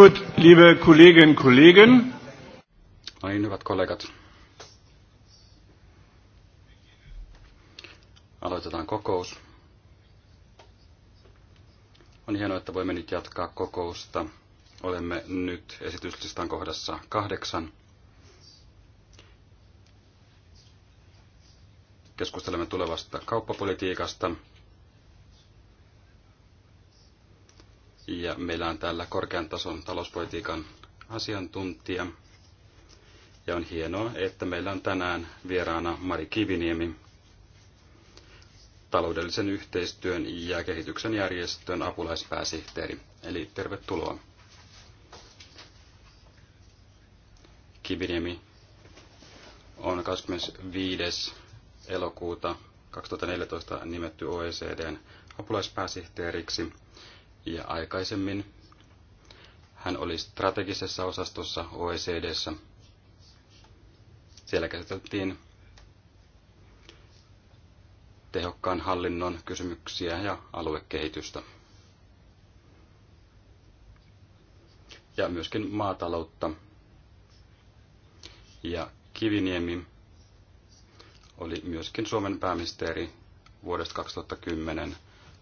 Gut, liebe Kolleginnen Kollegen. No niin, hyvät kollegat. Aloitetaan kokous. On hienoa, että voimme nyt jatkaa kokousta. Olemme nyt esityslistan kohdassa kahdeksan. Keskustelemme tulevasta kauppapolitiikasta – Ja meillä on täällä korkean tason talouspolitiikan asiantuntija. Ja on hienoa, että meillä on tänään vieraana Mari Kiviniemi, taloudellisen yhteistyön ja kehityksen järjestön apulaispääsihteeri. Eli tervetuloa. Kiviniemi on 25. elokuuta 2014 nimetty OECDn apulaispääsihteeriksi – ja aikaisemmin hän oli strategisessa osastossa OECDssä. Siellä käsiteltiin tehokkaan hallinnon kysymyksiä ja aluekehitystä. Ja myöskin maataloutta. Ja Kiviniemi oli myöskin Suomen pääministeri vuodesta 2010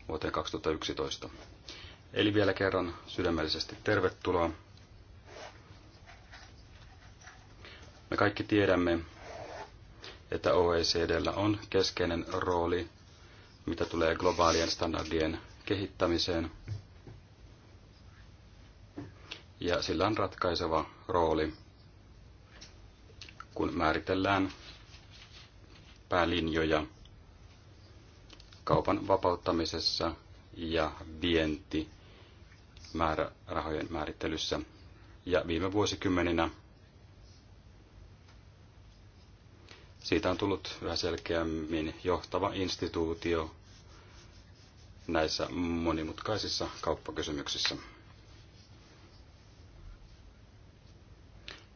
vuoteen 2011. Eli vielä kerran sydämellisesti tervetuloa. Me kaikki tiedämme, että OECDllä on keskeinen rooli, mitä tulee globaalien standardien kehittämiseen. Ja sillä on ratkaiseva rooli, kun määritellään päälinjoja kaupan vapauttamisessa ja vienti määrärahojen määrittelyssä. Ja viime vuosikymmeninä siitä on tullut yhä selkeämmin johtava instituutio näissä monimutkaisissa kauppakysymyksissä.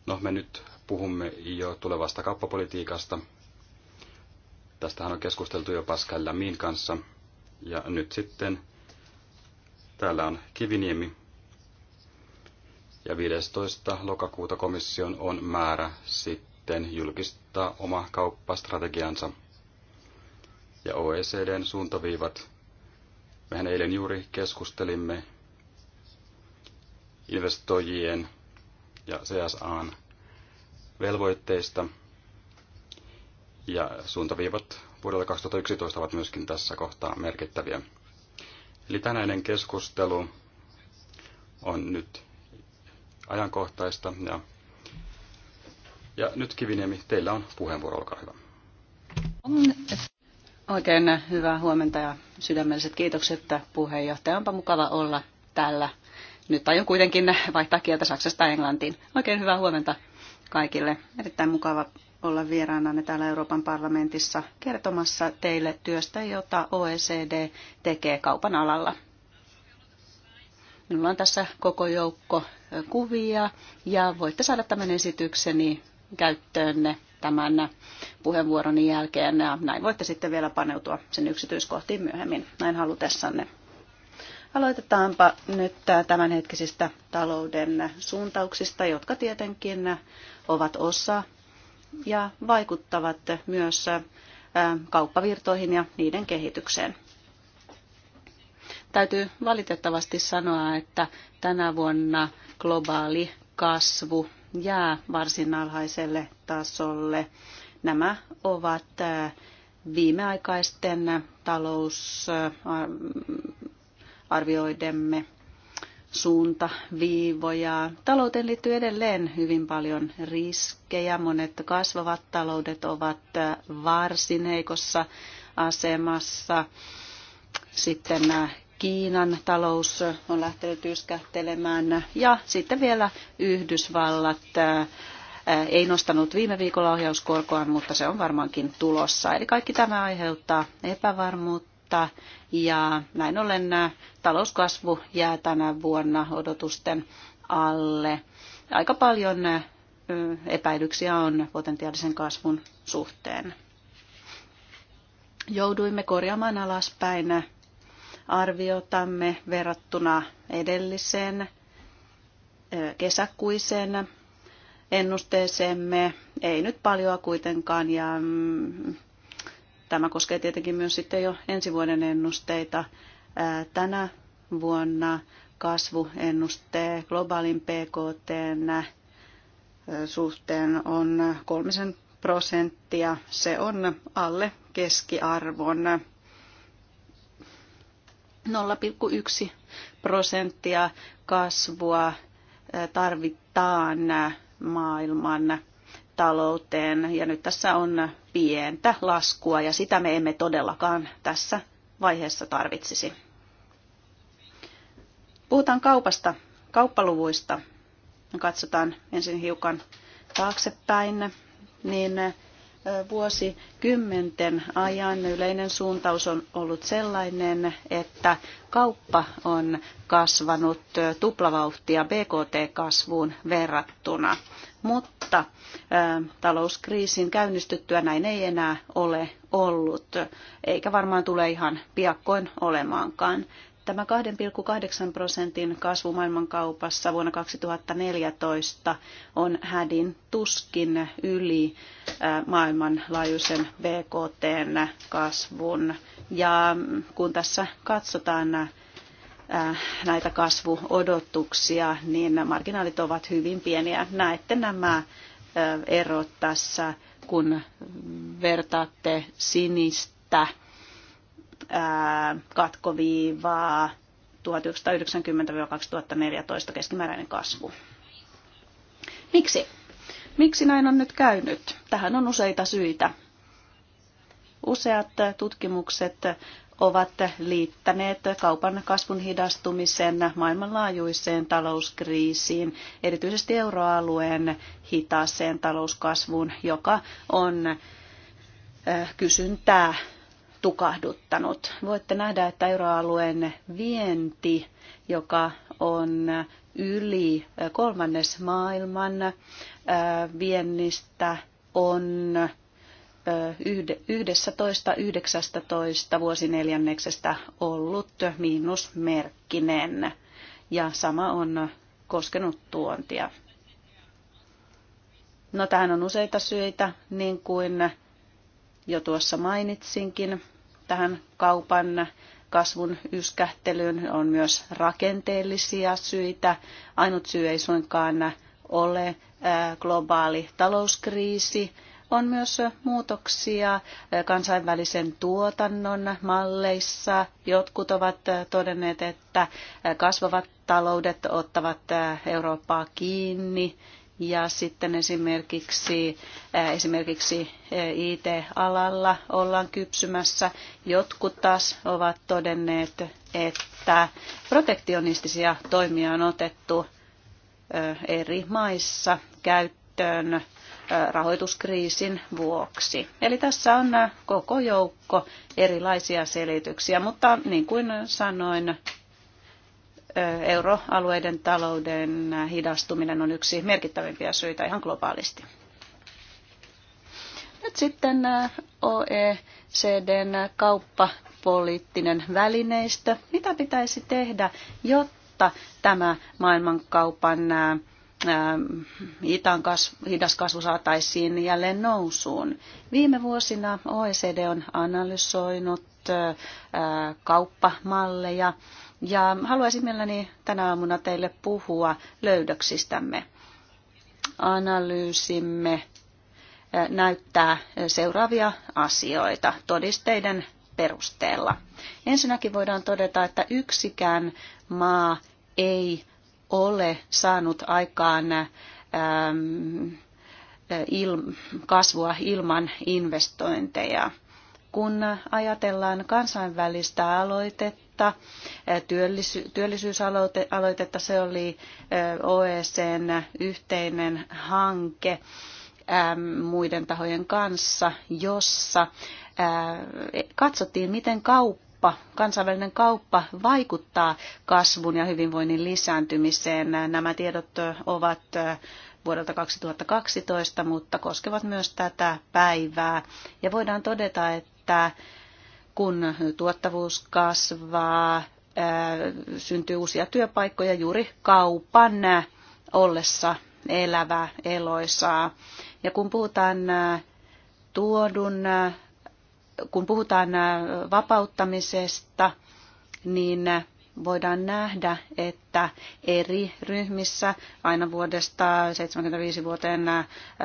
No, me nyt puhumme jo tulevasta kauppapolitiikasta. Tästähän on keskusteltu jo Pascal Lamin kanssa. Ja nyt sitten Täällä on Kiviniemi. Ja 15. lokakuuta komission on määrä sitten julkistaa oma kauppastrategiansa. Ja OECDn suuntaviivat. Mehän eilen juuri keskustelimme investoijien ja CSAn velvoitteista. Ja suuntaviivat vuodelle 2011 ovat myöskin tässä kohtaa merkittäviä. Eli tänäinen keskustelu on nyt ajankohtaista. Ja, ja nyt Kiviniemi, teillä on puheenvuoro, olkaa hyvä. Oikein hyvää huomenta ja sydämelliset kiitokset puheenjohtaja. Onpa mukava olla täällä. Nyt aion kuitenkin vaihtaa kieltä Saksasta Englantiin. Oikein hyvää huomenta kaikille. Erittäin mukava olla vieraananne täällä Euroopan parlamentissa kertomassa teille työstä, jota OECD tekee kaupan alalla. Minulla on tässä koko joukko kuvia ja voitte saada tämän esitykseni käyttöönne tämän puheenvuoron jälkeen ja näin voitte sitten vielä paneutua sen yksityiskohtiin myöhemmin näin halutessanne. Aloitetaanpa nyt tämänhetkisistä talouden suuntauksista, jotka tietenkin ovat osa ja vaikuttavat myös kauppavirtoihin ja niiden kehitykseen. Täytyy valitettavasti sanoa, että tänä vuonna globaali kasvu jää varsin alhaiselle tasolle. Nämä ovat viimeaikaisten talousarvioidemme suunta, viivoja. Talouteen liittyy edelleen hyvin paljon riskejä. Monet kasvavat taloudet ovat äh, varsin heikossa asemassa. Sitten äh, Kiinan talous on lähtenyt yskähtelemään ja sitten vielä Yhdysvallat äh, ei nostanut viime viikolla ohjauskorkoa, mutta se on varmaankin tulossa. Eli kaikki tämä aiheuttaa epävarmuutta vuotta ja näin ollen talouskasvu jää tänä vuonna odotusten alle. Aika paljon epäilyksiä on potentiaalisen kasvun suhteen. Jouduimme korjaamaan alaspäin arviotamme verrattuna edelliseen kesäkuiseen ennusteeseemme. Ei nyt paljoa kuitenkaan ja mm, Tämä koskee tietenkin myös sitten jo ensi vuoden ennusteita. Tänä vuonna kasvuennuste globaalin PKT suhteen on kolmisen prosenttia. Se on alle keskiarvon 0,1 prosenttia kasvua tarvitaan maailman talouteen. Ja nyt tässä on pientä laskua ja sitä me emme todellakaan tässä vaiheessa tarvitsisi. Puhutaan kaupasta, kauppaluvuista. Katsotaan ensin hiukan taaksepäin, niin vuosikymmenten ajan yleinen suuntaus on ollut sellainen, että kauppa on kasvanut tuplavauhtia BKT-kasvuun verrattuna. Mutta talouskriisin käynnistyttyä näin ei enää ole ollut, eikä varmaan tule ihan piakkoin olemaankaan. Tämä 2,8 prosentin kasvu maailmankaupassa vuonna 2014 on hädin tuskin yli maailmanlaajuisen BKTn kasvun. Ja kun tässä katsotaan näitä kasvuodotuksia, niin marginaalit ovat hyvin pieniä. Näette nämä erot tässä, kun vertaatte sinistä katkoviivaa 1990-2014 keskimääräinen kasvu. Miksi? Miksi näin on nyt käynyt? Tähän on useita syitä. Useat tutkimukset ovat liittäneet kaupan kasvun hidastumisen maailmanlaajuiseen talouskriisiin, erityisesti euroalueen hitaaseen talouskasvuun, joka on kysyntää tukahduttanut. Voitte nähdä, että euroalueen vienti, joka on yli kolmannes maailman viennistä, on 11.19. 19 vuosineljänneksestä ollut miinusmerkkinen ja sama on koskenut tuontia. No tähän on useita syitä, niin kuin jo tuossa mainitsinkin tähän kaupan kasvun yskähtelyyn on myös rakenteellisia syitä. Ainut syy ei suinkaan ole globaali talouskriisi. On myös muutoksia kansainvälisen tuotannon malleissa. Jotkut ovat todenneet, että kasvavat taloudet ottavat Eurooppaa kiinni ja sitten esimerkiksi, äh, esimerkiksi äh, IT-alalla ollaan kypsymässä. Jotkut taas ovat todenneet, että protektionistisia toimia on otettu äh, eri maissa käyttöön rahoituskriisin vuoksi. Eli tässä on koko joukko erilaisia selityksiä, mutta niin kuin sanoin, euroalueiden talouden hidastuminen on yksi merkittävimpiä syitä ihan globaalisti. Nyt sitten OECDn kauppapoliittinen välineistö. Mitä pitäisi tehdä, jotta tämä maailmankaupan hitaan kasvu, hidas kasvu saataisiin jälleen nousuun. Viime vuosina OECD on analysoinut kauppamalleja ja haluaisin mielelläni tänä aamuna teille puhua löydöksistämme. Analyysimme näyttää seuraavia asioita todisteiden perusteella. Ensinnäkin voidaan todeta, että yksikään maa ei ole saanut aikaan ähm, il, kasvua ilman investointeja. Kun ajatellaan kansainvälistä aloitetta, aloitetta, työllisyysaloitetta. Se oli OECn yhteinen hanke muiden tahojen kanssa, jossa katsottiin, miten kauppa kauppa, kansainvälinen kauppa vaikuttaa kasvun ja hyvinvoinnin lisääntymiseen. Nämä tiedot ovat vuodelta 2012, mutta koskevat myös tätä päivää. Ja voidaan todeta, että kun tuottavuus kasvaa, syntyy uusia työpaikkoja juuri kaupan ollessa elävä eloisaa. Ja kun puhutaan tuodun, kun puhutaan vapauttamisesta, niin voidaan nähdä, että eri ryhmissä aina vuodesta 75 vuoteen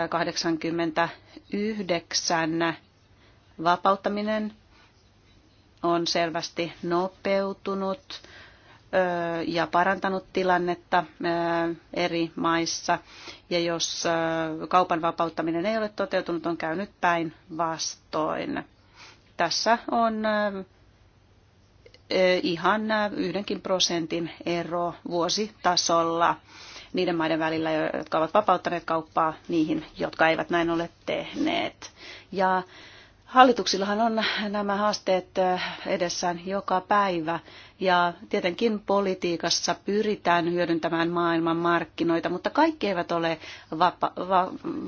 89 vapauttaminen on selvästi nopeutunut ja parantanut tilannetta eri maissa. Ja jos kaupan vapauttaminen ei ole toteutunut, on käynyt päin vastoin. Tässä on ihan yhdenkin prosentin ero vuositasolla niiden maiden välillä, jotka ovat vapauttaneet kauppaa, niihin, jotka eivät näin ole tehneet. Ja Hallituksillahan on nämä haasteet edessään joka päivä ja tietenkin politiikassa pyritään hyödyntämään maailman markkinoita, mutta kaikki eivät ole va-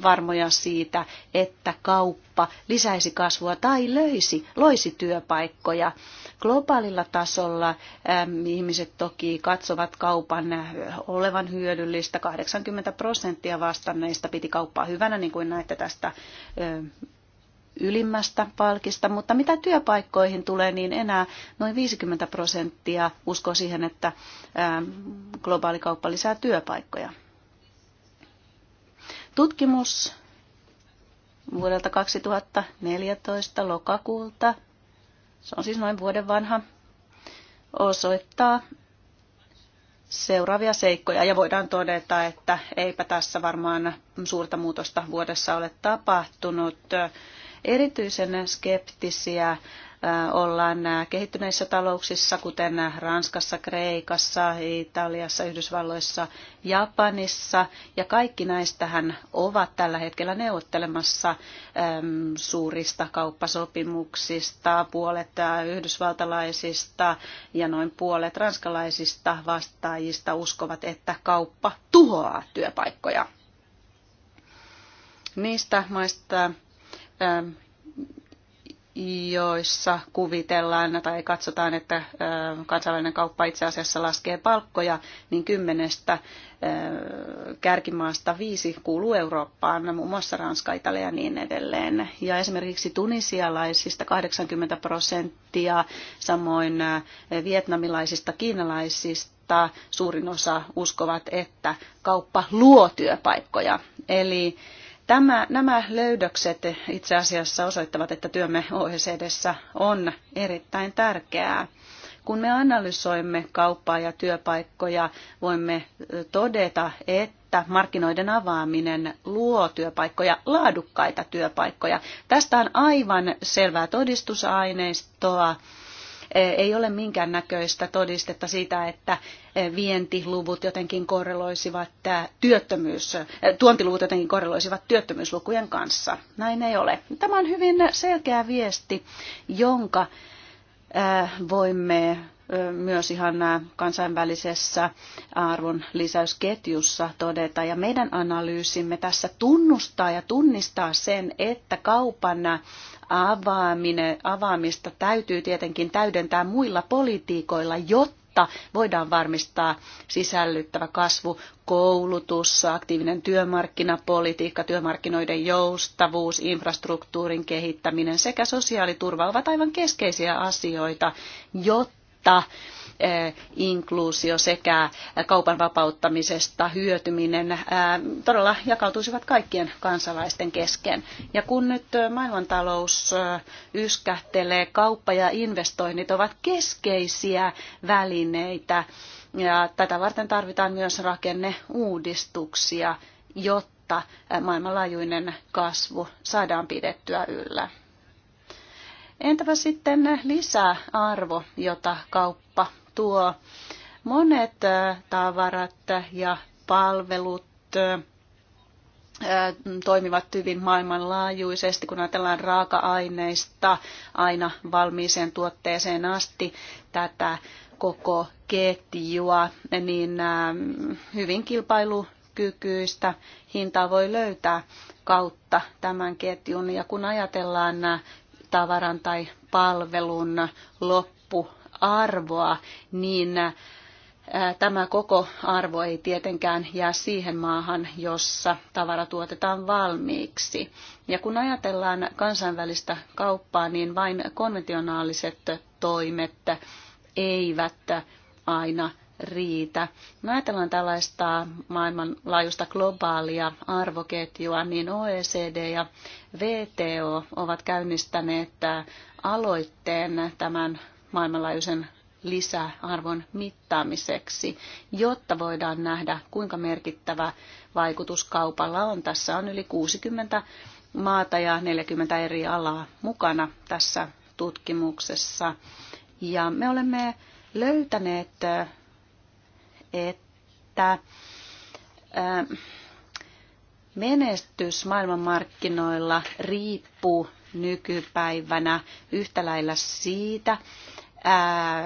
varmoja siitä, että kauppa lisäisi kasvua tai löisi, loisi työpaikkoja. Globaalilla tasolla äm, ihmiset toki katsovat kaupan olevan hyödyllistä. 80 prosenttia vastanneista piti kauppaa hyvänä, niin kuin näette tästä ylimmästä palkista, mutta mitä työpaikkoihin tulee, niin enää noin 50 prosenttia uskoo siihen, että ähm, globaali kauppa lisää työpaikkoja. Tutkimus vuodelta 2014 lokakuulta, se on siis noin vuoden vanha, osoittaa seuraavia seikkoja ja voidaan todeta, että eipä tässä varmaan suurta muutosta vuodessa ole tapahtunut. Erityisen skeptisiä äh, ollaan äh, kehittyneissä talouksissa, kuten Ranskassa, Kreikassa, Italiassa, Yhdysvalloissa, Japanissa. Ja kaikki näistähän ovat tällä hetkellä neuvottelemassa ähm, suurista kauppasopimuksista, puolet äh, yhdysvaltalaisista ja noin puolet ranskalaisista vastaajista uskovat, että kauppa tuhoaa työpaikkoja. Niistä maista Ähm, joissa kuvitellaan tai katsotaan, että ähm, kansainvälinen kauppa itse asiassa laskee palkkoja, niin kymmenestä äh, kärkimaasta viisi kuuluu Eurooppaan, muun muassa Ranska, Italia ja niin edelleen. Ja esimerkiksi tunisialaisista 80 prosenttia, samoin äh, vietnamilaisista, kiinalaisista suurin osa uskovat, että kauppa luo työpaikkoja. Eli Tämä, nämä löydökset itse asiassa osoittavat, että työmme OECDssä on erittäin tärkeää. Kun me analysoimme kauppaa ja työpaikkoja, voimme todeta, että markkinoiden avaaminen luo työpaikkoja, laadukkaita työpaikkoja. Tästä on aivan selvää todistusaineistoa Eh, ei ole minkäännäköistä todistetta siitä, että eh, vientiluvut jotenkin korreloisivat eh, työttömyys, tuontiluvut jotenkin korreloisivat työttömyyslukujen kanssa. Näin ei ole. Tämä on hyvin selkeä viesti, jonka voimme myös ihan kansainvälisessä arvon lisäysketjussa todeta. Ja meidän analyysimme tässä tunnustaa ja tunnistaa sen, että kaupan avaaminen, avaamista täytyy tietenkin täydentää muilla politiikoilla, jotta jotta voidaan varmistaa sisällyttävä kasvu, koulutus, aktiivinen työmarkkinapolitiikka, työmarkkinoiden joustavuus, infrastruktuurin kehittäminen sekä sosiaaliturva ovat aivan keskeisiä asioita, jotta vapautta, eh, inkluusio sekä kaupan vapauttamisesta hyötyminen eh, todella jakautuisivat kaikkien kansalaisten kesken. Ja kun nyt eh, maailmantalous yskähtelee, kauppa ja investoinnit ovat keskeisiä välineitä ja tätä varten tarvitaan myös rakenneuudistuksia, jotta maailmanlaajuinen kasvu saadaan pidettyä yllä. Entäpä sitten lisäarvo, jota kauppa tuo? Monet tavarat ja palvelut toimivat hyvin maailmanlaajuisesti, kun ajatellaan raaka-aineista aina valmiiseen tuotteeseen asti tätä koko ketjua, niin hyvin kilpailukykyistä hintaa voi löytää kautta tämän ketjun. Ja kun ajatellaan tavaran tai palvelun loppuarvoa, niin tämä koko arvo ei tietenkään jää siihen maahan, jossa tavara tuotetaan valmiiksi. Ja kun ajatellaan kansainvälistä kauppaa, niin vain konventionaaliset toimet eivät aina riitä. Kun ajatellaan tällaista maailmanlaajuista globaalia arvoketjua, niin OECD ja VTO ovat käynnistäneet äh, aloitteen tämän maailmanlaajuisen lisäarvon mittaamiseksi, jotta voidaan nähdä, kuinka merkittävä vaikutus kaupalla on. Tässä on yli 60 maata ja 40 eri alaa mukana tässä tutkimuksessa. Ja me olemme löytäneet äh, että menestys maailmanmarkkinoilla riippuu nykypäivänä yhtä lailla siitä,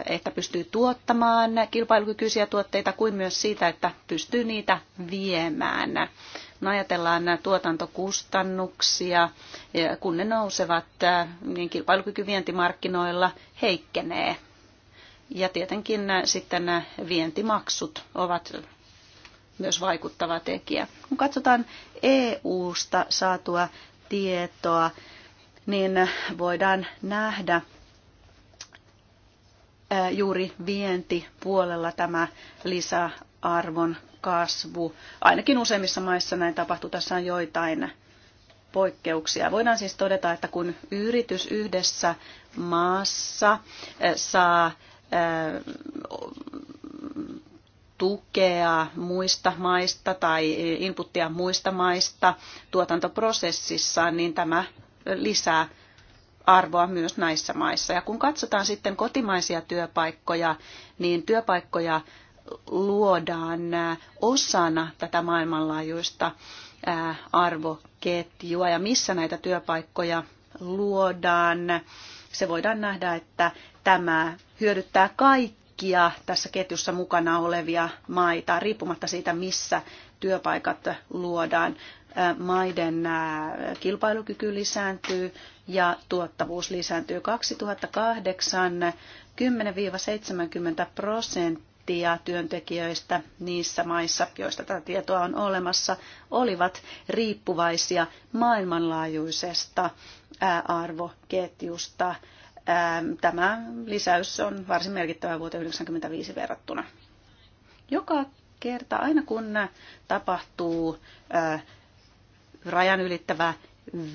että pystyy tuottamaan kilpailukykyisiä tuotteita kuin myös siitä, että pystyy niitä viemään. No ajatellaan tuotantokustannuksia, kun ne nousevat, niin kilpailukyky vientimarkkinoilla heikkenee. Ja tietenkin äh, sitten nämä äh, vientimaksut ovat myös vaikuttava tekijä. Kun katsotaan EU-sta saatua tietoa, niin äh, voidaan nähdä juuri vientipuolella tämä lisäarvon kasvu. Ainakin useimmissa maissa näin tapahtuu. Tässä on joitain poikkeuksia. Voidaan siis todeta, että kun yritys yhdessä maassa saa tukea muista maista tai inputtia muista maista tuotantoprosessissa, niin tämä lisää arvoa myös näissä maissa. Ja kun katsotaan sitten kotimaisia työpaikkoja, niin työpaikkoja luodaan osana tätä maailmanlaajuista arvoketjua ja missä näitä työpaikkoja luodaan. Se voidaan nähdä, että tämä hyödyttää kaikkia tässä ketjussa mukana olevia maita, riippumatta siitä, missä työpaikat luodaan. Maiden kilpailukyky lisääntyy ja tuottavuus lisääntyy. 2008 10-70 prosenttia työntekijöistä niissä maissa, joista tätä tietoa on olemassa, olivat riippuvaisia maailmanlaajuisesta arvoketjusta Ähm, tämä lisäys on varsin merkittävä vuoteen 1995 verrattuna. Joka kerta, aina kun tapahtuu äh, rajan ylittävä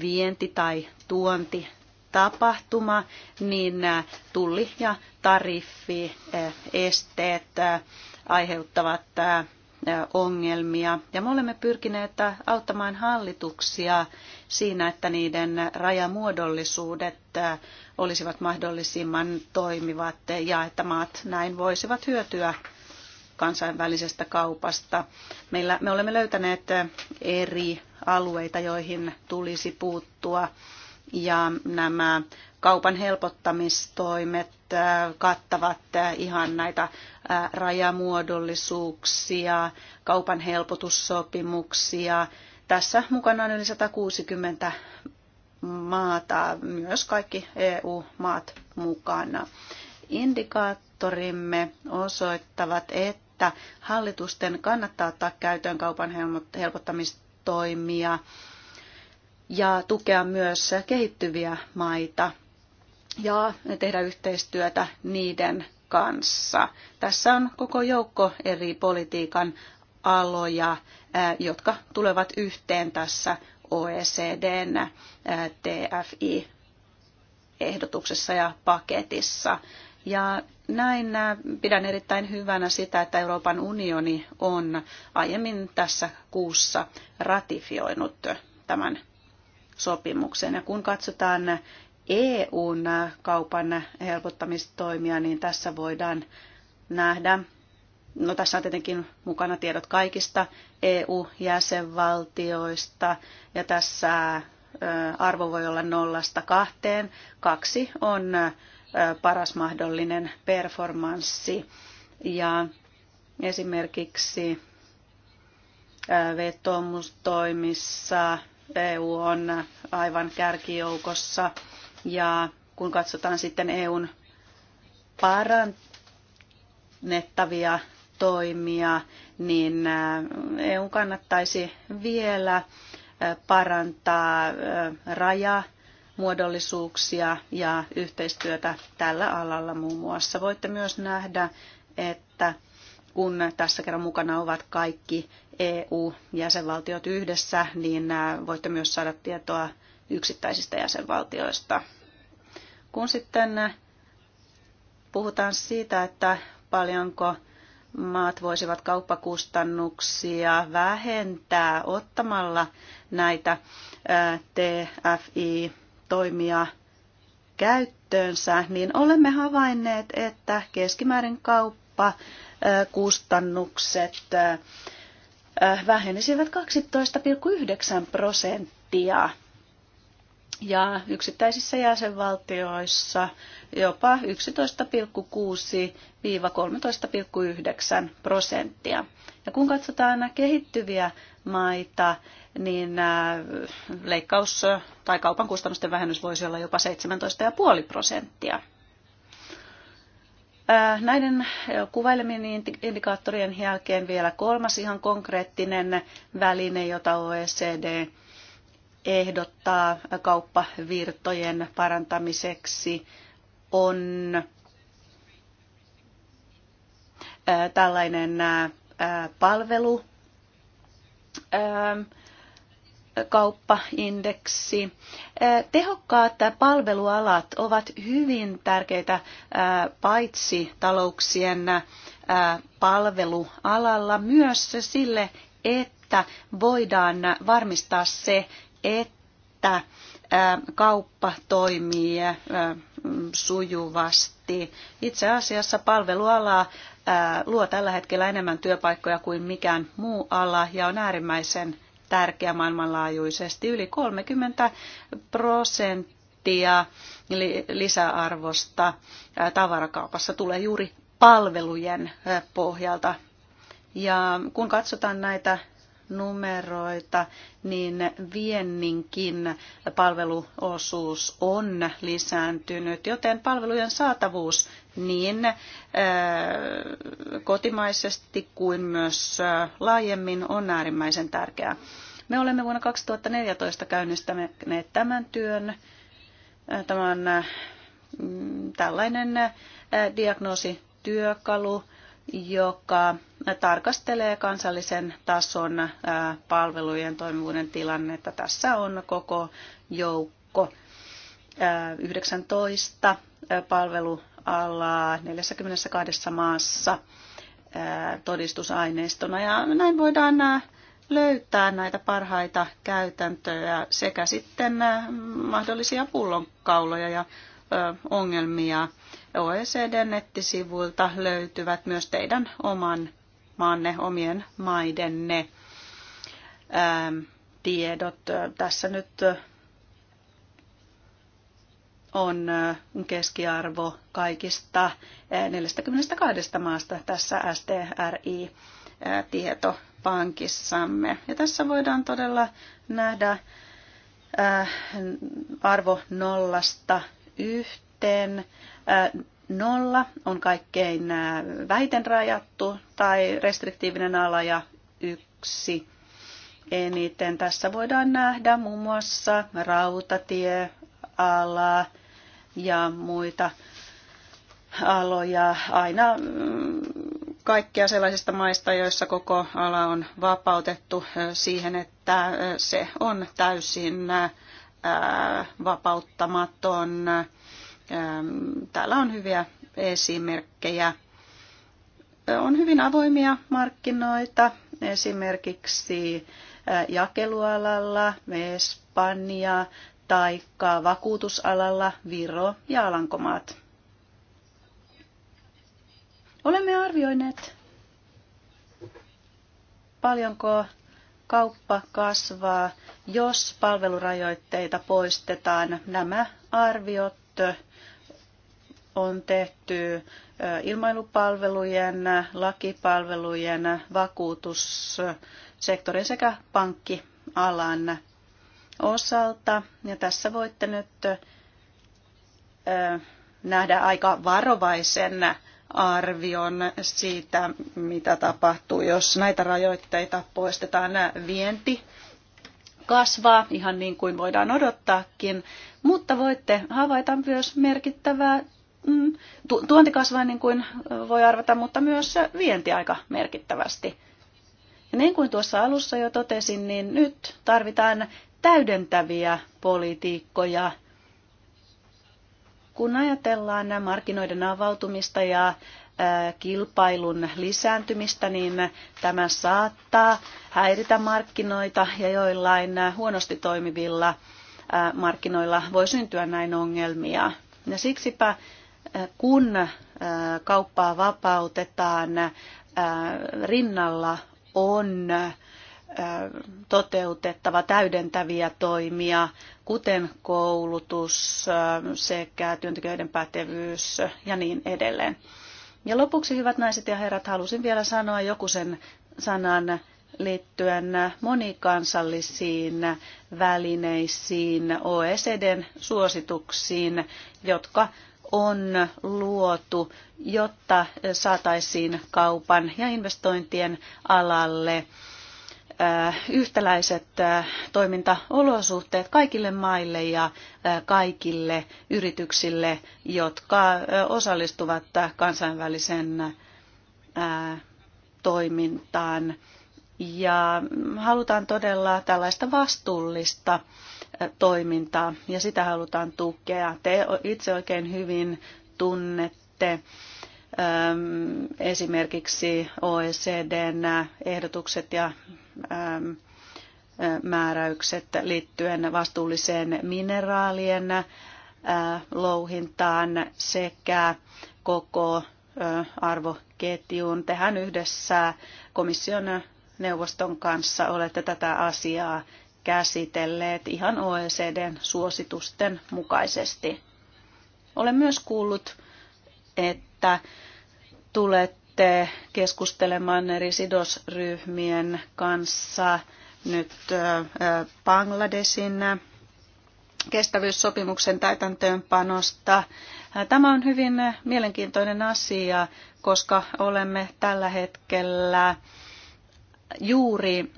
vienti tai tuonti tapahtuma, niin äh, tulli- ja tariffiesteet äh, aiheuttavat ongelmia. Ja me olemme pyrkineet auttamaan hallituksia siinä, että niiden rajamuodollisuudet olisivat mahdollisimman toimivat ja että maat näin voisivat hyötyä kansainvälisestä kaupasta. Meillä, me olemme löytäneet eri alueita, joihin tulisi puuttua. Ja nämä kaupan helpottamistoimet äh, kattavat äh, ihan näitä äh, rajamuodollisuuksia, kaupan helpotussopimuksia. Tässä mukana on yli 160 maata, myös kaikki EU-maat mukana. Indikaattorimme osoittavat, että hallitusten kannattaa ottaa käyttöön kaupan helpottamistoimia ja tukea myös kehittyviä maita ja tehdä yhteistyötä niiden kanssa. Tässä on koko joukko eri politiikan aloja, jotka tulevat yhteen tässä OECDn TFI-ehdotuksessa ja paketissa. Ja näin pidän erittäin hyvänä sitä, että Euroopan unioni on aiemmin tässä kuussa ratifioinut tämän sopimuksen. Ja kun katsotaan EUn kaupan helpottamistoimia, niin tässä voidaan nähdä, no tässä on tietenkin mukana tiedot kaikista EU-jäsenvaltioista, ja tässä arvo voi olla nollasta kahteen. Kaksi on paras mahdollinen performanssi. Ja esimerkiksi vetoomustoimissa EU on aivan kärkijoukossa – ja kun katsotaan sitten EUn parannettavia toimia, niin äh, EU kannattaisi vielä äh, parantaa äh, raja muodollisuuksia ja yhteistyötä tällä alalla muun muassa. Voitte myös nähdä, että kun tässä kerran mukana ovat kaikki EU-jäsenvaltiot yhdessä, niin voitte myös saada tietoa yksittäisistä jäsenvaltioista. Kun sitten puhutaan siitä, että paljonko maat voisivat kauppakustannuksia vähentää ottamalla näitä TFI-toimia käyttöönsä, niin olemme havainneet, että keskimäärin kauppakustannukset vähenisivät 12,9 prosenttia ja yksittäisissä jäsenvaltioissa jopa 11,6-13,9 prosenttia. Ja kun katsotaan kehittyviä maita, niin äh, leikkaus tai kaupan kustannusten vähennys voisi olla jopa 17,5 prosenttia. Äh, näiden äh, kuvailemien indikaattorien jälkeen vielä kolmas ihan konkreettinen väline, jota OECD ehdottaa kauppavirtojen parantamiseksi on tällainen palvelu kauppaindeksi. Tehokkaat palvelualat ovat hyvin tärkeitä paitsi talouksien palvelualalla myös sille, että voidaan varmistaa se, että kauppa toimii sujuvasti. Itse asiassa palveluala luo tällä hetkellä enemmän työpaikkoja kuin mikään muu ala ja on äärimmäisen tärkeä maailmanlaajuisesti. Yli 30 prosenttia lisäarvosta tavarakaupassa tulee juuri palvelujen pohjalta. Ja kun katsotaan näitä numeroita, niin vienninkin palveluosuus on lisääntynyt, joten palvelujen saatavuus niin äh, kotimaisesti kuin myös äh, laajemmin on äärimmäisen tärkeää. Me olemme vuonna 2014 käynnistäneet tämän työn. Äh, tämä on mm, tällainen diagnoosityökalu, työkalu joka tarkastelee kansallisen tason palvelujen toimivuuden tilannetta. Tässä on koko joukko 19 palvelualaa 42 maassa todistusaineistona ja näin voidaan löytää näitä parhaita käytäntöjä sekä sitten mahdollisia pullonkauloja ja ongelmia. oecd nettisivuilta löytyvät myös teidän oman maanne, omien maidenne tiedot. Tässä nyt on keskiarvo kaikista 42 maasta tässä STRI-tietopankissamme. Ja tässä voidaan todella nähdä arvo nollasta yhteen. Nolla on kaikkein vähiten rajattu tai restriktiivinen ala ja yksi eniten. Tässä voidaan nähdä muun muassa rautatiealaa ja muita aloja aina mm, kaikkia sellaisista maista, joissa koko ala on vapautettu siihen, että se on täysin Äh, vapauttamaton. Ähm, täällä on hyviä esimerkkejä. Äh, on hyvin avoimia markkinoita, esimerkiksi äh, jakelualalla Espanja tai vakuutusalalla Viro ja Alankomaat. Olemme arvioineet, paljonko kauppa kasvaa, jos palvelurajoitteita poistetaan. Nämä arviot on tehty ilmailupalvelujen, lakipalvelujen, vakuutussektorin sekä pankkialan osalta. Ja tässä voitte nyt nähdä aika varovaisen arvion siitä, mitä tapahtuu, jos näitä rajoitteita poistetaan. Vienti kasvaa, ihan niin kuin voidaan odottaakin, mutta voitte havaita myös merkittävää mm, tuonti kasvaa niin kuin voi arvata, mutta myös vienti aika merkittävästi. Ja niin kuin tuossa alussa jo totesin, niin nyt tarvitaan täydentäviä politiikkoja – kun ajatellaan markkinoiden avautumista ja kilpailun lisääntymistä, niin tämä saattaa häiritä markkinoita ja joillain huonosti toimivilla markkinoilla voi syntyä näin ongelmia. Ja siksipä kun kauppaa vapautetaan, rinnalla on toteutettava täydentäviä toimia kuten koulutus äh, sekä työntekijöiden pätevyys ja niin edelleen. Ja lopuksi, hyvät naiset ja herrat, halusin vielä sanoa joku sen sanan liittyen monikansallisiin välineisiin, OECDn suosituksiin, jotka on luotu, jotta saataisiin kaupan ja investointien alalle yhtäläiset toimintaolosuhteet kaikille maille ja kaikille yrityksille, jotka osallistuvat kansainvälisen toimintaan. Ja halutaan todella tällaista vastuullista toimintaa ja sitä halutaan tukea. Te itse oikein hyvin tunnette esimerkiksi OECDn ehdotukset ja määräykset liittyen vastuulliseen mineraalien louhintaan sekä koko arvoketjuun. Tehän yhdessä komission neuvoston kanssa olette tätä asiaa käsitelleet ihan OECDn suositusten mukaisesti. Olen myös kuullut että tulette keskustelemaan eri sidosryhmien kanssa nyt Bangladesin kestävyyssopimuksen täytäntöönpanosta. Tämä on hyvin mielenkiintoinen asia, koska olemme tällä hetkellä juuri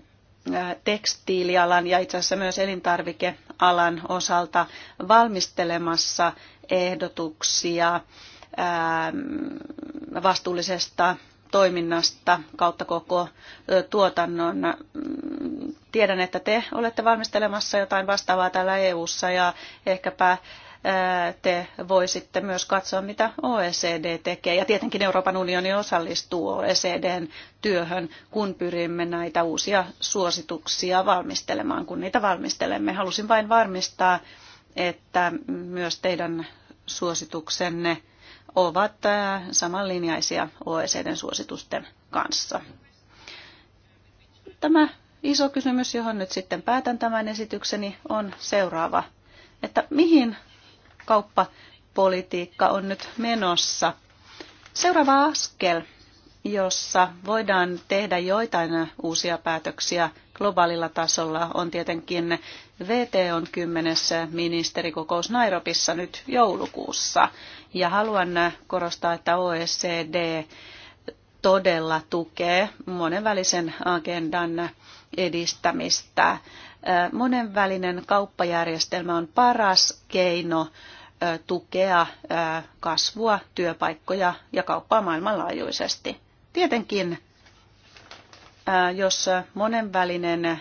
tekstiilialan ja itse asiassa myös elintarvikealan osalta valmistelemassa ehdotuksia Ähm, vastuullisesta toiminnasta kautta koko tuotannon. Mm, tiedän, että te olette valmistelemassa jotain vastaavaa täällä EU:ssa ja ehkäpä te voisitte myös katsoa, mitä OECD tekee. Ja tietenkin Euroopan unioni osallistuu OECDn työhön, kun pyrimme näitä uusia suosituksia valmistelemaan, kun niitä valmistelemme. Halusin vain varmistaa, että myös teidän suosituksenne ovat samanlinjaisia OECDn suositusten kanssa. Tämä iso kysymys, johon nyt sitten päätän tämän esitykseni, on seuraava. Että mihin kauppapolitiikka on nyt menossa? Seuraava askel, jossa voidaan tehdä joitain uusia päätöksiä globaalilla tasolla, on tietenkin VT on kymmenessä ministerikokous Nairobissa nyt joulukuussa. Ja haluan äh, korostaa, että OECD todella tukee monenvälisen agendan edistämistä. Äh, monenvälinen kauppajärjestelmä on paras keino äh, tukea kasvua, työpaikkoja ja kauppaa maailmanlaajuisesti. Tietenkin, jos monenvälinen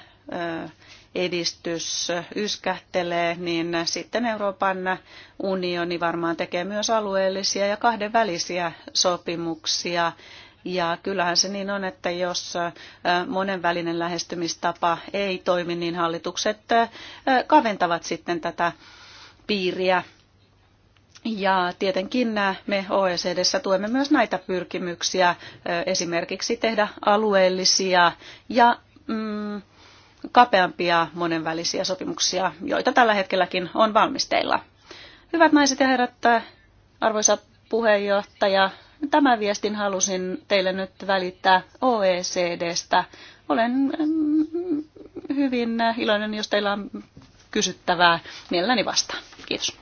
edistys yskähtelee, niin sitten Euroopan unioni varmaan tekee myös alueellisia ja kahdenvälisiä sopimuksia. Ja kyllähän se niin on, että jos monenvälinen lähestymistapa ei toimi, niin hallitukset kaventavat sitten tätä piiriä ja tietenkin me OECDssä tuemme myös näitä pyrkimyksiä esimerkiksi tehdä alueellisia ja mm, kapeampia monenvälisiä sopimuksia, joita tällä hetkelläkin on valmisteilla. Hyvät naiset ja herrat, arvoisa puheenjohtaja, tämän viestin halusin teille nyt välittää OECDstä. Olen mm, hyvin iloinen, jos teillä on kysyttävää. Mielelläni vastaan. Kiitos.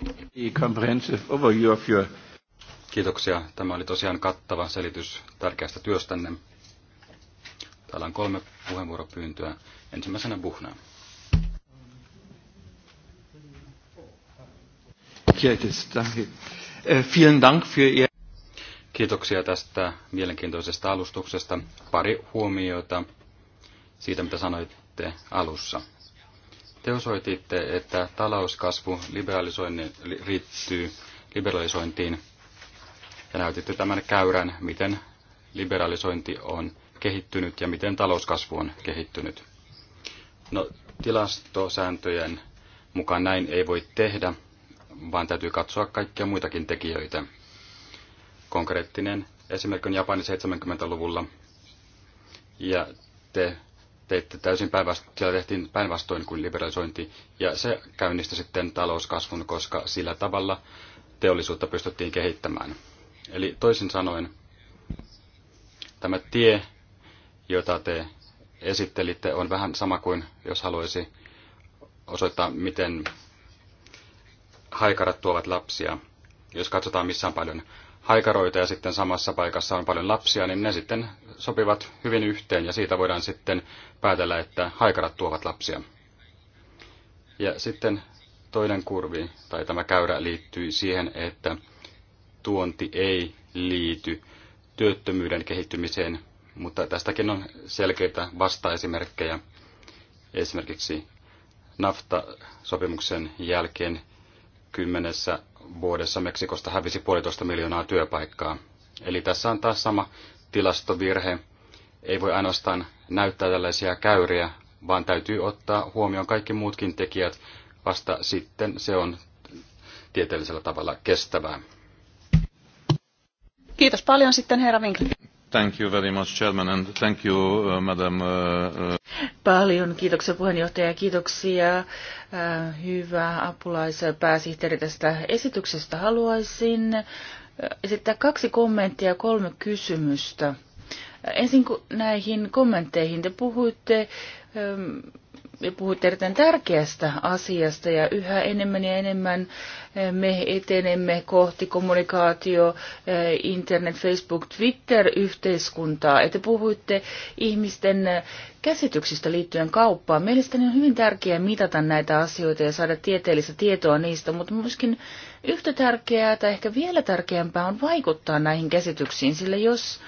Kiitoksia. Tämä oli tosiaan kattava selitys tärkeästä työstänne. Täällä on kolme puheenvuoropyyntöä. Ensimmäisenä Buhna. Er øh, Kiitoksia tästä mielenkiintoisesta alustuksesta. Pari huomiota siitä, mitä sanoitte alussa. Te osoititte, että talouskasvu liittyy liberalisointiin ja näytitte tämän käyrän, miten liberalisointi on kehittynyt ja miten talouskasvu on kehittynyt. No, tilastosääntöjen mukaan näin ei voi tehdä, vaan täytyy katsoa kaikkia muitakin tekijöitä. Konkreettinen esimerkki on Japani 70-luvulla, ja te teitte täysin päinvastoin, tehtiin päinvastoin kuin liberalisointi, ja se käynnisti sitten talouskasvun, koska sillä tavalla teollisuutta pystyttiin kehittämään. Eli toisin sanoen, tämä tie jota te esittelitte, on vähän sama kuin jos haluaisi osoittaa, miten haikarat tuovat lapsia. Jos katsotaan, missä on paljon haikaroita ja sitten samassa paikassa on paljon lapsia, niin ne sitten sopivat hyvin yhteen ja siitä voidaan sitten päätellä, että haikarat tuovat lapsia. Ja sitten toinen kurvi tai tämä käyrä liittyy siihen, että tuonti ei liity työttömyyden kehittymiseen mutta tästäkin on selkeitä vastaesimerkkejä. Esimerkiksi NAFTA-sopimuksen jälkeen kymmenessä vuodessa Meksikosta hävisi puolitoista miljoonaa työpaikkaa. Eli tässä on taas sama tilastovirhe. Ei voi ainoastaan näyttää tällaisia käyriä, vaan täytyy ottaa huomioon kaikki muutkin tekijät. Vasta sitten se on tieteellisellä tavalla kestävää. Kiitos paljon sitten herra Winkler. Thank you very much, Chairman, and thank you, uh, Madam. Uh, uh. Paljon kiitoksia puheenjohtaja ja kiitoksia uh, hyvä apulaispääsihteeri tästä esityksestä. Haluaisin uh, esittää kaksi kommenttia ja kolme kysymystä. Ensin näihin kommentteihin. Te puhuitte um, puhuitte erittäin tärkeästä asiasta ja yhä enemmän ja enemmän eh, me etenemme kohti kommunikaatio, eh, internet, Facebook, Twitter-yhteiskuntaa. Ja te puhuitte ihmisten eh, käsityksistä liittyen kauppaan. Mielestäni on hyvin tärkeää mitata näitä asioita ja saada tieteellistä tietoa niistä, mutta myöskin yhtä tärkeää tai ehkä vielä tärkeämpää on vaikuttaa näihin käsityksiin, sillä jos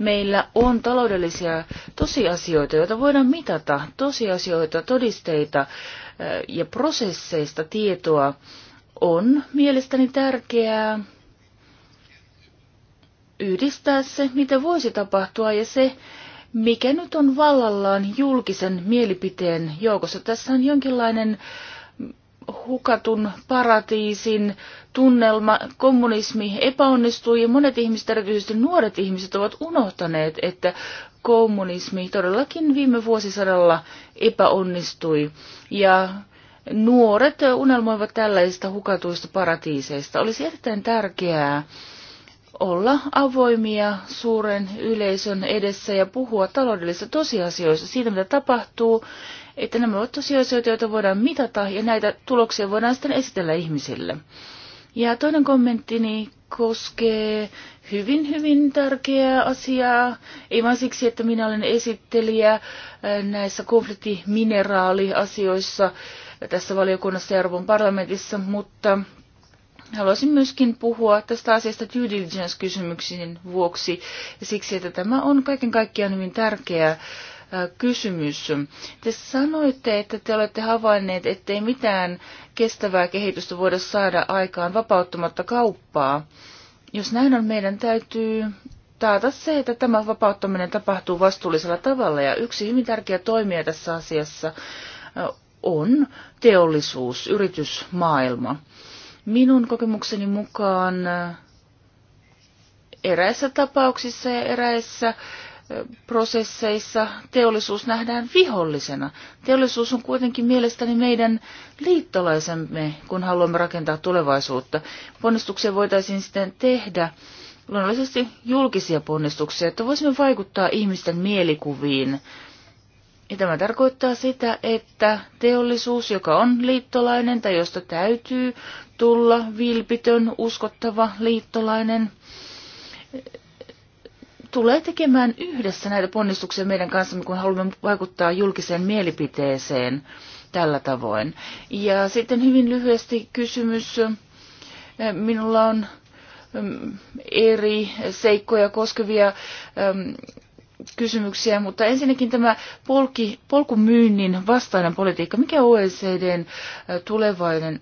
meillä on taloudellisia tosiasioita, joita voidaan mitata, tosiasioita, todisteita eh, ja prosesseista tietoa, on mielestäni tärkeää yhdistää se, mitä voisi tapahtua ja se, mikä nyt on vallallaan julkisen mielipiteen joukossa. Tässä on jonkinlainen äh, hukatun paratiisin tunnelma. Kommunismi epäonnistui ja monet ihmiset, erityisesti nuoret ihmiset, ovat unohtaneet, että kommunismi todellakin viime vuosisadalla epäonnistui. Ja nuoret unelmoivat tällaisista hukatuista paratiiseista. Olisi erittäin tärkeää olla avoimia suuren yleisön edessä ja puhua taloudellisista tosiasioista, siitä mitä tapahtuu että nämä ovat tosiasioita, joita voidaan mitata ja näitä tuloksia voidaan sitten esitellä ihmisille. Ja toinen kommenttini koskee hyvin, hyvin tärkeää asiaa. Ei vain siksi, että minä olen esittelijä äh, näissä konfliktimineraaliasioissa tässä valiokunnassa ja Euroopan parlamentissa, mutta haluaisin myöskin puhua tästä asiasta due diligence-kysymyksien vuoksi siksi, että tämä on kaiken kaikkiaan hyvin tärkeää kysymys. Te sanoitte, että te olette havainneet, ettei mitään kestävää kehitystä voida saada aikaan vapauttamatta kauppaa. Jos näin on, meidän täytyy taata se, että tämä vapauttaminen tapahtuu vastuullisella tavalla. Ja yksi hyvin tärkeä toimija tässä asiassa on teollisuus, yritysmaailma. Minun kokemukseni mukaan eräissä tapauksissa ja eräissä prosesseissa teollisuus nähdään vihollisena. Teollisuus on kuitenkin mielestäni meidän liittolaisemme, kun haluamme rakentaa tulevaisuutta. Ponnistuksia voitaisiin sitten tehdä luonnollisesti julkisia ponnistuksia, että voisimme vaikuttaa ihmisten mielikuviin. Ja tämä tarkoittaa sitä, että teollisuus, joka on liittolainen tai josta täytyy tulla vilpitön, uskottava liittolainen, tulee tekemään yhdessä näitä ponnistuksia meidän kanssamme, kun haluamme vaikuttaa julkiseen mielipiteeseen tällä tavoin. Ja sitten hyvin lyhyesti kysymys. Minulla on mm, eri seikkoja koskevia mm, kysymyksiä, mutta ensinnäkin tämä polki, polkumyynnin vastainen politiikka. Mikä OECDn tulevainen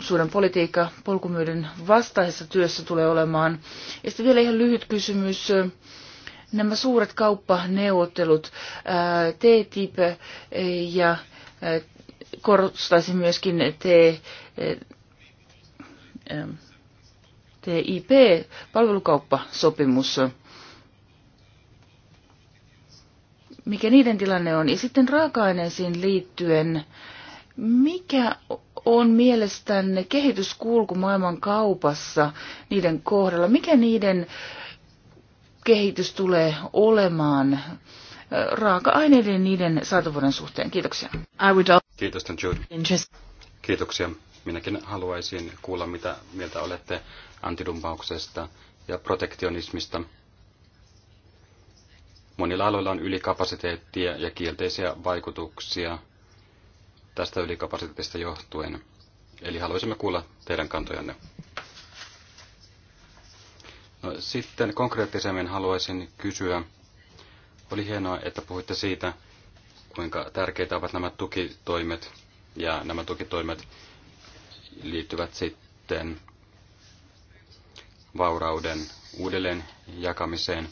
suuren politiikka polkumyyden vastaisessa työssä tulee olemaan? Ja sitten vielä ihan lyhyt kysymys nämä suuret kauppaneuvottelut, TTIP ja korostaisin myöskin T, TIP, palvelukauppasopimus, mikä niiden tilanne on. Ja sitten raaka-aineisiin liittyen, mikä on mielestänne kehityskulku maailman kaupassa niiden kohdalla? Mikä niiden äh, kehitys tulee olemaan raaka-aineiden niiden saatavuuden suhteen. Kiitoksia. I would all... Kiitos, Jude. Kiitoksia. Minäkin haluaisin kuulla, mitä mieltä olette antidumpauksesta ja protektionismista. Monilla aloilla on ylikapasiteettia ja kielteisiä vaikutuksia tästä ylikapasiteetista johtuen. Eli haluaisimme kuulla teidän kantojanne. No, sitten konkreettisemmin haluaisin kysyä, oli hienoa, että puhuitte siitä, kuinka tärkeitä ovat nämä tukitoimet, ja nämä tukitoimet liittyvät sitten vaurauden uudelleen jakamiseen.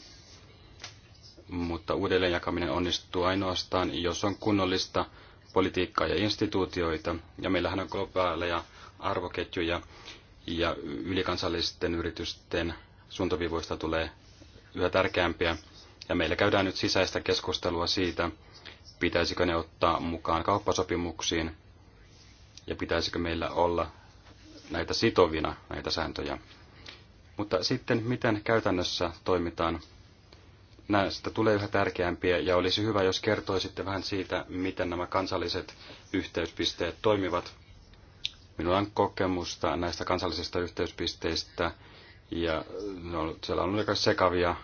Mutta uudelleen jakaminen onnistuu ainoastaan, jos on kunnollista politiikkaa ja instituutioita. Ja meillähän on globaaleja arvoketjuja ja ylikansallisten yritysten suuntavivuista tulee yhä tärkeämpiä. Ja meillä käydään nyt sisäistä keskustelua siitä, pitäisikö ne ottaa mukaan kauppasopimuksiin ja pitäisikö meillä olla näitä sitovina, näitä sääntöjä. Mutta sitten, miten käytännössä toimitaan? Näistä tulee yhä tärkeämpiä ja olisi hyvä, jos kertoisitte vähän siitä, miten nämä kansalliset yhteyspisteet toimivat. Minulla on kokemusta näistä kansallisista yhteyspisteistä ja no, siellä on aika sekavia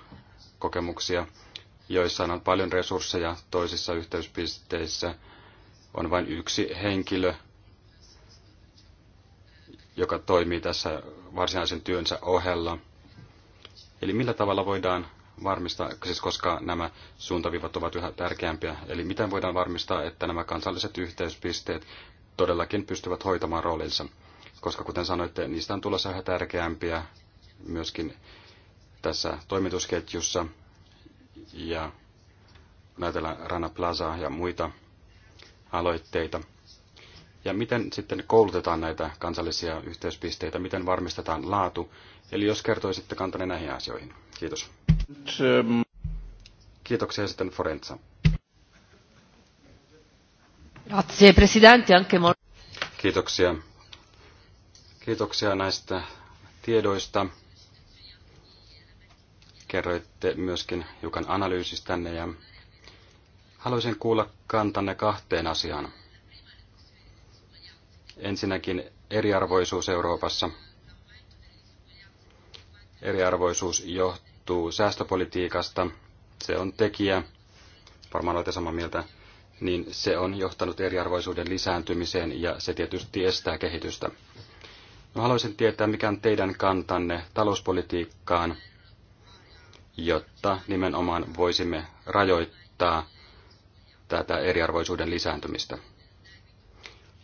kokemuksia. joissa on paljon resursseja, toisissa yhteyspisteissä on vain yksi henkilö, joka toimii tässä varsinaisen työnsä ohella. Eli millä tavalla voidaan varmistaa, siis koska nämä suuntaviivat ovat yhä tärkeämpiä, eli miten voidaan varmistaa, että nämä kansalliset yhteyspisteet todellakin pystyvät hoitamaan roolinsa, koska kuten sanoitte, niistä on tulossa yhä tärkeämpiä myöskin tässä toimitusketjussa ja kun ajatellaan Rana Plazaa ja muita aloitteita. Ja miten sitten koulutetaan näitä kansallisia yhteyspisteitä, miten varmistetaan laatu? Eli jos kertoisitte kantanne näihin asioihin. Kiitos. Kiitoksia sitten Forenza. Grazie Presidente, anche Kiitoksia. Kiitoksia näistä tiedoista kerroitte myöskin hiukan analyysistänne ja haluaisin kuulla kantanne kahteen asiaan. Ensinnäkin eriarvoisuus Euroopassa. Eriarvoisuus johtuu säästöpolitiikasta. Se on tekijä, varmaan olette samaa mieltä, niin se on johtanut eriarvoisuuden lisääntymiseen ja se tietysti estää kehitystä. No, haluaisin tietää, mikä on teidän kantanne talouspolitiikkaan – jotta nimenomaan voisimme rajoittaa tätä eriarvoisuuden lisääntymistä.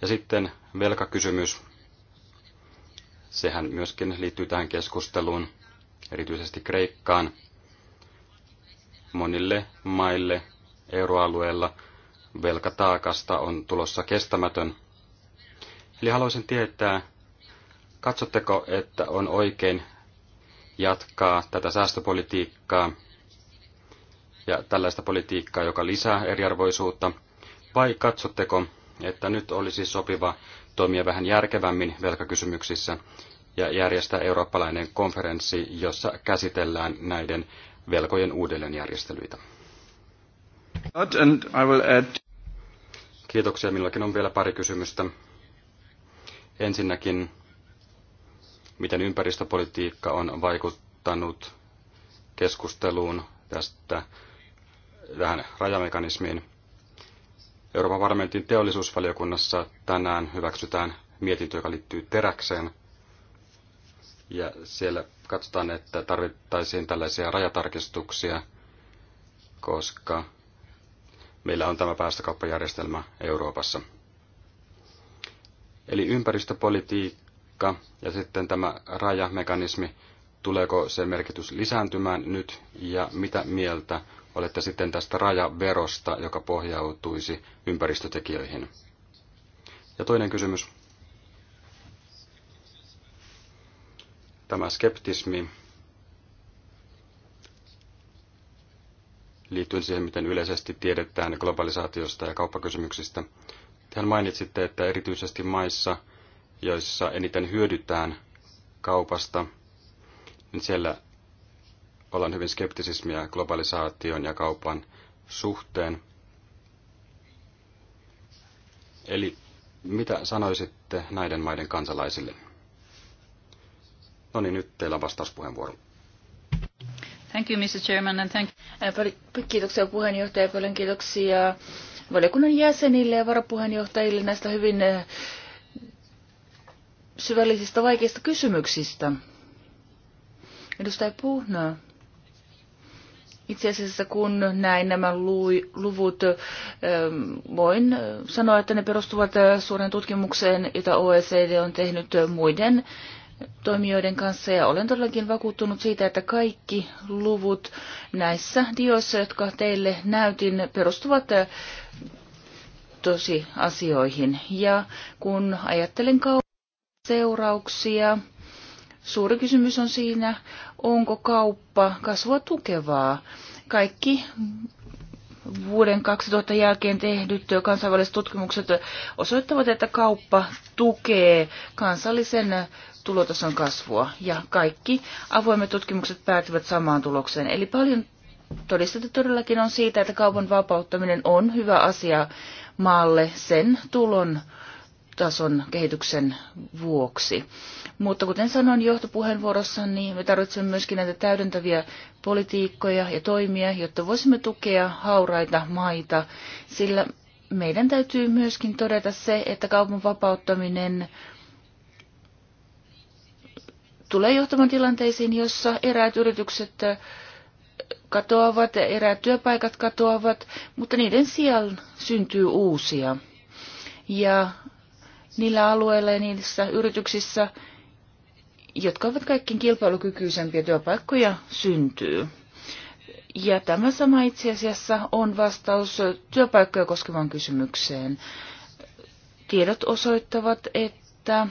Ja sitten velkakysymys. Sehän myöskin liittyy tähän keskusteluun, erityisesti Kreikkaan. Monille maille euroalueella velkataakasta on tulossa kestämätön. Eli haluaisin tietää, katsotteko, että on oikein jatkaa tätä säästöpolitiikkaa ja tällaista politiikkaa, joka lisää eriarvoisuutta, vai katsotteko, että nyt olisi sopiva toimia vähän järkevämmin velkakysymyksissä ja järjestää eurooppalainen konferenssi, jossa käsitellään näiden velkojen uudelleenjärjestelyitä? Kiitoksia. Minullakin on vielä pari kysymystä. Ensinnäkin miten ympäristöpolitiikka on vaikuttanut keskusteluun tästä tähän rajamekanismiin. Euroopan parlamentin teollisuusvaliokunnassa tänään hyväksytään mietintö, joka liittyy teräkseen. Ja siellä katsotaan, että tarvittaisiin tällaisia rajatarkistuksia, koska meillä on tämä päästökauppajärjestelmä Euroopassa. Eli ympäristöpolitiikka paikka ja sitten tämä rajamekanismi, tuleeko sen merkitys lisääntymään nyt ja mitä mieltä olette sitten tästä rajaverosta, joka pohjautuisi ympäristötekijöihin? Ja toinen kysymys. Tämä skeptismi liittyen siihen, miten yleisesti tiedetään globalisaatiosta ja kauppakysymyksistä. Tehän mainitsitte, että erityisesti maissa – joissa eniten hyödytään kaupasta, niin siellä ollaan hyvin skeptisismiä globalisaation ja kaupan suhteen. Eli mitä sanoisitte näiden maiden kansalaisille? No niin, nyt teillä on vastauspuheenvuoro. Thank you, Mr. Chairman, and thank you. Äh, kiitoksia puheenjohtaja, paljon kiitoksia valiokunnan jäsenille ja varapuheenjohtajille näistä hyvin äh, syvällisistä vaikeista kysymyksistä. Edustaja Puhna, itse asiassa kun näin nämä luvut, voin sanoa, että ne perustuvat suuren tutkimukseen, jota OECD on tehnyt muiden toimijoiden kanssa ja olen todellakin vakuuttunut siitä, että kaikki luvut näissä dioissa, jotka teille näytin, perustuvat tosi asioihin. Ja kun ajattelen kauan, seurauksia. Suuri kysymys on siinä, onko kauppa kasvua tukevaa. Kaikki vuoden 2000 jälkeen tehdyt kansainväliset tutkimukset osoittavat, että kauppa tukee kansallisen tulotason kasvua. Ja kaikki avoimet tutkimukset päätyvät samaan tulokseen. Eli paljon todistetta todellakin on siitä, että kaupan vapauttaminen on hyvä asia maalle sen tulon tason kehityksen vuoksi. Mutta kuten sanoin johtopuheenvuorossa, niin me tarvitsemme myöskin näitä täydentäviä politiikkoja ja toimia, jotta voisimme tukea hauraita maita, sillä meidän täytyy myöskin todeta se, että kaupan vapauttaminen tulee johtamaan tilanteisiin, jossa eräät yritykset katoavat, eräät työpaikat katoavat, mutta niiden sijaan syntyy uusia. Ja niillä alueilla ja niissä yrityksissä, jotka ovat kaikkein kilpailukykyisempiä työpaikkoja syntyy. Ja tämä sama itse asiassa on vastaus työpaikkoja koskevaan kysymykseen. Tiedot osoittavat, että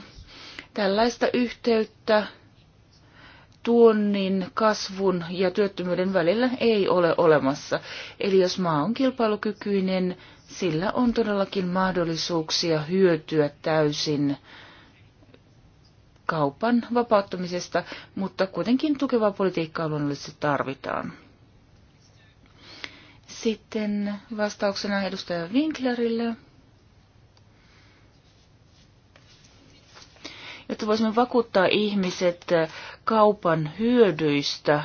tällaista yhteyttä tuonnin kasvun ja työttömyyden välillä ei ole olemassa. Eli jos maa on kilpailukykyinen, sillä on todellakin mahdollisuuksia hyötyä täysin kaupan vapauttamisesta, mutta kuitenkin tukevaa politiikkaa luonnollisesti tarvitaan. Sitten vastauksena edustaja Winklerille. Jotta voisimme vakuuttaa ihmiset kaupan hyödyistä,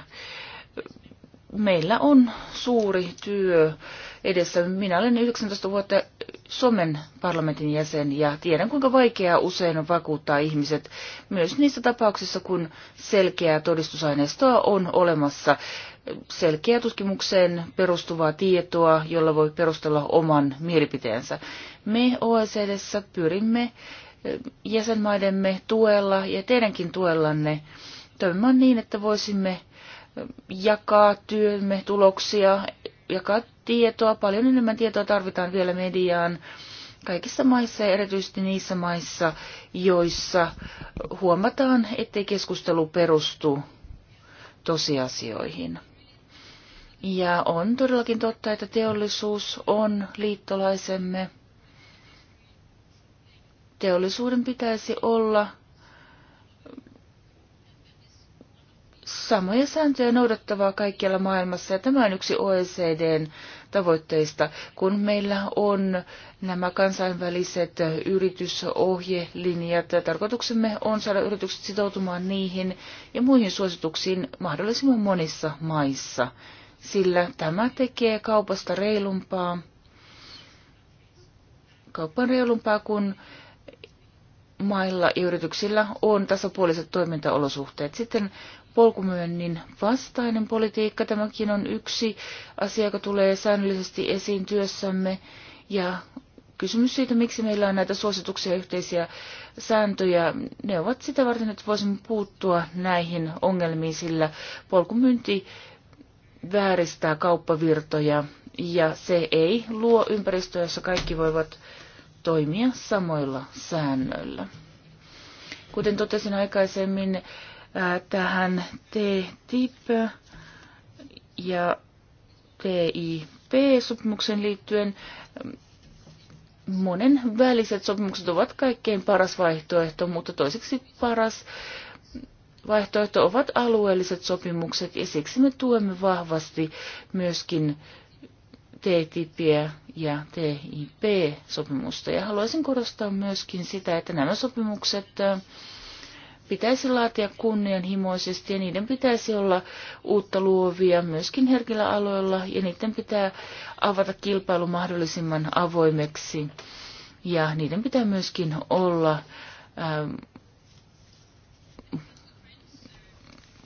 meillä on suuri työ edessä. Minä olen 19 vuotta Suomen parlamentin jäsen ja tiedän, kuinka vaikeaa usein on vakuuttaa ihmiset myös niissä tapauksissa, kun selkeää todistusaineistoa on olemassa. Selkeää tutkimukseen perustuvaa tietoa, jolla voi perustella oman mielipiteensä. Me OECDssä pyrimme eh, jäsenmaidemme tuella ja teidänkin tuellanne toimimaan niin, että voisimme eh, jakaa työmme tuloksia, jakaa tietoa, paljon enemmän tietoa tarvitaan vielä mediaan kaikissa maissa ja erityisesti niissä maissa, joissa huomataan, ettei keskustelu perustu tosiasioihin. Ja on todellakin totta, että teollisuus on liittolaisemme. Teollisuuden pitäisi olla samoja sääntöjä noudattavaa kaikkialla maailmassa. Ja tämä on yksi OECDn tavoitteista, kun meillä on nämä kansainväliset yritysohjelinjat. Tarkoituksemme on saada yritykset sitoutumaan niihin ja muihin suosituksiin mahdollisimman monissa maissa, sillä tämä tekee kaupasta reilumpaa. Kaupan reilumpaa, kun mailla ja yrityksillä on tasapuoliset toimintaolosuhteet. Sitten polkumyönnin vastainen politiikka. Tämäkin on yksi asia, joka tulee säännöllisesti esiin työssämme. Ja kysymys siitä, miksi meillä on näitä suosituksia ja yhteisiä sääntöjä, ne ovat sitä varten, että voisimme puuttua näihin ongelmiin, sillä polkumyynti vääristää kauppavirtoja ja se ei luo ympäristöä, jossa kaikki voivat toimia samoilla säännöillä. Kuten totesin aikaisemmin, tähän TTIP ja TIP-sopimuksen liittyen. Monen väliset sopimukset ovat kaikkein paras vaihtoehto, mutta toiseksi paras vaihtoehto ovat alueelliset sopimukset ja siksi me tuemme vahvasti myöskin TTIP ja TIP-sopimusta. Ja haluaisin korostaa myöskin sitä, että nämä sopimukset äh, pitäisi laatia kunnianhimoisesti ja niiden pitäisi olla uutta luovia myöskin herkillä aloilla ja niiden pitää avata kilpailu mahdollisimman avoimeksi ja niiden pitää myöskin olla ähm,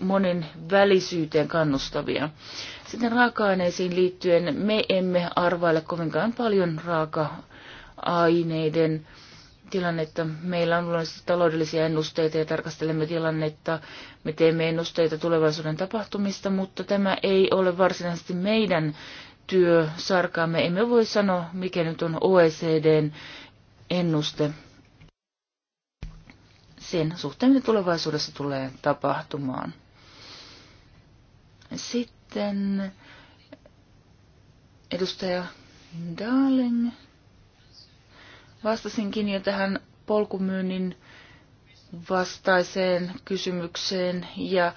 monen välisyyteen kannustavia. Sitten raaka-aineisiin liittyen me emme arvaile kovinkaan paljon raaka-aineiden äh, tilannetta. Meillä on luonnollisesti taloudellisia ennusteita ja tarkastelemme tilannetta. Me teemme ennusteita tulevaisuuden tapahtumista, mutta tämä ei ole varsinaisesti meidän työsarkaamme. Emme voi sanoa, mikä nyt on OECDn ennuste. Sen suhteen, mitä tulevaisuudessa tulee tapahtumaan. Sitten edustaja Darling Vastasinkin jo tähän polkumyynnin vastaiseen kysymykseen ja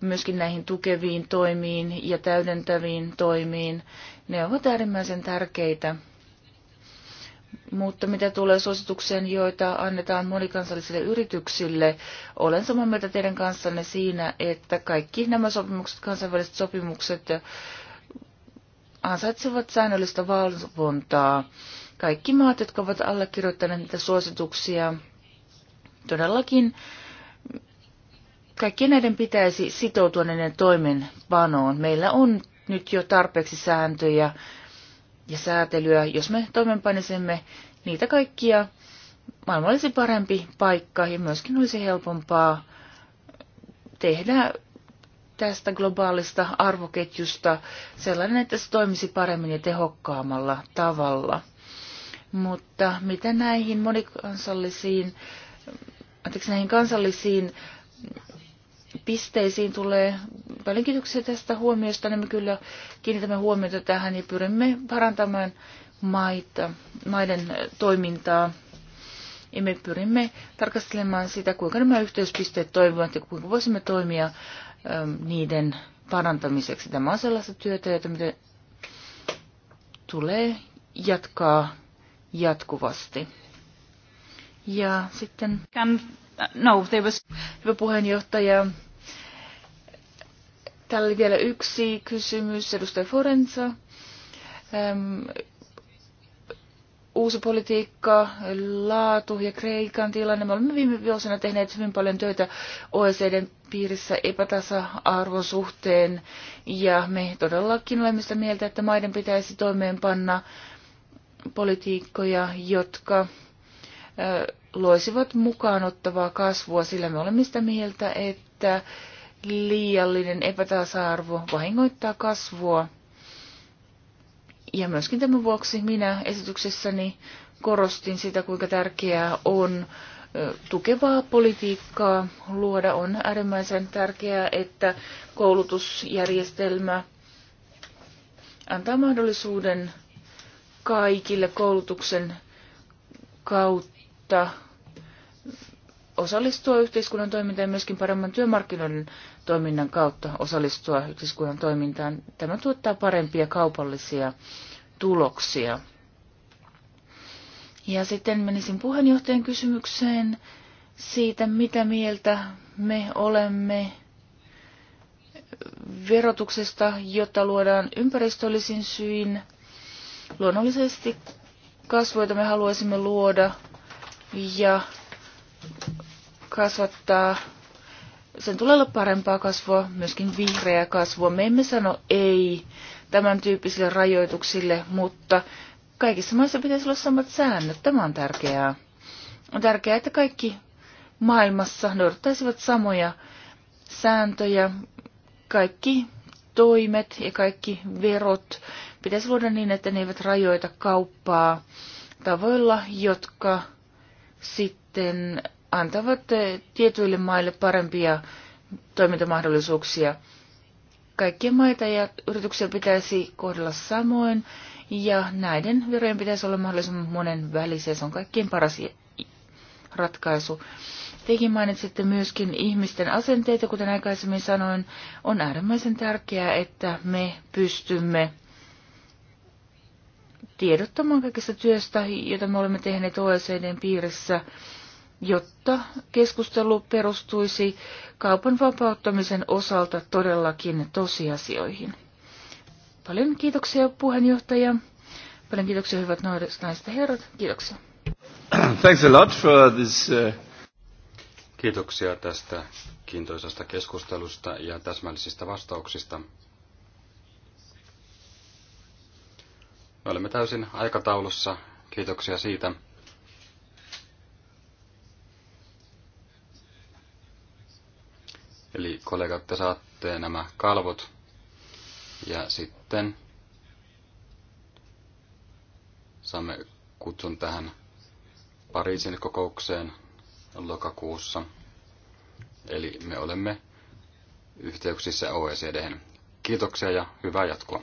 myöskin näihin tukeviin toimiin ja täydentäviin toimiin. Ne ovat äärimmäisen tärkeitä. Mutta mitä tulee suositukseen, joita annetaan monikansallisille yrityksille, olen samaa mieltä teidän kanssanne siinä, että kaikki nämä sopimukset, kansainväliset sopimukset ansaitsevat säännöllistä valvontaa kaikki maat, jotka ovat allekirjoittaneet näitä suosituksia, todellakin kaikkien näiden pitäisi sitoutua näiden toimenpanoon. Meillä on nyt jo tarpeeksi sääntöjä ja säätelyä. Jos me toimenpanisemme niitä kaikkia, maailma olisi parempi paikka ja myöskin olisi helpompaa tehdä tästä globaalista arvoketjusta sellainen, että se toimisi paremmin ja tehokkaammalla tavalla. Mutta mitä näihin monikansallisiin, anteeksi, näihin kansallisiin pisteisiin tulee paljon kiitoksia tästä huomiosta, niin me kyllä kiinnitämme huomiota tähän ja pyrimme parantamaan maita, maiden toimintaa. Ja me pyrimme tarkastelemaan sitä, kuinka nämä yhteyspisteet toimivat ja kuinka voisimme toimia ähm, niiden parantamiseksi. Tämä on sellaista työtä, jota tulee jatkaa jatkuvasti. Ja sitten... Can, no, there was... Hyvä puheenjohtaja. Täällä oli vielä yksi kysymys, edustaja Forenza. Öm, ehm, uusi politiikka, laatu ja Kreikan tilanne. Me olemme viime vuosina tehneet hyvin paljon töitä OECDn piirissä epätasa-arvon suhteen, ja me todellakin olemme sitä mieltä, että maiden pitäisi toimeenpanna panna politiikkoja, jotka loisivat mukaan ottavaa kasvua, sillä me olemme sitä mieltä, että liiallinen epätasa-arvo vahingoittaa kasvua. Ja myöskin tämän vuoksi minä esityksessäni korostin sitä, kuinka tärkeää on tukevaa politiikkaa luoda. On äärimmäisen tärkeää, että koulutusjärjestelmä antaa mahdollisuuden kaikille koulutuksen kautta osallistua yhteiskunnan toimintaan ja myöskin paremman työmarkkinoiden toiminnan kautta osallistua yhteiskunnan toimintaan. Tämä tuottaa parempia kaupallisia tuloksia. Ja sitten menisin puheenjohtajan kysymykseen siitä, mitä mieltä me olemme verotuksesta, jota luodaan ympäristöllisin syin – luonnollisesti kasvu, jota me haluaisimme luoda ja kasvattaa. Sen tulee olla parempaa kasvua, myöskin vihreää kasvua. Me emme sano ei tämän tyyppisille rajoituksille, mutta kaikissa maissa pitäisi olla samat säännöt. Tämä on tärkeää. On tärkeää, että kaikki maailmassa noudattaisivat samoja sääntöjä. Kaikki toimet ja kaikki verot pitäisi luoda niin, että ne eivät rajoita kauppaa tavoilla, jotka sitten antavat eh, tietyille maille parempia toimintamahdollisuuksia. Kaikkia maita ja yrityksiä pitäisi kohdella samoin, ja näiden verojen pitäisi olla mahdollisimman monen välisiä. Se on kaikkien paras ratkaisu. Tekin mainitsitte myöskin ihmisten asenteita, kuten aikaisemmin sanoin. On äärimmäisen tärkeää, että me pystymme tiedottamaan kaikesta työstä, jota me olemme tehneet OECDn piirissä, jotta keskustelu perustuisi kaupan vapauttamisen osalta todellakin tosiasioihin. Paljon kiitoksia puheenjohtaja. Paljon kiitoksia hyvät naiset ja herrat. Kiitoksia. Thanks a lot for this, uh... Kiitoksia tästä kiintoisesta keskustelusta ja täsmällisistä vastauksista. olemme täysin aikataulussa. Kiitoksia siitä. Eli kollegat, te saatte nämä kalvot. Ja sitten saamme kutsun tähän Pariisin kokoukseen lokakuussa. Eli me olemme yhteyksissä OECD:hen. Kiitoksia ja hyvää jatkoa.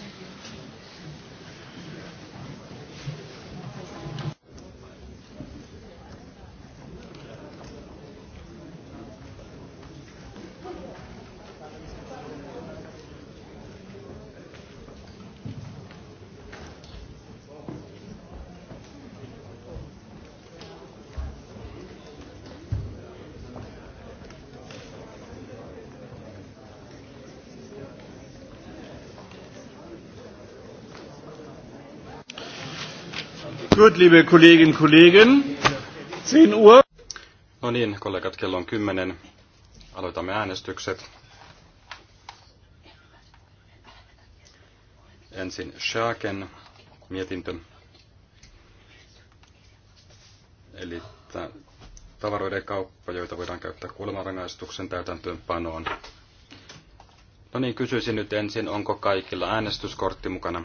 Gut, liebe Kolleginnen und Kollegen, 10 Uhr. No niin, kollegat, kello on 10. Aloitamme äänestykset. Ensin Schaken mietintö. Eli tavaroiden kauppa, joita voidaan käyttää kuolemanrangaistuksen täytäntöönpanoon. No niin, kysyisin nyt ensin, onko kaikilla äänestyskortti mukana?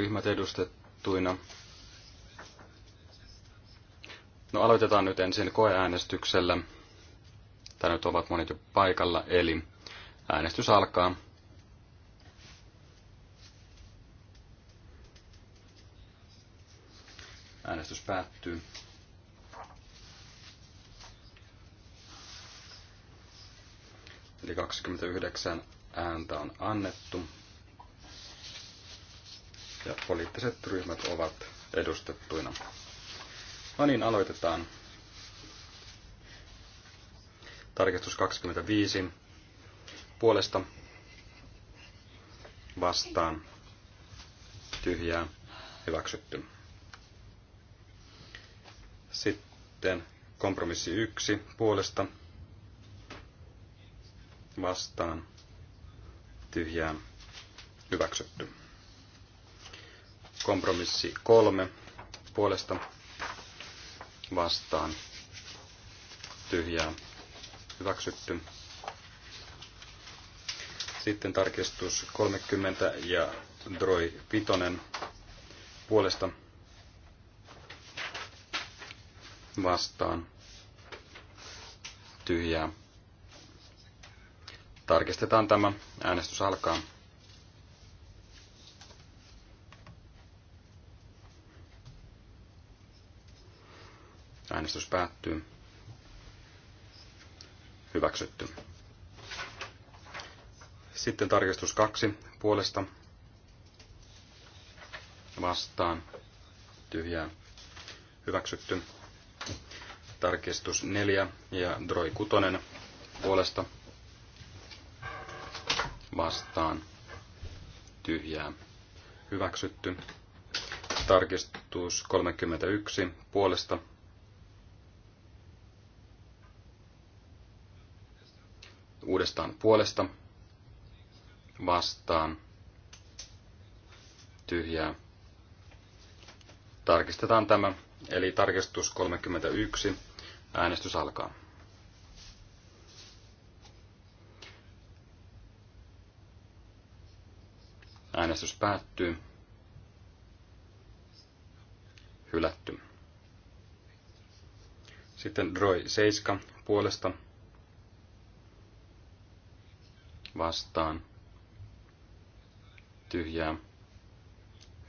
ryhmät edustettuina. No aloitetaan nyt ensin koeäänestyksellä. Täällä nyt ovat monet jo paikalla, eli äänestys alkaa. Äänestys päättyy. Eli 29 ääntä on annettu ja poliittiset ryhmät ovat edustettuina. No niin, aloitetaan. Tarkistus 25. Puolesta vastaan tyhjää hyväksytty. Sitten kompromissi 1 puolesta vastaan tyhjää hyväksytty. Kompromissi kolme puolesta vastaan tyhjää hyväksytty. Sitten tarkistus 30 ja Droi Vitonen puolesta vastaan tyhjää. Tarkistetaan tämä. Äänestys alkaa. Äänestys päättyy. Hyväksytty. Sitten tarkistus kaksi puolesta vastaan tyhjää hyväksytty. Tarkistus 4 ja Droi 6 puolesta vastaan tyhjää hyväksytty. Tarkistus 31 puolesta uudestaan puolesta vastaan tyhjää. Tarkistetaan tämä, eli tarkistus 31. Äänestys alkaa. Äänestys päättyy. Hylätty. Sitten Droi 7 puolesta vastaan tyhjää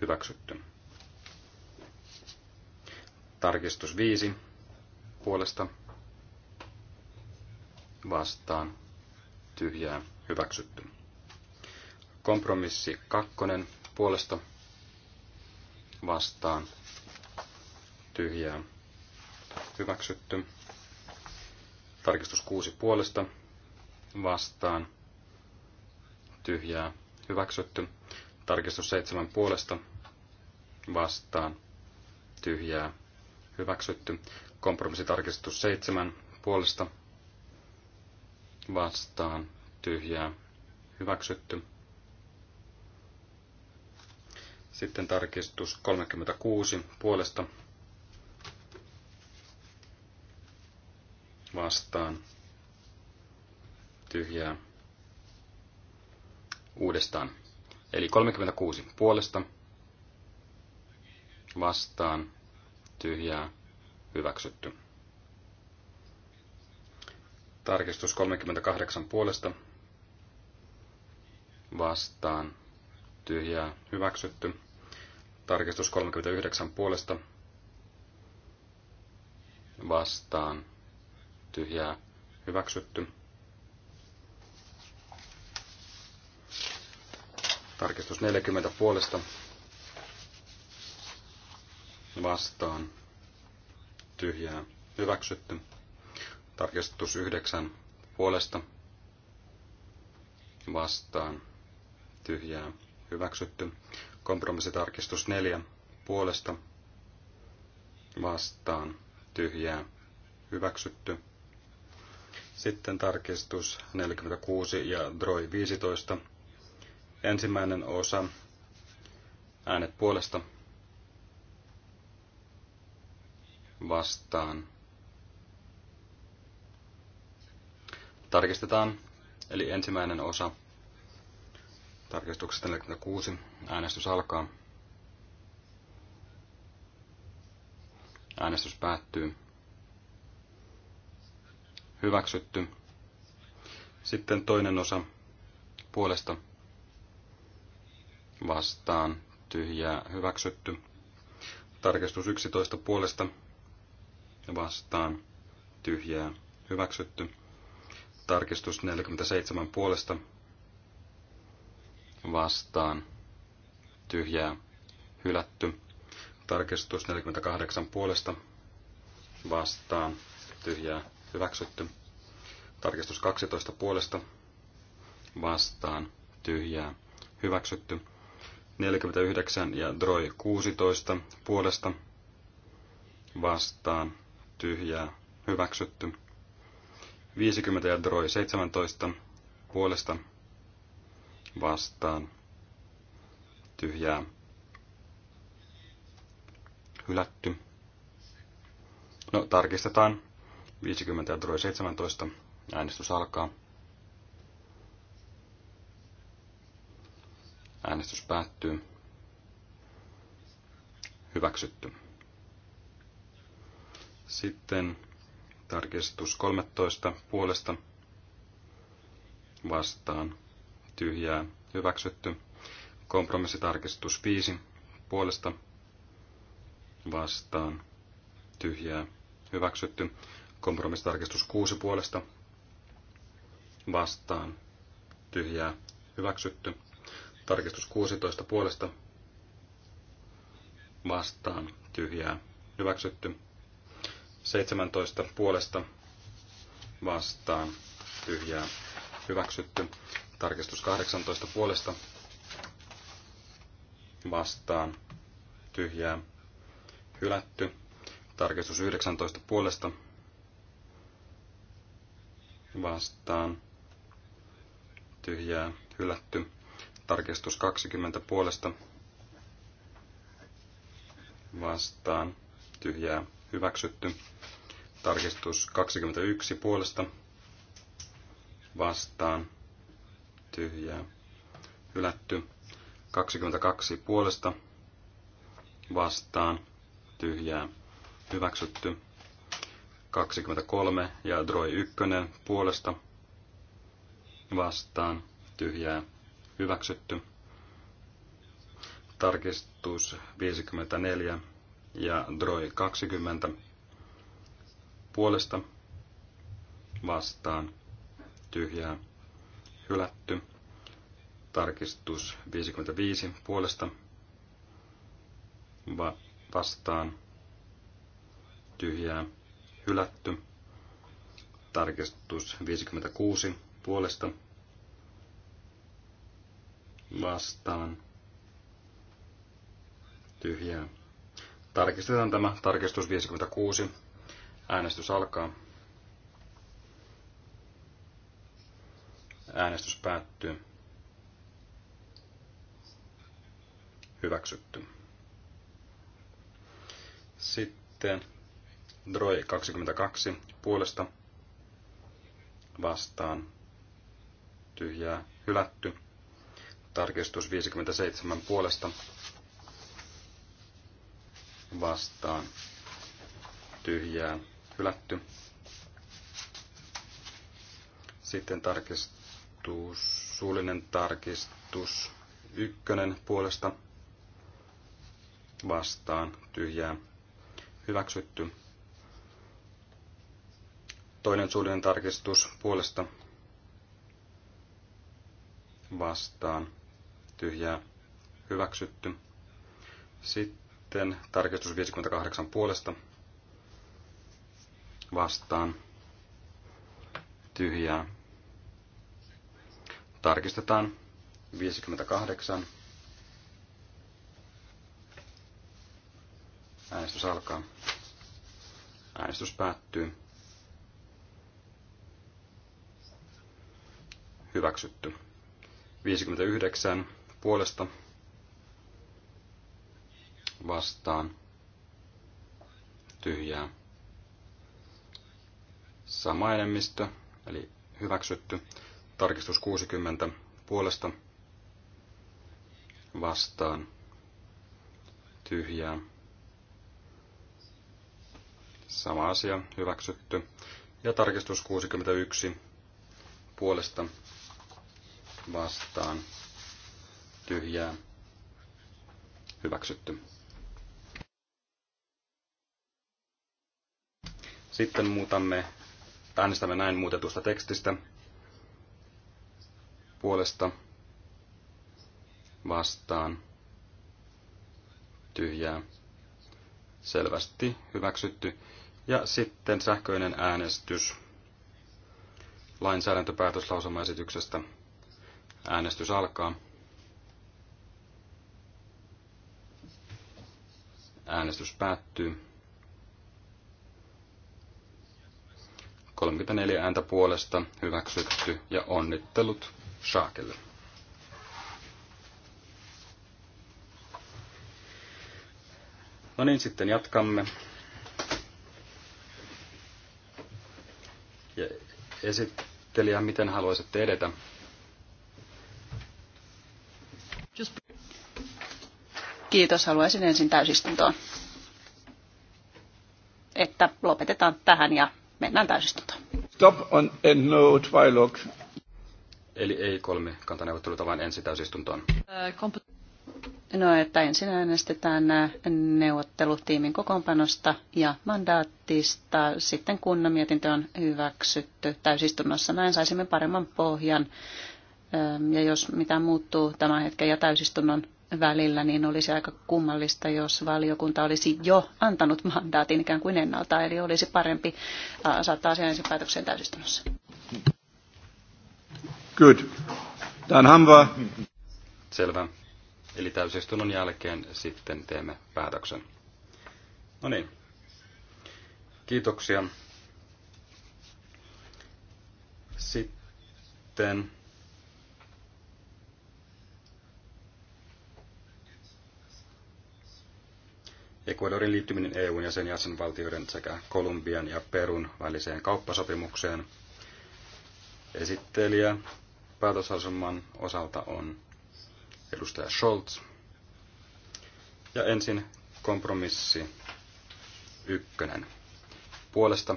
hyväksytty. Tarkistus 5 puolesta vastaan tyhjää hyväksytty. Kompromissi 2 puolesta vastaan tyhjää hyväksytty. Tarkistus 6 puolesta vastaan tyhjää hyväksytty. Tarkistus seitsemän puolesta vastaan tyhjää hyväksytty. Kompromissitarkistus seitsemän puolesta vastaan tyhjää hyväksytty. Sitten tarkistus 36 puolesta vastaan tyhjää uudestaan. Eli 36 puolesta vastaan tyhjää hyväksytty. Tarkistus 38 puolesta vastaan tyhjää hyväksytty. Tarkistus 39 puolesta vastaan tyhjää hyväksytty. Tarkistus 40 puolesta vastaan tyhjää hyväksytty. Tarkistus 9 puolesta vastaan tyhjää hyväksytty. Kompromissitarkistus 4 puolesta vastaan tyhjää hyväksytty. Sitten tarkistus 46 ja DROI 15 Ensimmäinen osa, äänet puolesta vastaan. Tarkistetaan, eli ensimmäinen osa tarkistuksesta 46. Äänestys alkaa. Äänestys päättyy. Hyväksytty. Sitten toinen osa puolesta vastaan tyhjää hyväksytty. Tarkistus 11 puolesta vastaan tyhjää hyväksytty. Tarkistus 47 puolesta vastaan tyhjää hylätty. Tarkistus 48 puolesta vastaan tyhjää hyväksytty. Tarkistus 12 puolesta vastaan tyhjää hyväksytty 49 ja Droi 16 puolesta vastaan tyhjää hyväksytty. 50 ja Droi 17 puolesta vastaan tyhjää hylätty. No, tarkistetaan. 50 ja Droi 17. Äänestys alkaa. Äänestys päättyy. Hyväksytty. Sitten tarkistus 13 puolesta vastaan tyhjää hyväksytty. Kompromissitarkistus 5 puolesta vastaan tyhjää hyväksytty. Kompromissitarkistus 6 puolesta vastaan tyhjää hyväksytty. Tarkistus 16 puolesta vastaan tyhjää hyväksytty. 17 puolesta vastaan tyhjää hyväksytty. Tarkistus 18 puolesta vastaan tyhjää hylätty. Tarkistus 19 puolesta vastaan tyhjää hylätty. Tarkistus 20 puolesta vastaan tyhjää hyväksytty. Tarkistus 21 puolesta vastaan tyhjää hylätty. 22 puolesta vastaan tyhjää hyväksytty. 23 ja Droi 1 puolesta vastaan tyhjää hyväksytty. Tarkistus 54 ja Droi 20 puolesta vastaan tyhjää hylätty. Tarkistus 55 puolesta va- vastaan tyhjää hylätty. Tarkistus 56 puolesta vastaan tyhjää. Tarkistetaan tämä. Tarkistus 56. Äänestys alkaa. Äänestys päättyy. Hyväksytty. Sitten Droi 22 puolesta vastaan tyhjää hylätty. Tarkistus 57 puolesta vastaan tyhjää hylätty. Sitten tarkistus, suullinen tarkistus ykkönen puolesta vastaan tyhjää hyväksytty. Toinen suullinen tarkistus puolesta vastaan tyhjää hyväksytty. Sitten tarkistus 58 puolesta vastaan tyhjää. Tarkistetaan 58. Äänestys alkaa. Äänestys päättyy. Hyväksytty. 59 puolesta vastaan tyhjää. Sama enemmistö, eli hyväksytty. Tarkistus 60 puolesta vastaan tyhjää. Sama asia, hyväksytty. Ja tarkistus 61 puolesta vastaan tyhjää hyväksytty. Sitten muutamme, äänestämme näin muutetusta tekstistä puolesta vastaan tyhjää selvästi hyväksytty. Ja sitten sähköinen äänestys lainsäädäntöpäätöslausumaesityksestä. Äänestys alkaa. Äänestys päättyy. 34 ääntä puolesta hyväksytty ja onnittelut Shaakelle. No niin, sitten jatkamme. Ja esittelijä, miten haluaisitte edetä? Kiitos, haluaisin ensin täysistuntoon, että lopetetaan tähän ja mennään täysistuntoon. Stop on and no dialogue. Eli ei kolme kantaneuvotteluita, vaan ensi täysistuntoon. No, että ensin äänestetään neuvottelutiimin kokoonpanosta ja mandaattista. Sitten kunnan mietintö on hyväksytty täysistunnossa, näin saisimme paremman pohjan. Ja jos mitä muuttuu tämän hetken ja täysistunnon välillä, niin olisi aika kummallista, jos valiokunta olisi jo antanut mandaatin ikään kuin ennalta, eli olisi parempi saattaa asian ensin päätökseen täysistunnossa. Good. Dan Hamva. Selvä. Eli täysistunnon jälkeen sitten teemme päätöksen. No niin. Kiitoksia. Sitten Ecuadorin liittyminen EUn ja sen jäsenvaltioiden sekä Kolumbian ja Perun väliseen kauppasopimukseen. Esittelijä päätösasemman osalta on edustaja Scholz. Ja ensin kompromissi ykkönen. Puolesta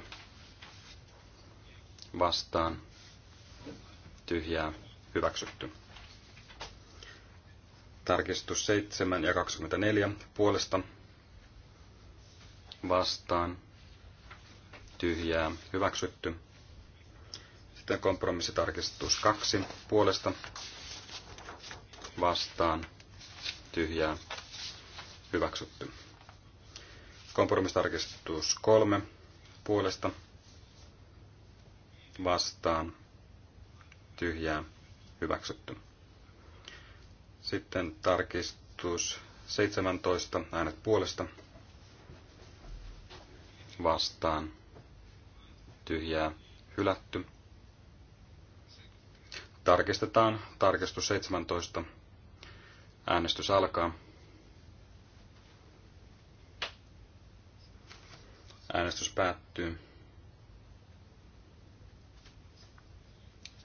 vastaan tyhjää hyväksytty. Tarkistus 7 ja 24 puolesta vastaan tyhjää hyväksytty. Sitten kompromissitarkistus 2 puolesta vastaan tyhjää hyväksytty. Kompromissitarkistus 3 puolesta vastaan tyhjää hyväksytty. Sitten tarkistus 17 äänet puolesta vastaan tyhjää hylätty. Tarkistetaan tarkistus 17. Äänestys alkaa. Äänestys päättyy.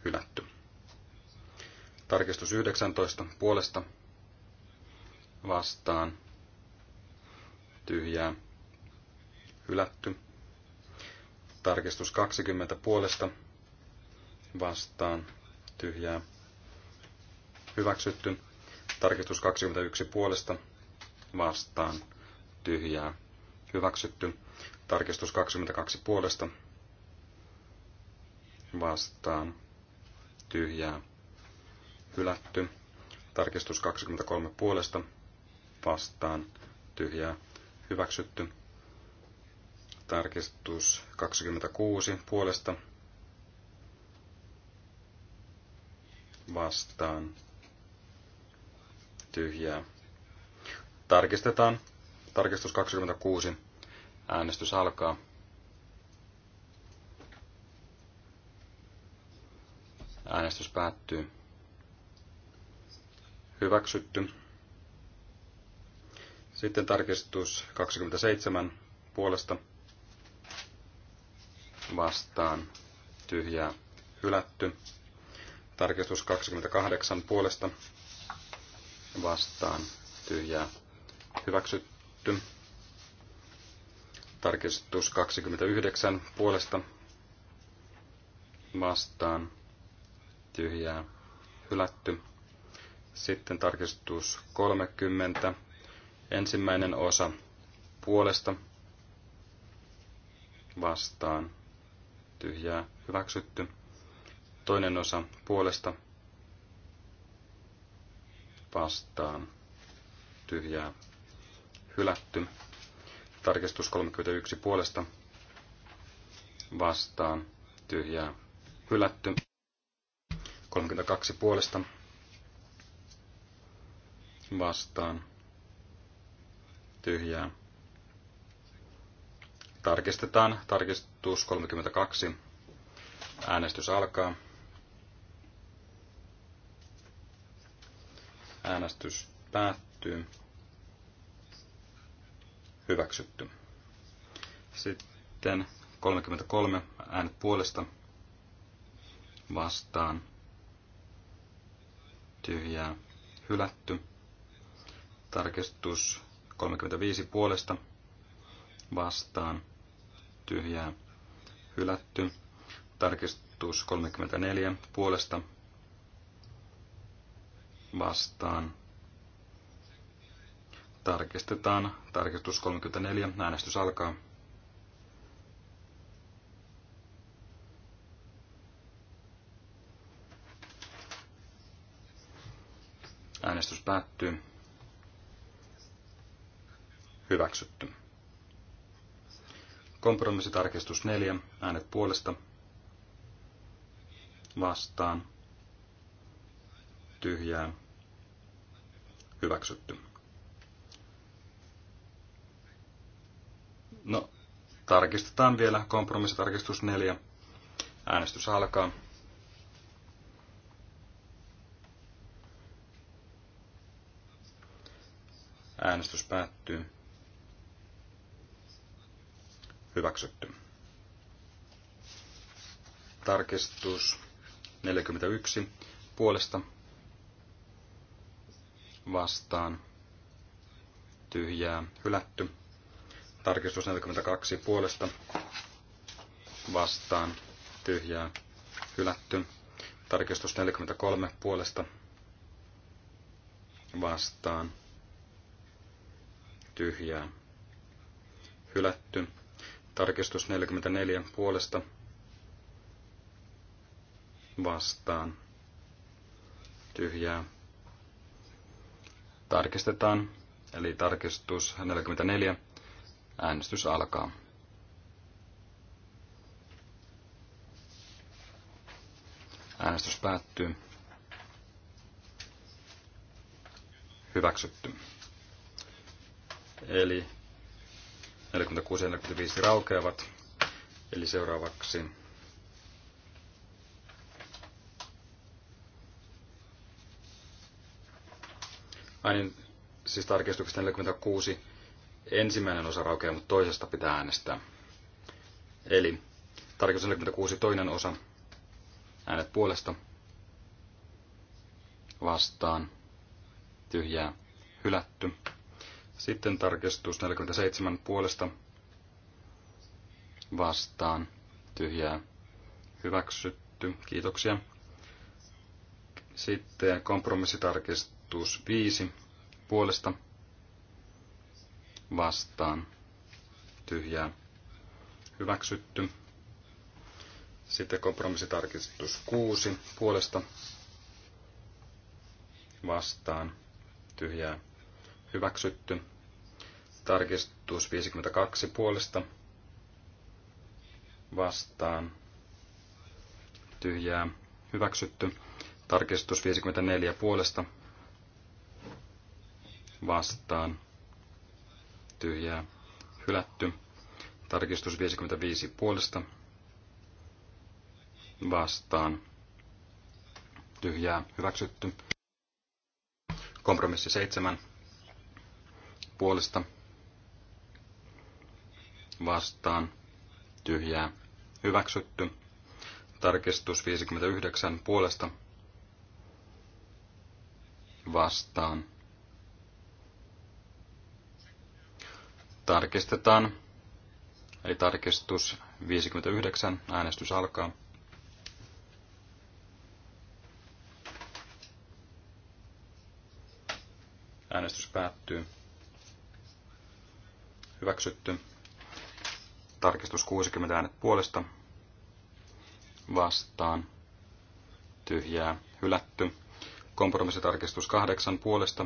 Hylätty. Tarkistus 19 puolesta vastaan tyhjää hylätty. Tarkistus 20 puolesta vastaan tyhjää hyväksytty. Tarkistus 21 puolesta vastaan tyhjää hyväksytty. Tarkistus 22 puolesta vastaan tyhjää hylätty. Tarkistus 23 puolesta vastaan tyhjää hyväksytty. Tarkistus 26 puolesta vastaan tyhjää. Tarkistetaan. Tarkistus 26. Äänestys alkaa. Äänestys päättyy. Hyväksytty. Sitten tarkistus 27 puolesta vastaan tyhjää hylätty. Tarkistus 28 puolesta vastaan tyhjää hyväksytty. Tarkistus 29 puolesta vastaan tyhjää hylätty. Sitten tarkistus 30. Ensimmäinen osa puolesta vastaan tyhjää hyväksytty. Toinen osa puolesta vastaan tyhjää hylätty. Tarkistus 31 puolesta vastaan tyhjää hylätty. 32 puolesta vastaan tyhjää Tarkistetaan. Tarkistus 32. Äänestys alkaa. Äänestys päättyy. Hyväksytty. Sitten 33 äänet puolesta vastaan. Tyhjää hylätty. Tarkistus 35 puolesta vastaan tyhjää hylätty. Tarkistus 34 puolesta vastaan. Tarkistetaan. Tarkistus 34. Äänestys alkaa. Äänestys päättyy. Hyväksytty. Kompromissitarkistus 4. Äänet puolesta. Vastaan. Tyhjää. Hyväksytty. No, tarkistetaan vielä kompromissitarkistus 4. Äänestys alkaa. Äänestys päättyy hyväksytty. Tarkistus 41 puolesta vastaan tyhjää hylätty. Tarkistus 42 puolesta vastaan tyhjää hylätty. Tarkistus 43 puolesta vastaan tyhjää hylätty. Tarkistus 44 puolesta vastaan. Tyhjää. Tarkistetaan, eli tarkistus 44. Äänestys alkaa. Äänestys päättyy. Hyväksytty. Eli 46 ja 45 raukeavat. Eli seuraavaksi Ainin siis tarkistuksesta 46 ensimmäinen osa raukeaa, mutta toisesta pitää äänestää. Eli tarkistus 46 toinen osa, äänet puolesta, vastaan, tyhjää, hylätty. Sitten tarkistus 47 puolesta vastaan tyhjää hyväksytty. Kiitoksia. Sitten kompromissitarkistus 5 puolesta vastaan tyhjää hyväksytty. Sitten kompromissitarkistus 6 puolesta vastaan tyhjää hyväksytty. Tarkistus 52 puolesta vastaan tyhjää hyväksytty. Tarkistus 54 puolesta vastaan tyhjää hylätty. Tarkistus 55 puolesta vastaan tyhjää hyväksytty. Kompromissi 7 puolesta vastaan tyhjää hyväksytty. Tarkistus 59 puolesta vastaan. Tarkistetaan. Eli tarkistus 59. Äänestys alkaa. Äänestys päättyy hyväksytty. Tarkistus 60 äänet puolesta vastaan tyhjää hylätty. Kompromissitarkistus 8 puolesta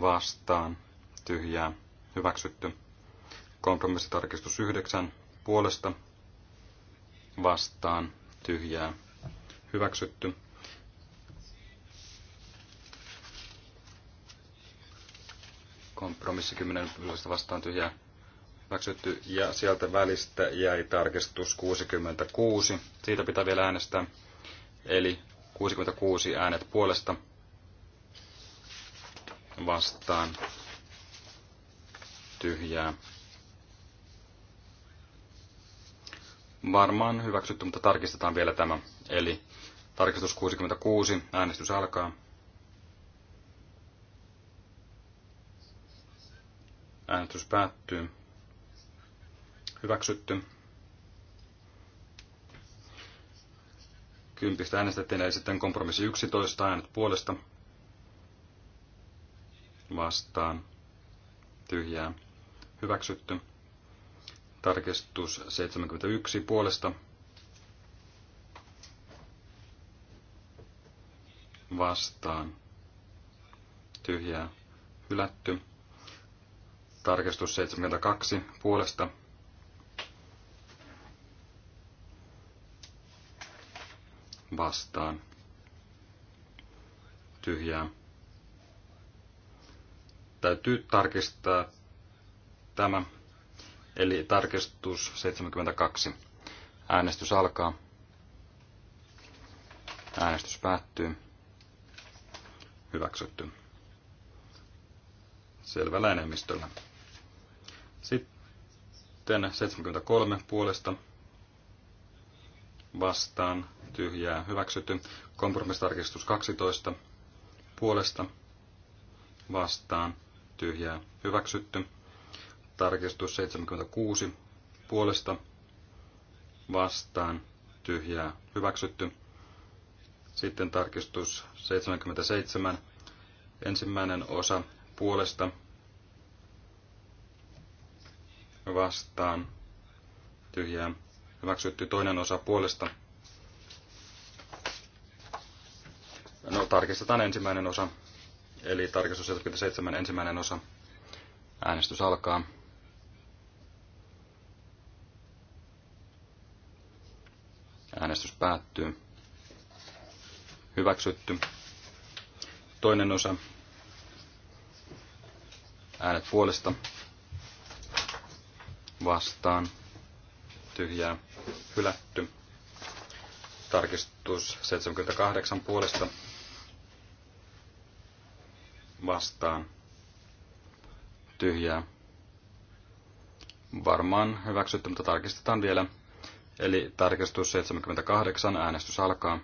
vastaan tyhjää hyväksytty. Kompromissitarkistus 9 puolesta vastaan tyhjää hyväksytty. kompromissi 10 puolesta vastaan tyhjää hyväksytty. Ja sieltä välistä jäi tarkistus 66. Siitä pitää vielä äänestää. Eli 66 äänet puolesta vastaan tyhjää. Varmaan hyväksytty, mutta tarkistetaan vielä tämä. Eli tarkistus 66, äänestys alkaa. Äänestys päättyy. Hyväksytty. Kympistä äänestettiin eli sitten kompromissi 11 äänet puolesta. Vastaan. Tyhjää. Hyväksytty. Tarkistus 71 puolesta. Vastaan. Tyhjää. Hylätty. Tarkistus 72 puolesta vastaan. Tyhjää. Täytyy tarkistaa tämä, eli tarkistus 72. Äänestys alkaa. Äänestys päättyy. Hyväksytty. Selvällä enemmistöllä. Sitten 73 puolesta vastaan tyhjää hyväksytty. Kompromissitarkistus 12 puolesta vastaan tyhjää hyväksytty. Tarkistus 76 puolesta vastaan tyhjää hyväksytty. Sitten tarkistus 77 ensimmäinen osa puolesta vastaan tyhjää hyväksytty toinen osa puolesta. No, tarkistetaan ensimmäinen osa, eli tarkistus 77 ensimmäinen osa. Äänestys alkaa. Äänestys päättyy. Hyväksytty. Toinen osa. Äänet puolesta vastaan tyhjää hylätty. Tarkistus 78 puolesta vastaan tyhjää. Varmaan hyväksytty, mutta tarkistetaan vielä. Eli tarkistus 78, äänestys alkaa.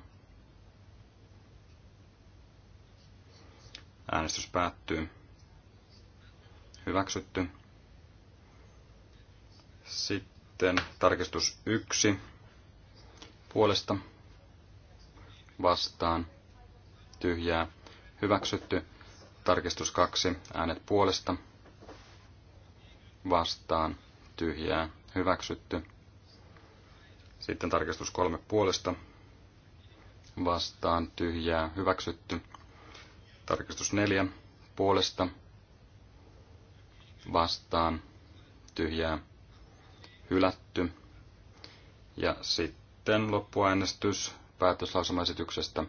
Äänestys päättyy. Hyväksytty. Sitten tarkistus yksi puolesta vastaan tyhjää hyväksytty. Tarkistus kaksi äänet puolesta vastaan tyhjää hyväksytty. Sitten tarkistus kolme puolesta vastaan tyhjää hyväksytty. Tarkistus neljä puolesta vastaan tyhjää hylätty. Ja sitten loppuäänestys päätöslausumaesityksestä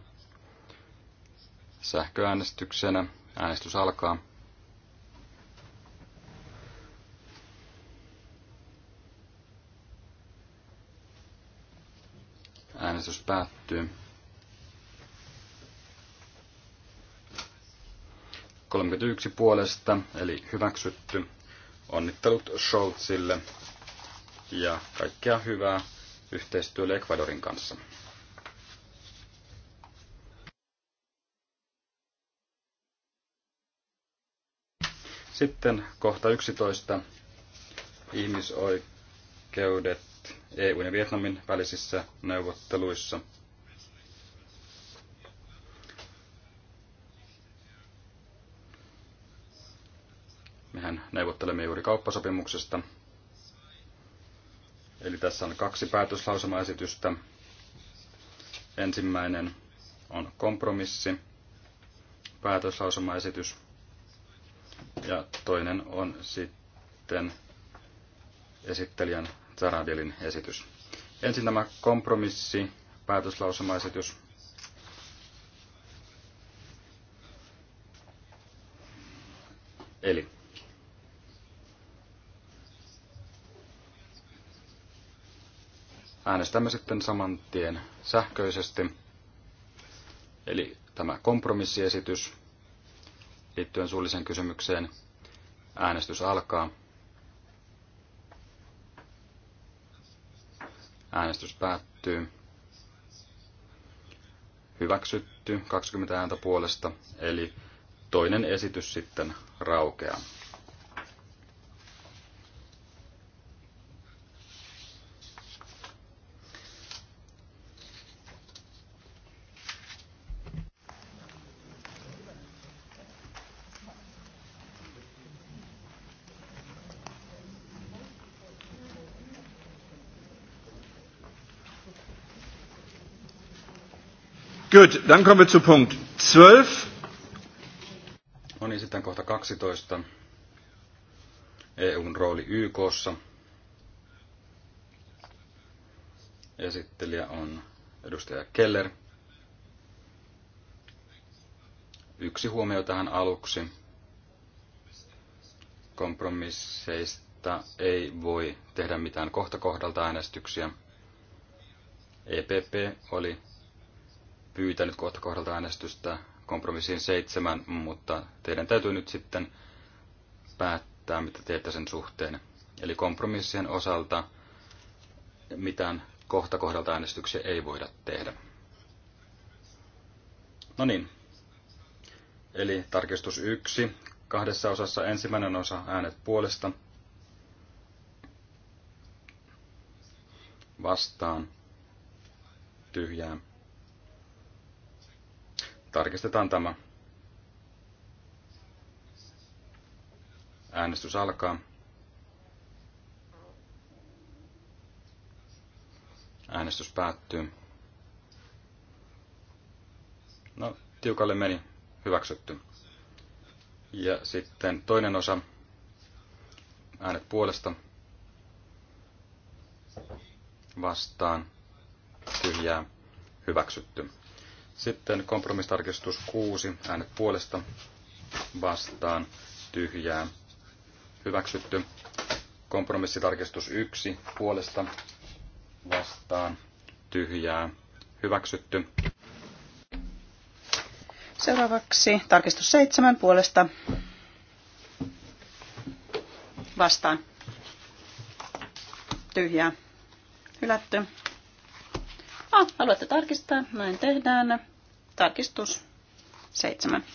sähköäänestyksenä. Äänestys alkaa. Äänestys päättyy. 31 puolesta, eli hyväksytty. Onnittelut Scholzille ja kaikkea hyvää yhteistyölle Ecuadorin kanssa. Sitten kohta 11. Ihmisoikeudet EU ja Vietnamin välisissä neuvotteluissa. Mehän neuvottelemme juuri kauppasopimuksesta Eli tässä on kaksi päätöslausumaesitystä. Ensimmäinen on kompromissi, päätöslausumaesitys, ja toinen on sitten esittelijän Zaradilin esitys. Ensin tämä kompromissi, päätöslausumaesitys. äänestämme sitten saman tien sähköisesti. Eli tämä kompromissiesitys liittyen suulliseen kysymykseen. Äänestys alkaa. Äänestys päättyy. Hyväksytty 20 ääntä puolesta, eli toinen esitys sitten raukeaa. Gut, dann kommen wir zu Punkt 12. No niin, sitten kohta 12. EUn rooli YKssa. Esittelijä on edustaja Keller. Yksi huomio tähän aluksi. Kompromisseista ei voi tehdä mitään kohta kohdalta äänestyksiä. EPP oli pyytänyt kohta kohdalta äänestystä kompromissiin seitsemän, mutta teidän täytyy nyt sitten päättää, mitä teette sen suhteen. Eli kompromissien osalta mitään kohta kohdalta äänestyksiä ei voida tehdä. No niin. Eli tarkistus yksi kahdessa osassa ensimmäinen osa äänet puolesta. Vastaan. Tyhjään. Tarkistetaan tämä. Äänestys alkaa. Äänestys päättyy. No, tiukalle meni. Hyväksytty. Ja sitten toinen osa. Äänet puolesta. Vastaan. Tyhjää. Hyväksytty. Sitten kompromistarkistus 6, äänet puolesta, vastaan, tyhjää, hyväksytty. Kompromissitarkistus 1, puolesta, vastaan, tyhjää, hyväksytty. Seuraavaksi tarkistus 7, puolesta, vastaan, tyhjää, hylätty. Ah, haluatte tarkistaa? Näin tehdään. Tarkistus seitsemän.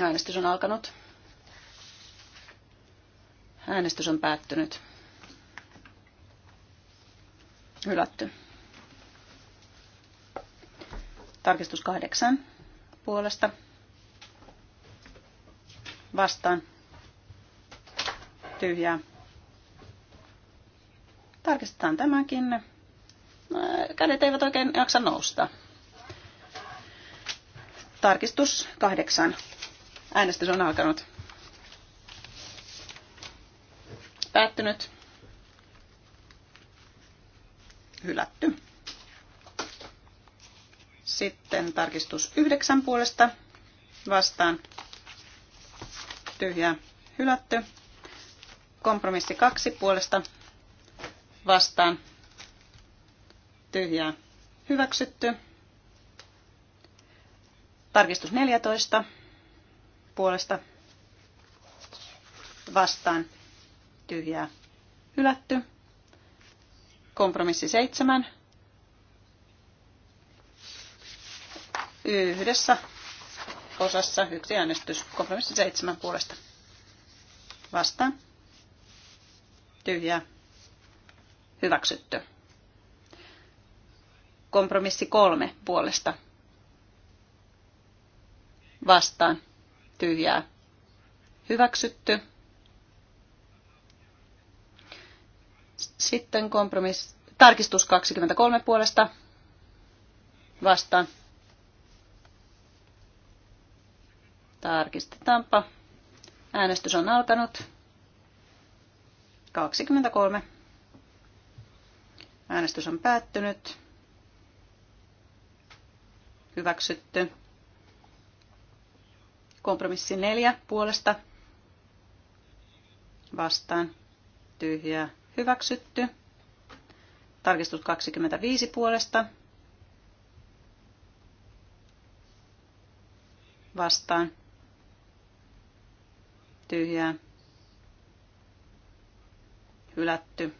Äänestys on alkanut. Äänestys on päättynyt. Hylätty. Tarkistus kahdeksan puolesta. Vastaan tyhjää. Tarkistetaan tämäkin. Kädet eivät oikein jaksa nousta. Tarkistus kahdeksan. Äänestys on alkanut. Päättynyt. Hylätty. Sitten tarkistus yhdeksän puolesta vastaan. Tyhjä. hylätty. Kompromissi kaksi puolesta vastaan tyhjää hyväksytty. Tarkistus 14 puolesta vastaan tyhjää hylätty. Kompromissi 7 yhdessä osassa yksi äänestys kompromissi 7 puolesta vastaan tyhjä, hyväksytty. Kompromissi kolme puolesta vastaan tyhjää hyväksytty. Sitten kompromissi, tarkistus 23 puolesta vastaan. Tarkistetaanpa. Äänestys on alkanut. 23. Äänestys on päättynyt. Hyväksytty. Kompromissi 4 puolesta. Vastaan. Tyhjää. Hyväksytty. Tarkistus 25 puolesta. Vastaan. Tyhjää hylätty.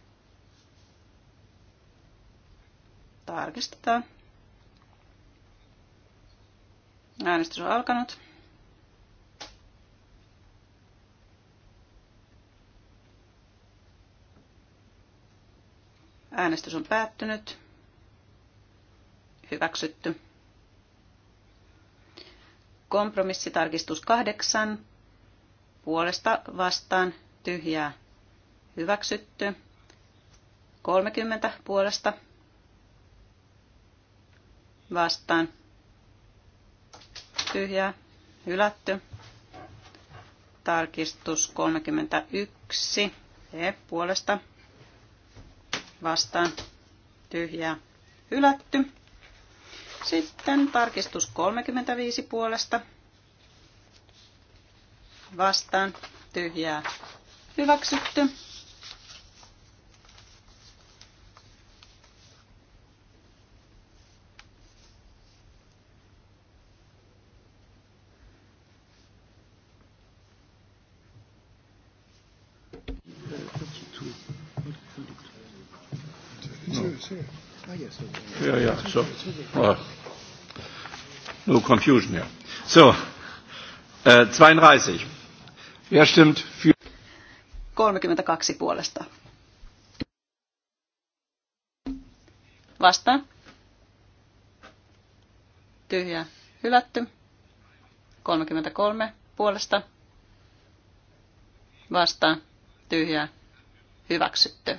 Tarkistetaan. Äänestys on alkanut. Äänestys on päättynyt. Hyväksytty. Kompromissitarkistus kahdeksan. Puolesta vastaan tyhjää Hyväksytty. 30 puolesta vastaan. Tyhjää. Hylätty. Tarkistus 31. E puolesta vastaan. Tyhjää. Hylätty. Sitten tarkistus 35 puolesta vastaan. Tyhjää. Hyväksytty. So, oh. no confusion here. So, äh, 32. Wer stimmt für? 32 puolesta. Vastaan. Tyhjä. Hylätty. 33 puolesta. Vastaan. Tyhjä. Hyväksytty.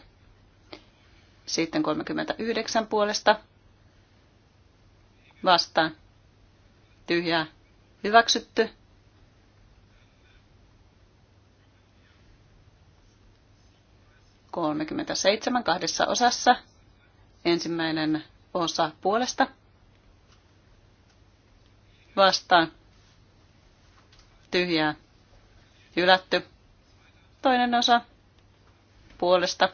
Sitten 39 puolesta vastaan. Tyhjää. Hyväksytty. Kolmekymmentäseitsemän kahdessa osassa. Ensimmäinen osa puolesta. Vastaan. Tyhjää. Hylätty. Toinen osa puolesta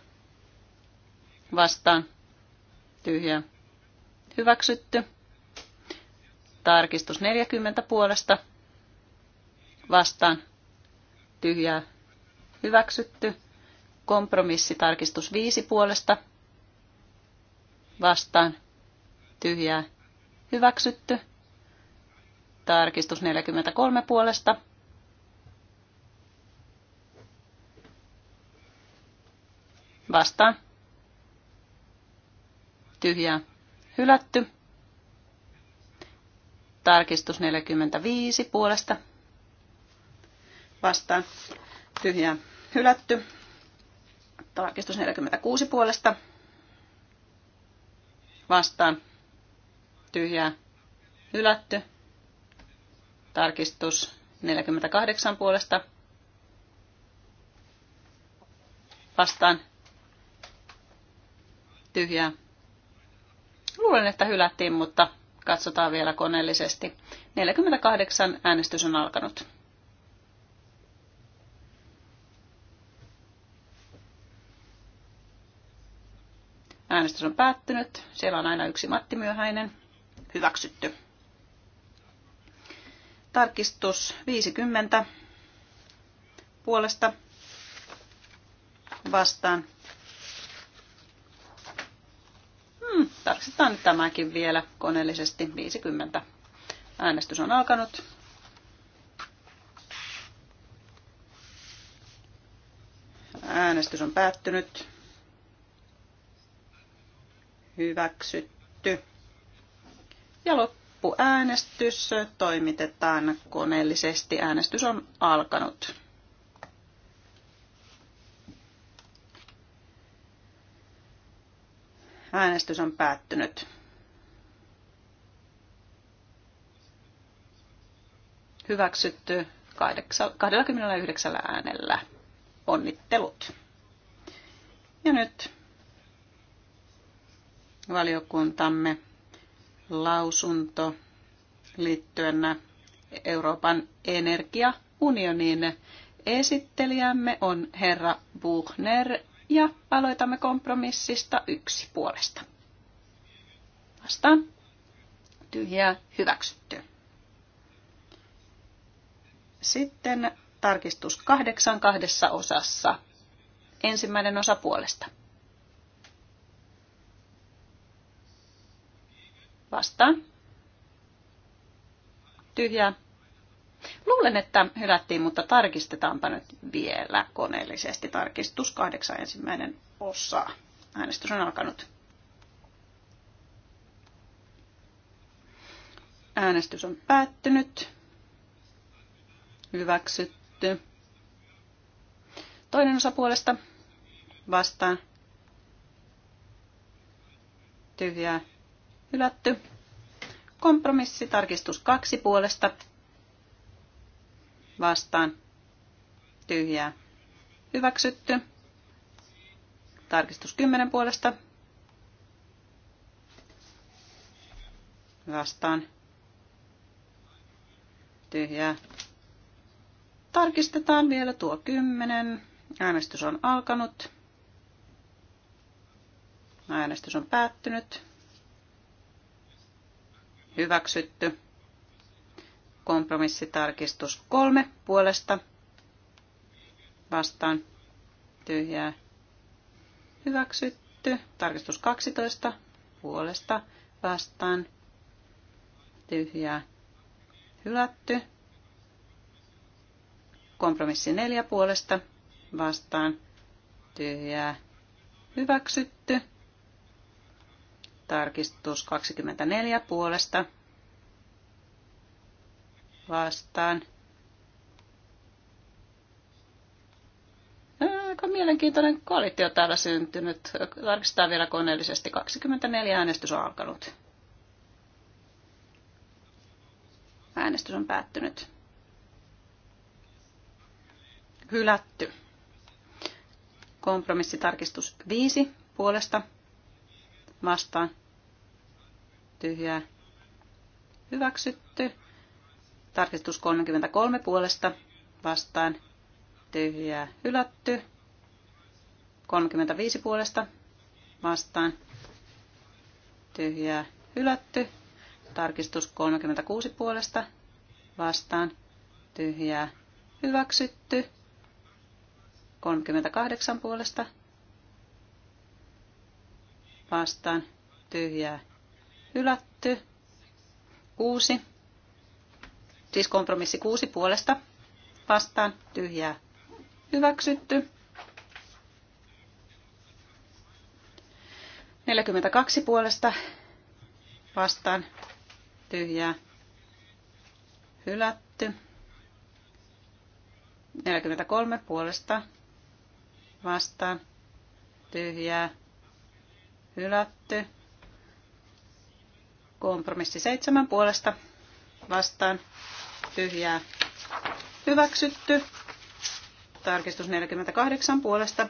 vastaan. Tyhjää. Hyväksytty. Tarkistus 40 puolesta vastaan tyhjää hyväksytty. Kompromissi tarkistus 5 puolesta vastaan tyhjää hyväksytty. Tarkistus 43 puolesta vastaan tyhjää hylätty. Tarkistus 45 puolesta. Vastaan. tyhjä hylätty. Tarkistus 46 puolesta. Vastaan. tyhjä hylätty. Tarkistus 48 puolesta. Vastaan. Tyhjää. Luulen, että hylättiin, mutta Katsotaan vielä koneellisesti. 48 äänestys on alkanut. Äänestys on päättynyt. Siellä on aina yksi Matti Myöhäinen. Hyväksytty. Tarkistus 50 puolesta vastaan maksetaan nyt tämäkin vielä koneellisesti 50. Äänestys on alkanut. Äänestys on päättynyt. Hyväksytty. Ja loppuäänestys toimitetaan koneellisesti. Äänestys on alkanut. Äänestys on päättynyt. Hyväksytty 29 äänellä. Onnittelut. Ja nyt valiokuntamme lausunto liittyen Euroopan energiaunioniin. Esittelijämme on herra Buchner ja aloitamme kompromissista yksi puolesta. Vastaan. Tyhjää hyväksytty. Sitten tarkistus kahdeksan kahdessa osassa. Ensimmäinen osa puolesta. Vastaan. Tyhjää Luulen, että hylättiin, mutta tarkistetaanpa nyt vielä koneellisesti. Tarkistus kahdeksan ensimmäinen osa. Äänestys on alkanut. Äänestys on päättynyt. Hyväksytty. Toinen osa puolesta vastaan. Tyhjää. Hylätty. Kompromissi tarkistus kaksi puolesta vastaan tyhjää hyväksytty. Tarkistus 10 puolesta vastaan tyhjää. Tarkistetaan vielä tuo 10. Äänestys on alkanut. Äänestys on päättynyt. Hyväksytty. Kompromissitarkistus kolme puolesta vastaan tyhjää hyväksytty. Tarkistus 12 puolesta vastaan tyhjää hylätty. Kompromissi neljä puolesta vastaan tyhjää hyväksytty. Tarkistus 24 puolesta vastaan. Aika mielenkiintoinen koalitio täällä syntynyt. Tarkistetaan vielä koneellisesti. 24 äänestys on alkanut. Äänestys on päättynyt. Hylätty. Kompromissitarkistus 5 puolesta vastaan. Tyhjää. Hyväksytty. Tarkistus 33 puolesta vastaan tyhjää hylätty. 35 puolesta vastaan tyhjää hylätty. Tarkistus 36 puolesta vastaan tyhjää hyväksytty. 38 puolesta vastaan tyhjää hylätty. 6 Siis kompromissi kuusi puolesta vastaan tyhjää hyväksytty. 42 puolesta vastaan tyhjää hylätty. 43 puolesta vastaan tyhjää hylätty. Kompromissi seitsemän puolesta vastaan tyhjää hyväksytty. Tarkistus 48 puolesta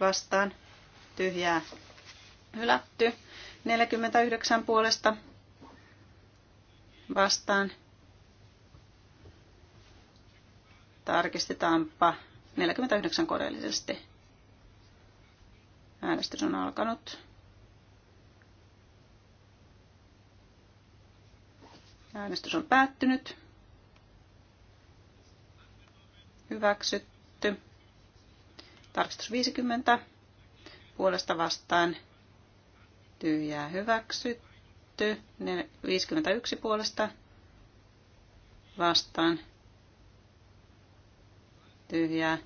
vastaan tyhjää hylätty. 49 puolesta vastaan. Tarkistetaanpa 49 koreellisesti. Äänestys on alkanut. Äänestys on päättynyt. hyväksytty. Tarkistus 50 puolesta vastaan tyhjää hyväksytty. 51 puolesta vastaan tyhjää.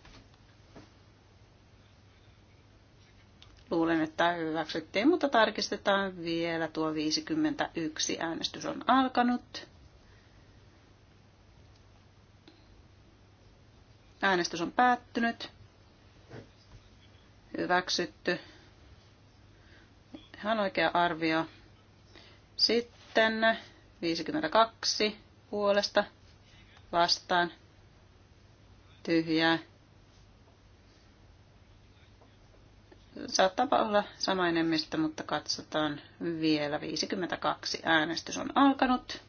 Luulen, että hyväksyttiin, mutta tarkistetaan vielä. Tuo 51 äänestys on alkanut. Äänestys on päättynyt. Hyväksytty. Ihan oikea arvio. Sitten 52 puolesta vastaan. Tyhjää. Saattaa olla sama enemmistö, mutta katsotaan vielä. 52 äänestys on alkanut.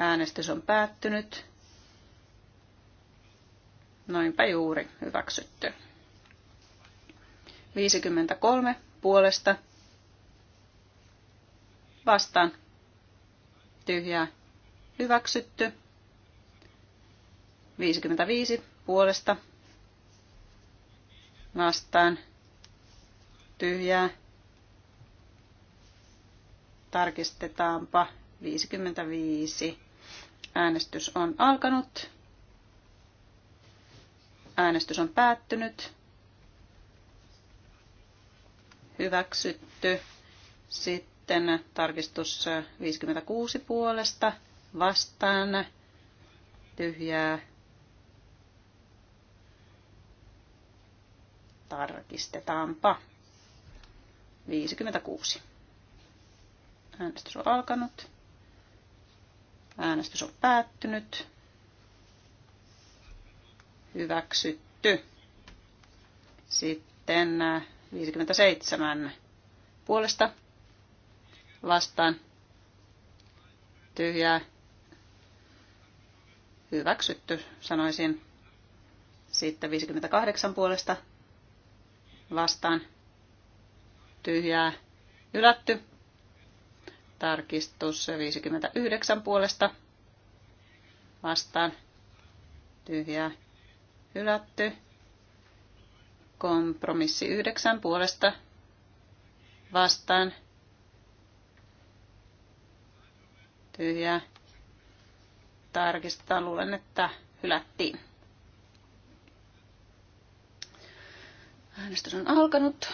Äänestys on päättynyt. Noinpä juuri hyväksytty. 53 puolesta vastaan tyhjää hyväksytty. 55 puolesta vastaan tyhjää. Tarkistetaanpa 55. Äänestys on alkanut. Äänestys on päättynyt. Hyväksytty. Sitten tarkistus 56 puolesta vastaan tyhjää. Tarkistetaanpa. 56. Äänestys on alkanut. Äänestys on päättynyt. Hyväksytty. Sitten 57 äh, puolesta vastaan tyhjää hyväksytty, sanoisin. Sitten 58 puolesta vastaan tyhjää ylätty. Tarkistus 59 puolesta vastaan. Tyhjää hylätty. Kompromissi 9 puolesta vastaan. Tyhjää. Tarkistetaan, luulen, että hylättiin. Äänestys on alkanut.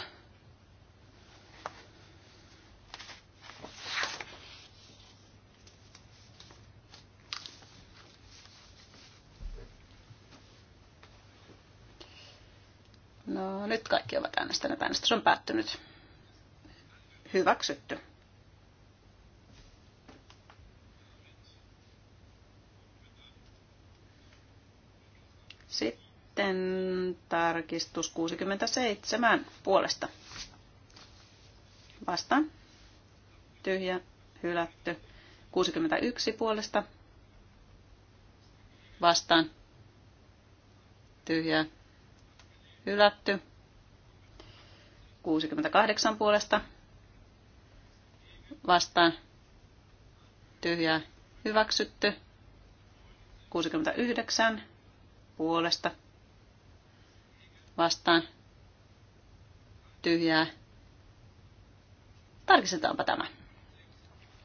No nyt kaikki ovat äänestäneet. Äänestys on päättynyt. Hyväksytty. Sitten tarkistus 67 puolesta. Vastaan. Tyhjä, hylätty. 61 puolesta. Vastaan. Tyhjää, hylätty. 68 puolesta vastaan tyhjää hyväksytty. 69 puolesta vastaan tyhjää. Tarkistetaanpa tämä.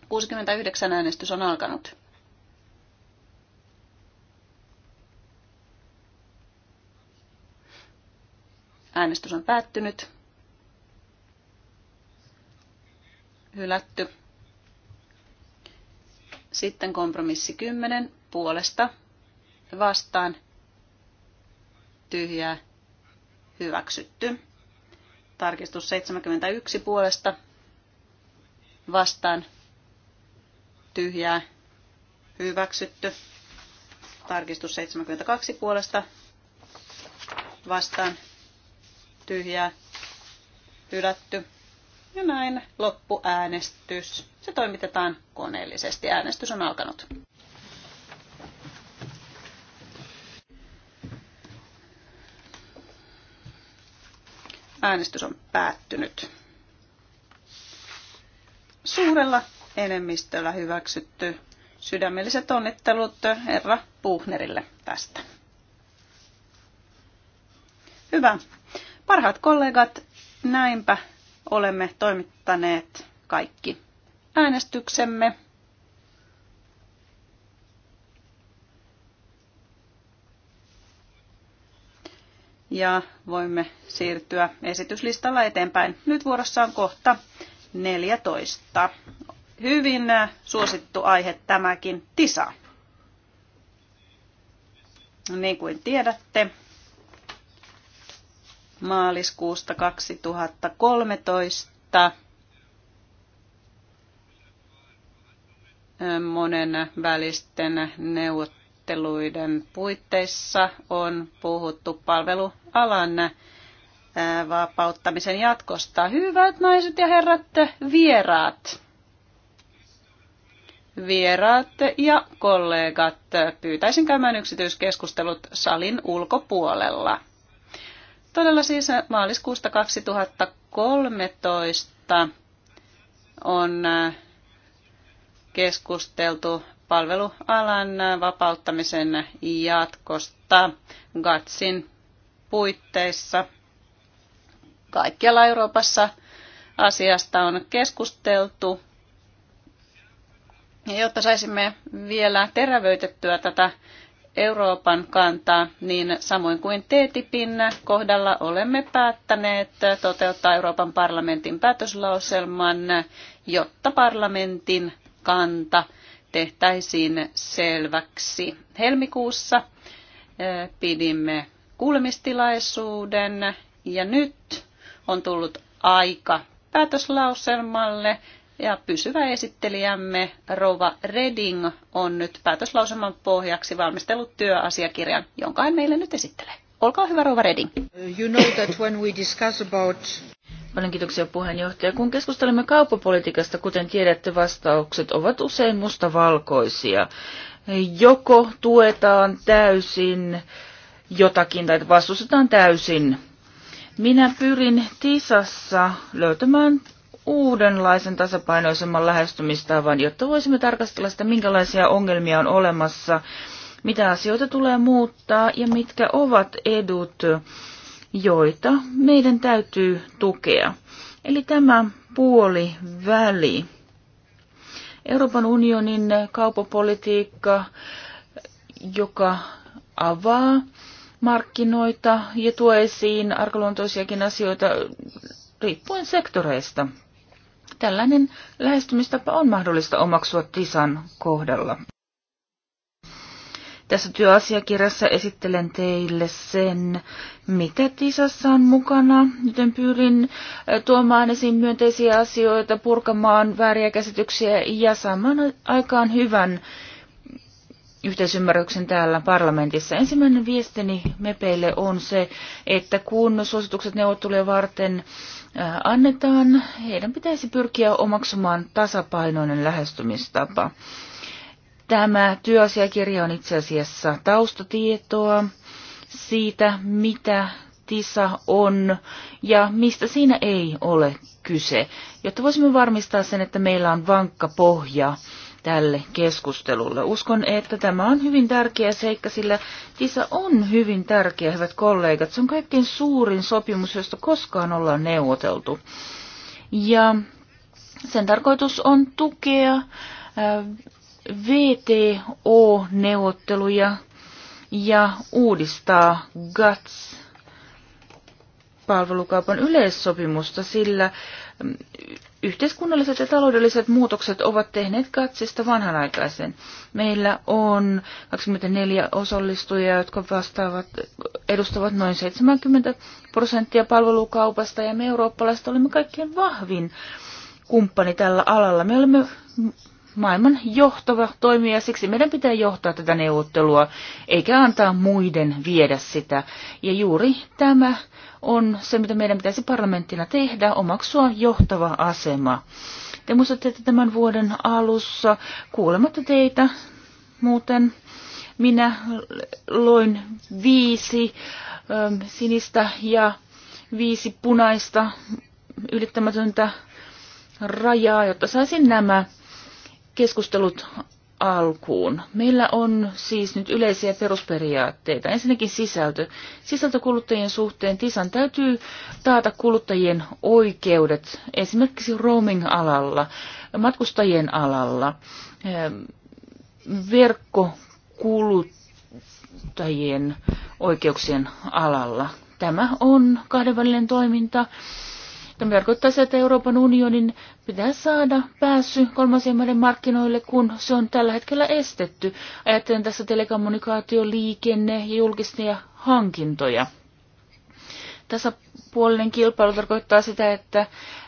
69 äänestys on alkanut. Äänestys on päättynyt. Hylätty. Sitten kompromissi 10 puolesta vastaan tyhjää hyväksytty. Tarkistus 71 puolesta vastaan tyhjää hyväksytty. Tarkistus 72 puolesta vastaan tyhjää, hylätty. Ja näin loppuäänestys. Se toimitetaan koneellisesti. Äänestys on alkanut. Äänestys on päättynyt. Suurella enemmistöllä hyväksytty. Sydämelliset onnittelut herra Puhnerille tästä. Hyvä. Parhaat kollegat, näinpä olemme toimittaneet kaikki äänestyksemme. Ja voimme siirtyä esityslistalla eteenpäin. Nyt vuorossa on kohta 14. Hyvin suosittu aihe tämäkin, TISA. Niin kuin tiedätte, maaliskuusta 2013 monen välisten neuvotteluiden puitteissa on puhuttu palvelualan vapauttamisen jatkosta. Hyvät naiset ja herrat, vieraat! Vieraat ja kollegat, pyytäisin käymään yksityiskeskustelut salin ulkopuolella. Todella siis maaliskuusta 2013 on äh, keskusteltu palvelualan äh, vapauttamisen jatkosta GATSin puitteissa. Kaikkialla Euroopassa asiasta on keskusteltu. Ja jotta saisimme vielä terävöitettyä tätä Euroopan kantaa, niin samoin kuin TTIPin kohdalla olemme päättäneet toteuttaa Euroopan parlamentin päätöslauselman, jotta parlamentin kanta tehtäisiin selväksi. Helmikuussa eh, pidimme kuulemistilaisuuden ja nyt on tullut aika päätöslauselmalle ja pysyvä esittelijämme Rova Reding on nyt päätöslauseman pohjaksi valmistellut työasiakirjan, jonka hän meille nyt esittelee. Olkaa hyvä, Rova Reding. You know that when we discuss about... Paljon kiitoksia puheenjohtaja. Kun keskustelemme kauppapolitiikasta, kuten tiedätte, vastaukset ovat usein mustavalkoisia. Joko tuetaan täysin jotakin tai vastustetaan täysin. Minä pyrin Tisassa löytämään uudenlaisen tasapainoisemman lähestymistavan, jotta voisimme tarkastella sitä, minkälaisia ongelmia on olemassa, mitä asioita tulee muuttaa ja mitkä ovat edut, joita meidän täytyy tukea. Eli tämä puoli väli. Euroopan unionin kaupapolitiikka, joka avaa markkinoita ja tuo esiin arkaluontoisiakin asioita riippuen sektoreista. Tällainen lähestymistapa on mahdollista omaksua TISAN kohdalla. Tässä työasiakirjassa esittelen teille sen, mitä TISassa on mukana, joten pyrin tuomaan esiin myönteisiä asioita, purkamaan vääriä käsityksiä ja saamaan aikaan hyvän yhteisymmärryksen täällä parlamentissa. Ensimmäinen viestini mepeille on se, että kun suositukset neuvottelujen varten äh, annetaan, heidän pitäisi pyrkiä omaksumaan tasapainoinen lähestymistapa. Tämä työasiakirja on itse asiassa taustatietoa siitä, mitä TISA on ja mistä siinä ei ole kyse, jotta voisimme varmistaa sen, että meillä on vankka pohja tälle keskustelulle. Uskon, että tämä on hyvin tärkeä seikka, sillä TISA on hyvin tärkeä, hyvät kollegat. Se on kaikkein suurin sopimus, josta koskaan ollaan neuvoteltu. Ja sen tarkoitus on tukea äh, VTO-neuvotteluja ja uudistaa GATS-palvelukaupan yleissopimusta, sillä mm, yhteiskunnalliset ja taloudelliset muutokset ovat tehneet katsista vanhanaikaisen. Meillä on 24 osallistujaa, jotka vastaavat, edustavat noin 70 prosenttia palvelukaupasta ja me eurooppalaiset olemme kaikkein vahvin kumppani tällä alalla. Me olemme maailman johtava toimija, siksi meidän pitää johtaa tätä neuvottelua, eikä antaa muiden viedä sitä. Ja juuri tämä on se, mitä meidän pitäisi parlamenttina tehdä, omaksua johtava asema. Te muistatte, että tämän vuoden alussa kuulematta teitä muuten minä loin viisi ähm, sinistä ja viisi punaista ylittämätöntä rajaa, jotta saisin nämä keskustelut alkuun. Meillä on siis nyt yleisiä perusperiaatteita. Ensinnäkin sisältö. Sisältökuluttajien suhteen TISAN täytyy taata kuluttajien oikeudet esimerkiksi roaming-alalla, matkustajien alalla, ähm, verkkokuluttajien oikeuksien alalla. Tämä on kahdenvälinen toiminta Tämä tarkoittaa sitä, että Euroopan unionin pitää saada pääsy kolmansien maiden markkinoille, kun se on tällä hetkellä estetty. Ajattelen tässä telekommunikaatio, liikenne ja julkisia hankintoja. Tasapuolinen kilpailu tarkoittaa sitä, että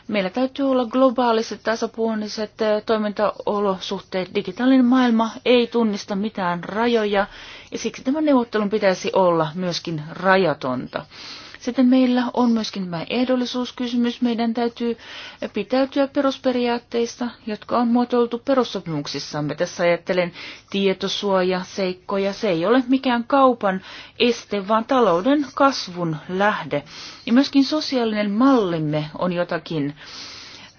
meillä täytyy olla globaaliset tasapuoliset toimintaolosuhteet. Digitaalinen maailma ei tunnista mitään rajoja ja siksi tämän neuvottelun pitäisi olla myöskin rajatonta. Sitten meillä on myöskin tämä ehdollisuuskysymys. Meidän täytyy pitäytyä perusperiaatteista, jotka on muotoiltu perussopimuksissamme. Tässä ajattelen tietosuoja, seikkoja. Se ei ole mikään kaupan este, vaan talouden kasvun lähde. Ja myöskin sosiaalinen mallimme on jotakin,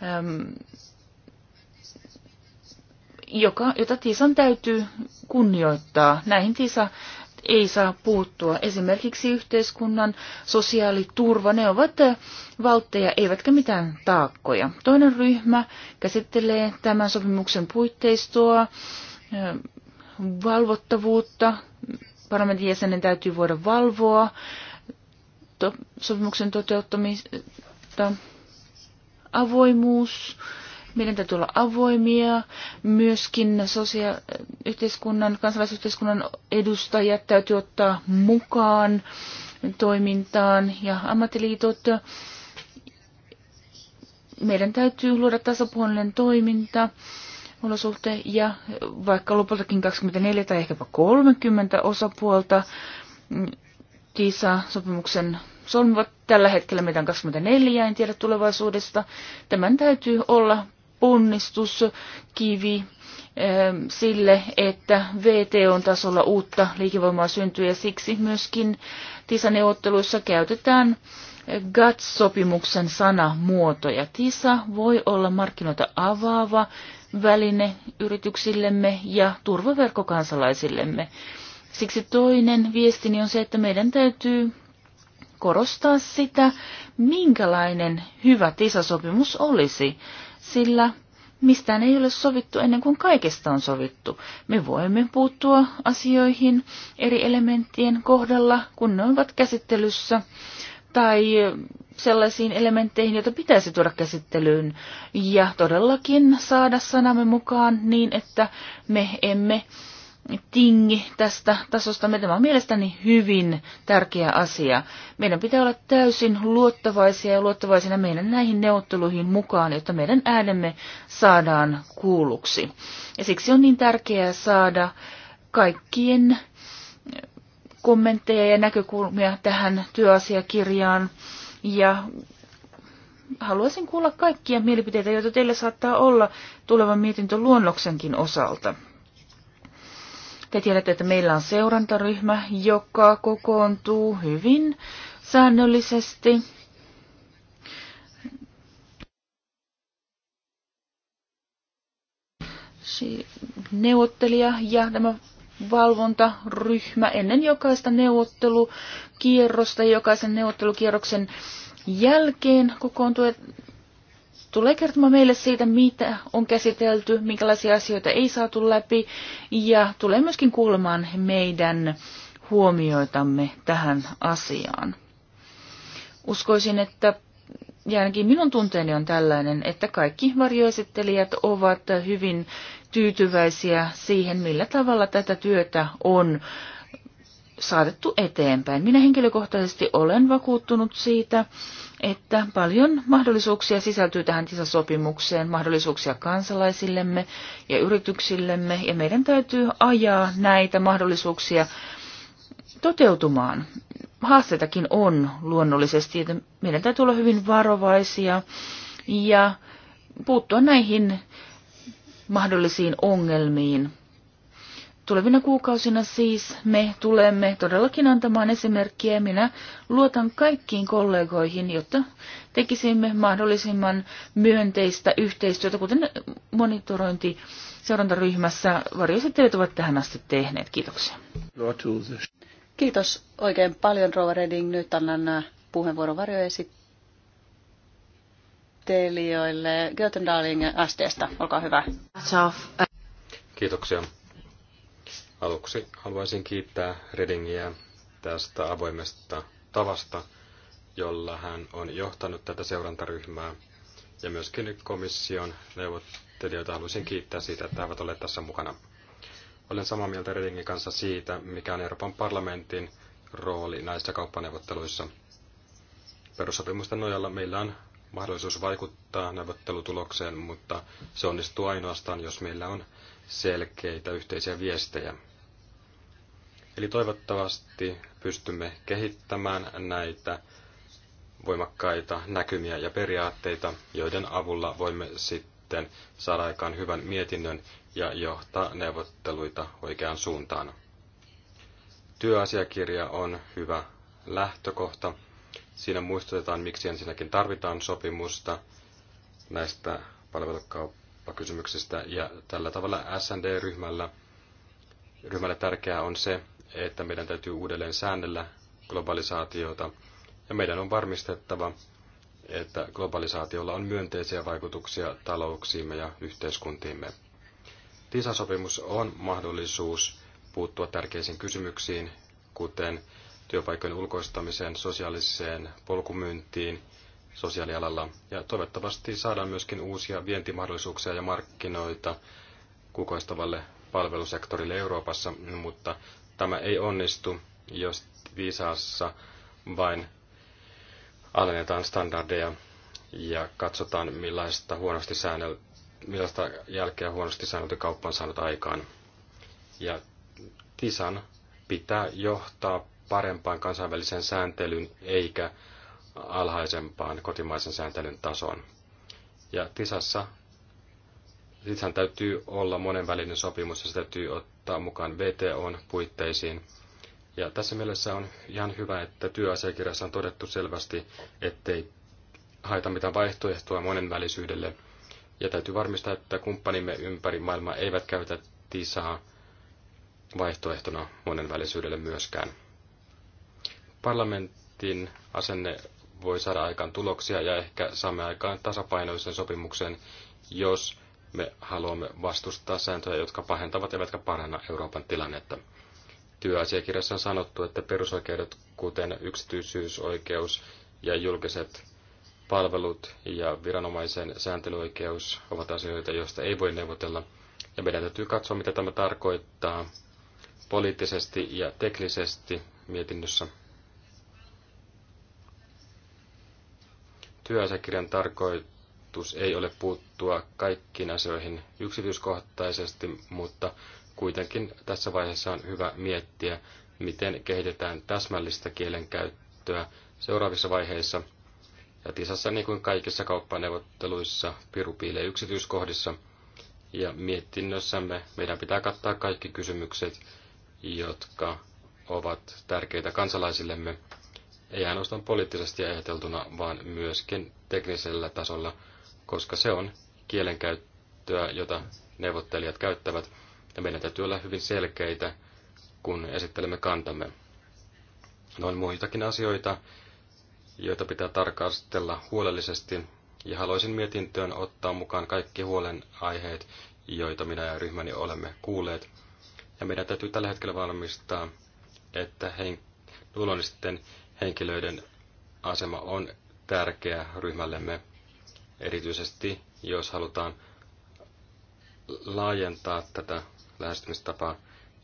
ähm, joka, jota Tiisan täytyy kunnioittaa. Näihin Tiisa ei saa puuttua. Esimerkiksi yhteiskunnan sosiaaliturva, ne ovat valtteja eivätkä mitään taakkoja. Toinen ryhmä käsittelee tämän sopimuksen puitteistoa, valvottavuutta, parlamentin jäsenen täytyy voida valvoa sopimuksen toteuttamista, avoimuus, meidän täytyy olla avoimia. Myöskin yhteiskunnan, kansalaisyhteiskunnan edustajat täytyy ottaa mukaan toimintaan ja ammattiliitot. Meidän täytyy luoda tasapuolinen toiminta olosuhte ja vaikka lopultakin 24 tai ehkäpä 30 osapuolta TISA-sopimuksen solmivat. Tällä hetkellä meidän 24, en tiedä tulevaisuudesta. Tämän täytyy olla ponnistuskivi ähm, sille, että VTOn tasolla uutta liikevoimaa syntyy ja siksi myöskin TISA-neuvotteluissa käytetään GATS-sopimuksen sanamuotoja. TISA voi olla markkinoita avaava väline yrityksillemme ja turvaverkkokansalaisillemme. Siksi toinen viestini on se, että meidän täytyy korostaa sitä, minkälainen hyvä TISA-sopimus olisi sillä mistään ei ole sovittu ennen kuin kaikesta on sovittu. Me voimme puuttua asioihin eri elementtien kohdalla, kun ne ovat käsittelyssä, tai sellaisiin elementteihin, joita pitäisi tuoda käsittelyyn, ja todellakin saada sanamme mukaan niin, että me emme tingi tästä tasosta. Tämä on mielestäni hyvin tärkeä asia. Meidän pitää olla täysin luottavaisia ja luottavaisina meidän näihin neuvotteluihin mukaan, jotta meidän äänemme saadaan kuulluksi. Ja siksi on niin tärkeää saada kaikkien kommentteja ja näkökulmia tähän työasiakirjaan. Ja haluaisin kuulla kaikkia mielipiteitä, joita teillä saattaa olla tulevan mietintöluonnoksenkin osalta. Te tiedätte, että meillä on seurantaryhmä, joka kokoontuu hyvin säännöllisesti. neuvottelija ja tämä valvontaryhmä ennen jokaista neuvottelukierrosta ja jokaisen neuvottelukierroksen jälkeen kokoontuu tulee kertomaan meille siitä, mitä on käsitelty, minkälaisia asioita ei saatu läpi ja tulee myöskin kuulemaan meidän huomioitamme tähän asiaan. Uskoisin, että ja ainakin minun tunteeni on tällainen, että kaikki varjoesittelijät ovat hyvin tyytyväisiä siihen, millä tavalla tätä työtä on saatettu eteenpäin. Minä henkilökohtaisesti olen vakuuttunut siitä, että paljon mahdollisuuksia sisältyy tähän TISA-sopimukseen, mahdollisuuksia kansalaisillemme ja yrityksillemme, ja meidän täytyy ajaa näitä mahdollisuuksia toteutumaan. Haasteitakin on luonnollisesti, että meidän täytyy olla hyvin varovaisia ja puuttua näihin mahdollisiin ongelmiin Tulevina kuukausina siis me tulemme todellakin antamaan esimerkkiä. Minä luotan kaikkiin kollegoihin, jotta tekisimme mahdollisimman myönteistä yhteistyötä, kuten monitorointi seurantaryhmässä varjoesittelijät ovat tähän asti tehneet. Kiitoksia. Kiitos oikein paljon, Rova Reding. Nyt annan äh, puheenvuoron varjoesittelijöille. Götendalin äh, SDstä, olkaa hyvä. Kiitoksia Aluksi haluaisin kiittää Redingiä tästä avoimesta tavasta, jolla hän on johtanut tätä seurantaryhmää. Ja myöskin komission neuvottelijoita haluaisin kiittää siitä, että he ovat olleet tässä mukana. Olen samaa mieltä Redingin kanssa siitä, mikä on Euroopan parlamentin rooli näissä kauppaneuvotteluissa. Perussopimusten nojalla meillä on mahdollisuus vaikuttaa neuvottelutulokseen, mutta se onnistuu ainoastaan, jos meillä on selkeitä yhteisiä viestejä. Eli toivottavasti pystymme kehittämään näitä voimakkaita näkymiä ja periaatteita, joiden avulla voimme sitten saada aikaan hyvän mietinnön ja johtaa neuvotteluita oikeaan suuntaan. Työasiakirja on hyvä lähtökohta. Siinä muistutetaan, miksi ensinnäkin tarvitaan sopimusta näistä palvelukauppakysymyksistä, ja tällä tavalla SND-ryhmällä ryhmälle tärkeää on se, että meidän täytyy uudelleen säännellä globalisaatiota ja meidän on varmistettava, että globalisaatiolla on myönteisiä vaikutuksia talouksiimme ja yhteiskuntiimme. TISA-sopimus on mahdollisuus puuttua tärkeisiin kysymyksiin, kuten työpaikojen ulkoistamiseen, sosiaaliseen polkumyyntiin sosiaalialalla ja toivottavasti saadaan myöskin uusia vientimahdollisuuksia ja markkinoita kukoistavalle palvelusektorille Euroopassa, mutta Tämä ei onnistu, jos viisaassa vain alennetaan standardeja ja katsotaan, millaista, huonosti säännel, millaista jälkeä huonosti säännelty kauppa on saanut aikaan. Ja TISAN pitää johtaa parempaan kansainvälisen sääntelyn eikä alhaisempaan kotimaisen sääntelyn tasoon. Ja TISassa sittenhän täytyy olla monenvälinen sopimus ja se täytyy ottaa mukaan VTOn puitteisiin. Ja tässä mielessä on ihan hyvä, että työasiakirjassa on todettu selvästi, ettei haeta mitään vaihtoehtoa monenvälisyydelle. Ja täytyy varmistaa, että kumppanimme ympäri maailmaa eivät käytä tisaa vaihtoehtona monenvälisyydelle myöskään. Parlamentin asenne voi saada aikaan tuloksia ja ehkä saamme aikaan tasapainoisen sopimuksen, jos me haluamme vastustaa sääntöjä, jotka pahentavat eivätkä paranna Euroopan tilannetta. Työasiakirjassa on sanottu, että perusoikeudet, kuten yksityisyysoikeus ja julkiset palvelut ja viranomaisen sääntelyoikeus ovat asioita, joista ei voi neuvotella, ja meidän täytyy katsoa, mitä tämä tarkoittaa poliittisesti ja teknisesti mietinnössä. Työasiakirjan tarkoittaa tarkoitus ei ole puuttua kaikkiin asioihin yksityiskohtaisesti, mutta kuitenkin tässä vaiheessa on hyvä miettiä, miten kehitetään täsmällistä kielenkäyttöä seuraavissa vaiheissa. Ja TISassa niin kuin kaikissa kauppaneuvotteluissa piru piilee yksityiskohdissa. Ja mietinnössämme meidän pitää kattaa kaikki kysymykset, jotka ovat tärkeitä kansalaisillemme, ei ainoastaan poliittisesti ajateltuna, vaan myöskin teknisellä tasolla koska se on kielenkäyttöä, jota neuvottelijat käyttävät, ja meidän täytyy olla hyvin selkeitä, kun esittelemme kantamme. No on muitakin asioita, joita pitää tarkastella huolellisesti, ja haluaisin mietintöön ottaa mukaan kaikki huolenaiheet, joita minä ja ryhmäni olemme kuulleet. Ja meidän täytyy tällä hetkellä valmistaa, että hen, luonnollisten henkilöiden asema on tärkeä ryhmällemme erityisesti jos halutaan laajentaa tätä lähestymistapaa.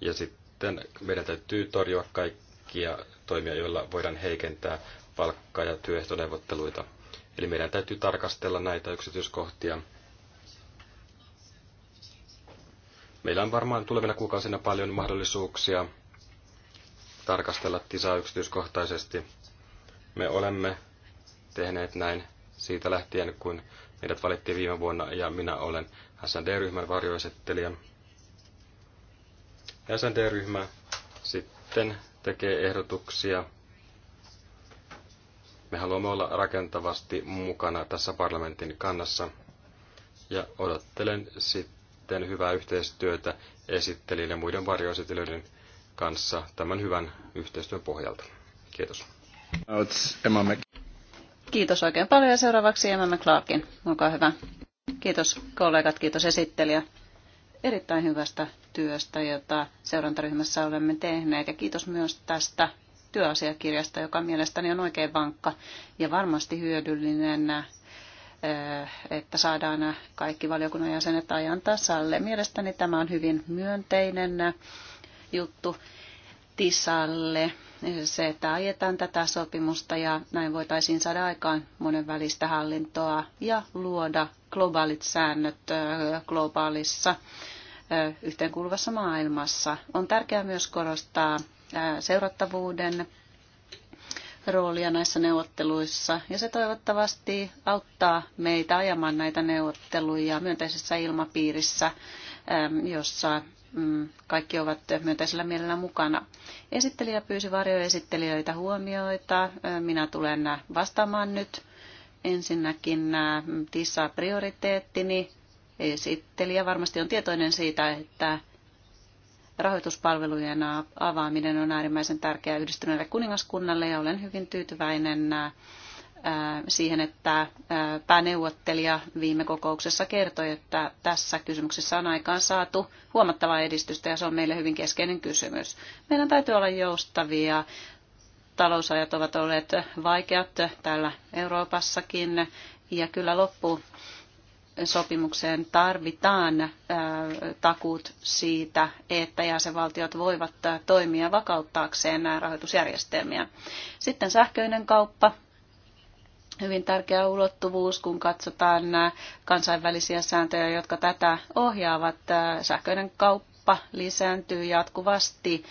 Ja sitten meidän täytyy torjua kaikkia toimia, joilla voidaan heikentää palkkaa ja työehtoneuvotteluita. Eli meidän täytyy tarkastella näitä yksityiskohtia. Meillä on varmaan tulevina kuukausina paljon mahdollisuuksia tarkastella TISAa yksityiskohtaisesti. Me olemme tehneet näin siitä lähtien, kun meidät valittiin viime vuonna ja minä olen SND-ryhmän varjoesittelijä. SND-ryhmä sitten tekee ehdotuksia. Me haluamme olla rakentavasti mukana tässä parlamentin kannassa ja odottelen sitten hyvää yhteistyötä esittelijille ja muiden varjoesittelijöiden kanssa tämän hyvän yhteistyön pohjalta. Kiitos. Kiitos oikein paljon ja seuraavaksi Emma Clarkin. Olkaa hyvä. Kiitos kollegat, kiitos esittelijä erittäin hyvästä työstä, jota seurantaryhmässä olemme tehneet. Ja kiitos myös tästä työasiakirjasta, joka mielestäni on oikein vankka ja varmasti hyödyllinen, eh, että saadaan kaikki valiokunnan jäsenet ajan tasalle. Mielestäni tämä on hyvin myönteinen eh, juttu tisalle se, että ajetaan tätä sopimusta ja näin voitaisiin saada aikaan monenvälistä hallintoa ja luoda globaalit säännöt globaalissa yhteenkuuluvassa maailmassa. On tärkeää myös korostaa seurattavuuden roolia näissä neuvotteluissa ja se toivottavasti auttaa meitä ajamaan näitä neuvotteluja myönteisessä ilmapiirissä, jossa Mm, kaikki ovat myönteisellä mielellä mukana. Esittelijä pyysi varjoesittelijöitä huomioita. Minä tulen vastaamaan nyt ensinnäkin tissa prioriteettini. Esittelijä varmasti on tietoinen siitä, että rahoituspalvelujen avaaminen on äärimmäisen tärkeää yhdistyneelle kuningaskunnalle ja olen hyvin tyytyväinen siihen, että pääneuvottelija viime kokouksessa kertoi, että tässä kysymyksessä on aikaan saatu huomattavaa edistystä ja se on meille hyvin keskeinen kysymys. Meidän täytyy olla joustavia. Talousajat ovat olleet vaikeat täällä Euroopassakin ja kyllä loppu sopimukseen tarvitaan takuut siitä, että jäsenvaltiot voivat toimia vakauttaakseen nämä rahoitusjärjestelmiä. Sitten sähköinen kauppa hyvin tärkeä ulottuvuus, kun katsotaan nämä äh, kansainvälisiä sääntöjä, jotka tätä ohjaavat. Äh, sähköinen kauppa lisääntyy jatkuvasti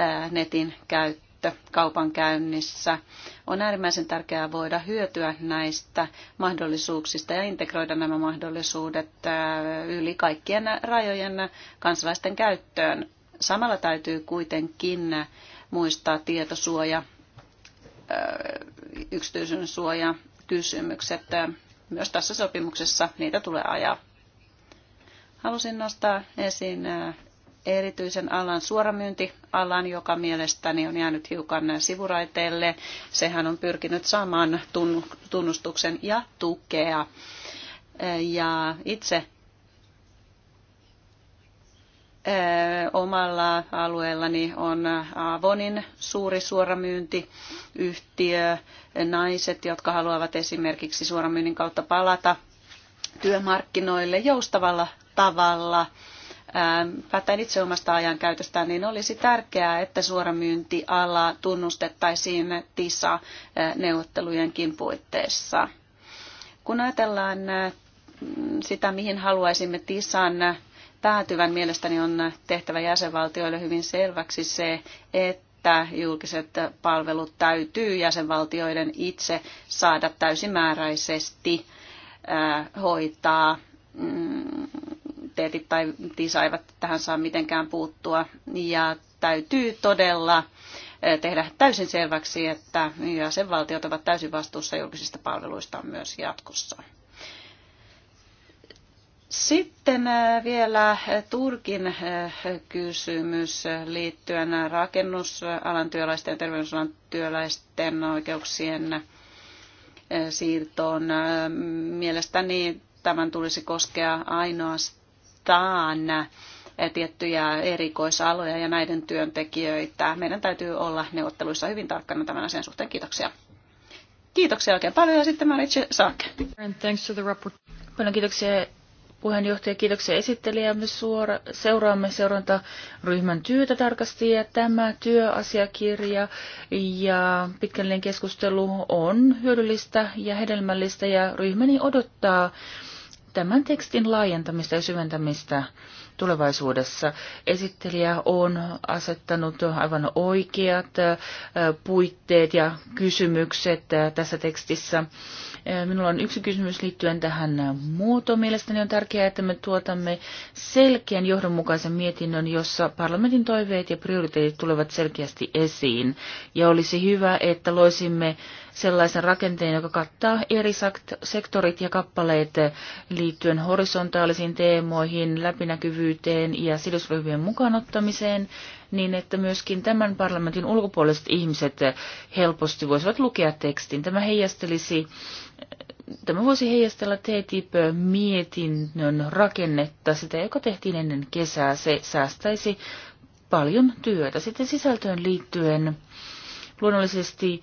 äh, netin käyttö kaupan käynnissä. On äärimmäisen tärkeää voida hyötyä näistä mahdollisuuksista ja integroida nämä mahdollisuudet yli kaikkien rajojen kansalaisten käyttöön. Samalla täytyy kuitenkin muistaa tietosuoja yksityisyyden suoja kysymykset. Myös tässä sopimuksessa niitä tulee ajaa. Halusin nostaa esiin erityisen alan suoramyyntialan, joka mielestäni on jäänyt hiukan sivuraiteelle. Sehän on pyrkinyt saamaan tunnustuksen ja tukea. Ja itse omalla alueellani on Avonin suuri suoramyyntiyhtiö, naiset, jotka haluavat esimerkiksi suoramyynnin kautta palata työmarkkinoille joustavalla tavalla. Päätän itse omasta ajankäytöstään, niin olisi tärkeää, että suoramyyntiala tunnustettaisiin TISA-neuvottelujenkin puitteissa. Kun ajatellaan sitä, mihin haluaisimme TISAn päätyvän, mielestäni on tehtävä jäsenvaltioille hyvin selväksi se, että julkiset palvelut täytyy jäsenvaltioiden itse saada täysimääräisesti äh, hoitaa. Mm, teetit tai tisaivat tähän saa mitenkään puuttua. Ja täytyy todella äh, tehdä täysin selväksi, että jäsenvaltiot ovat täysin vastuussa julkisista palveluista myös jatkossa. Sitten äh, vielä äh, Turkin äh, kysymys liittyen rakennusalan työläisten ja terveysalan työläisten oikeuksien siirtoon. Mielestäni tämän tulisi koskea ainoastaan tiettyjä erikoisaloja ja näiden työntekijöitä. Meidän täytyy olla neuvotteluissa hyvin tarkkana tämän asian suhteen. Kiitoksia. Kiitoksia oikein paljon ja sitten Maritse Saake. Paljon kiitoksia puheenjohtaja, kiitoksia esittelijämme. Suora, seuraamme seurantaryhmän työtä tarkasti ja tämä työasiakirja ja pitkällinen keskustelu on hyödyllistä ja hedelmällistä ja ryhmäni odottaa tämän tekstin laajentamista ja syventämistä tulevaisuudessa. Esittelijä on asettanut aivan oikeat äh, puitteet ja kysymykset äh, tässä tekstissä Minulla on yksi kysymys liittyen tähän muotoon. Mielestäni on tärkeää, että me tuotamme selkeän johdonmukaisen mietinnön, jossa parlamentin toiveet ja prioriteetit tulevat selkeästi esiin. Ja olisi hyvä, että loisimme sellaisen rakenteen, joka kattaa eri sektorit ja kappaleet liittyen horisontaalisiin teemoihin, läpinäkyvyyteen ja sidosryhmien mukaanottamiseen niin että myöskin tämän parlamentin ulkopuoliset ihmiset helposti voisivat lukea tekstin. Tämä heijastelisi Tämä voisi heijastella TTIP-mietinnön rakennetta, sitä joka tehtiin ennen kesää. Se säästäisi paljon työtä. Sitten sisältöön liittyen luonnollisesti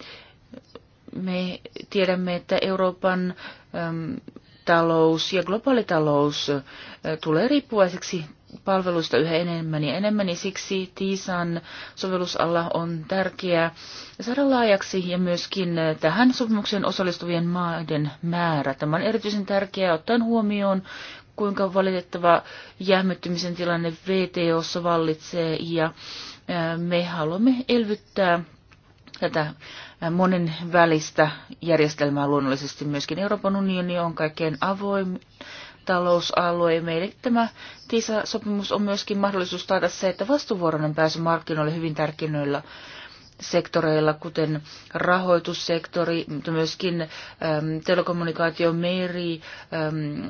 me tiedämme, että Euroopan äm, talous ja globaalitalous tulee riippuvaiseksi palveluista yhä enemmän ja enemmän, niin siksi Tiisan sovellusalla on tärkeää saada laajaksi ja myöskin tähän sopimukseen osallistuvien maiden määrä. Tämä on erityisen tärkeää ottaen huomioon, kuinka valitettava jähmettymisen tilanne VTOssa vallitsee, ja me haluamme elvyttää tätä monen välistä järjestelmää luonnollisesti myöskin Euroopan unioni on kaikkein avoin talousalue. Ja meille tämä TISA-sopimus on myöskin mahdollisuus taida se, että vastuvuoroinen pääsy markkinoille hyvin tärkeillä sektoreilla, kuten rahoitussektori, mutta myöskin äm, telekommunikaatio, meri, äm,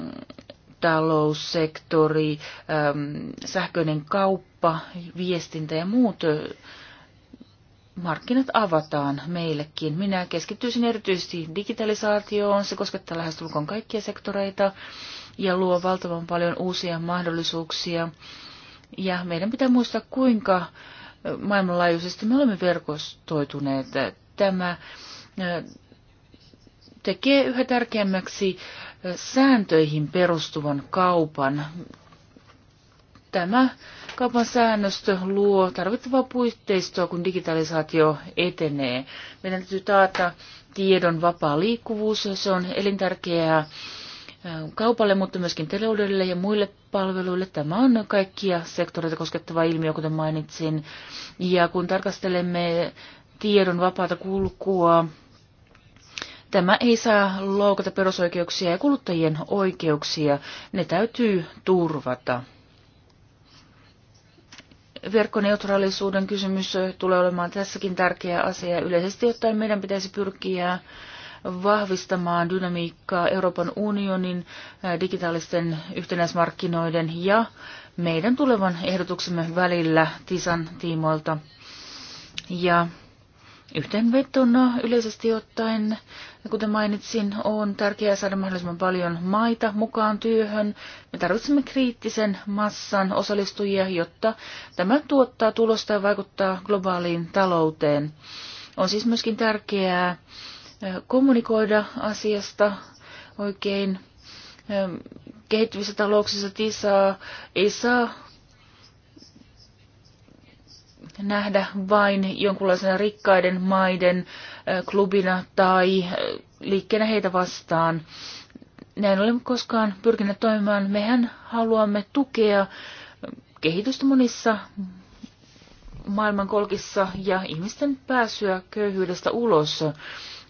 taloussektori, äm, sähköinen kauppa, viestintä ja muut markkinat avataan meillekin. Minä keskittyisin erityisesti digitalisaatioon, se koskettaa lähestulkoon kaikkia sektoreita ja luo valtavan paljon uusia mahdollisuuksia. Ja meidän pitää muistaa, kuinka maailmanlaajuisesti me olemme verkostoituneet. Tämä tekee yhä tärkeämmäksi sääntöihin perustuvan kaupan. Tämä kaupan säännöstö luo tarvittavaa puitteistoa, kun digitalisaatio etenee. Meidän täytyy taata tiedon vapaa liikkuvuus, se on elintärkeää Ähm, kaupalle, mutta myöskin teleudelle ja muille palveluille. Tämä on kaikkia sektoreita koskettava ilmiö, kuten mainitsin. Ja kun tarkastelemme tiedon vapaata kulkua, tämä ei saa loukata perusoikeuksia ja kuluttajien oikeuksia. Ne täytyy turvata. Verkkoneutraalisuuden kysymys tulee olemaan tässäkin tärkeä asia. Yleisesti ottaen meidän pitäisi pyrkiä vahvistamaan dynamiikkaa Euroopan unionin digitaalisten yhtenäismarkkinoiden ja meidän tulevan ehdotuksemme välillä TISAN tiimoilta. Ja Yhteenvetona yleisesti ottaen, kuten mainitsin, on tärkeää saada mahdollisimman paljon maita mukaan työhön. Me tarvitsemme kriittisen massan osallistujia, jotta tämä tuottaa tulosta ja vaikuttaa globaaliin talouteen. On siis myöskin tärkeää kommunikoida asiasta oikein. Kehittyvissä talouksissa TISAa ei saa nähdä vain jonkunlaisena rikkaiden maiden klubina tai liikkeenä heitä vastaan. Näin olemme koskaan pyrkineet toimimaan. Mehän haluamme tukea kehitystä monissa maailmankolkissa ja ihmisten pääsyä köyhyydestä ulos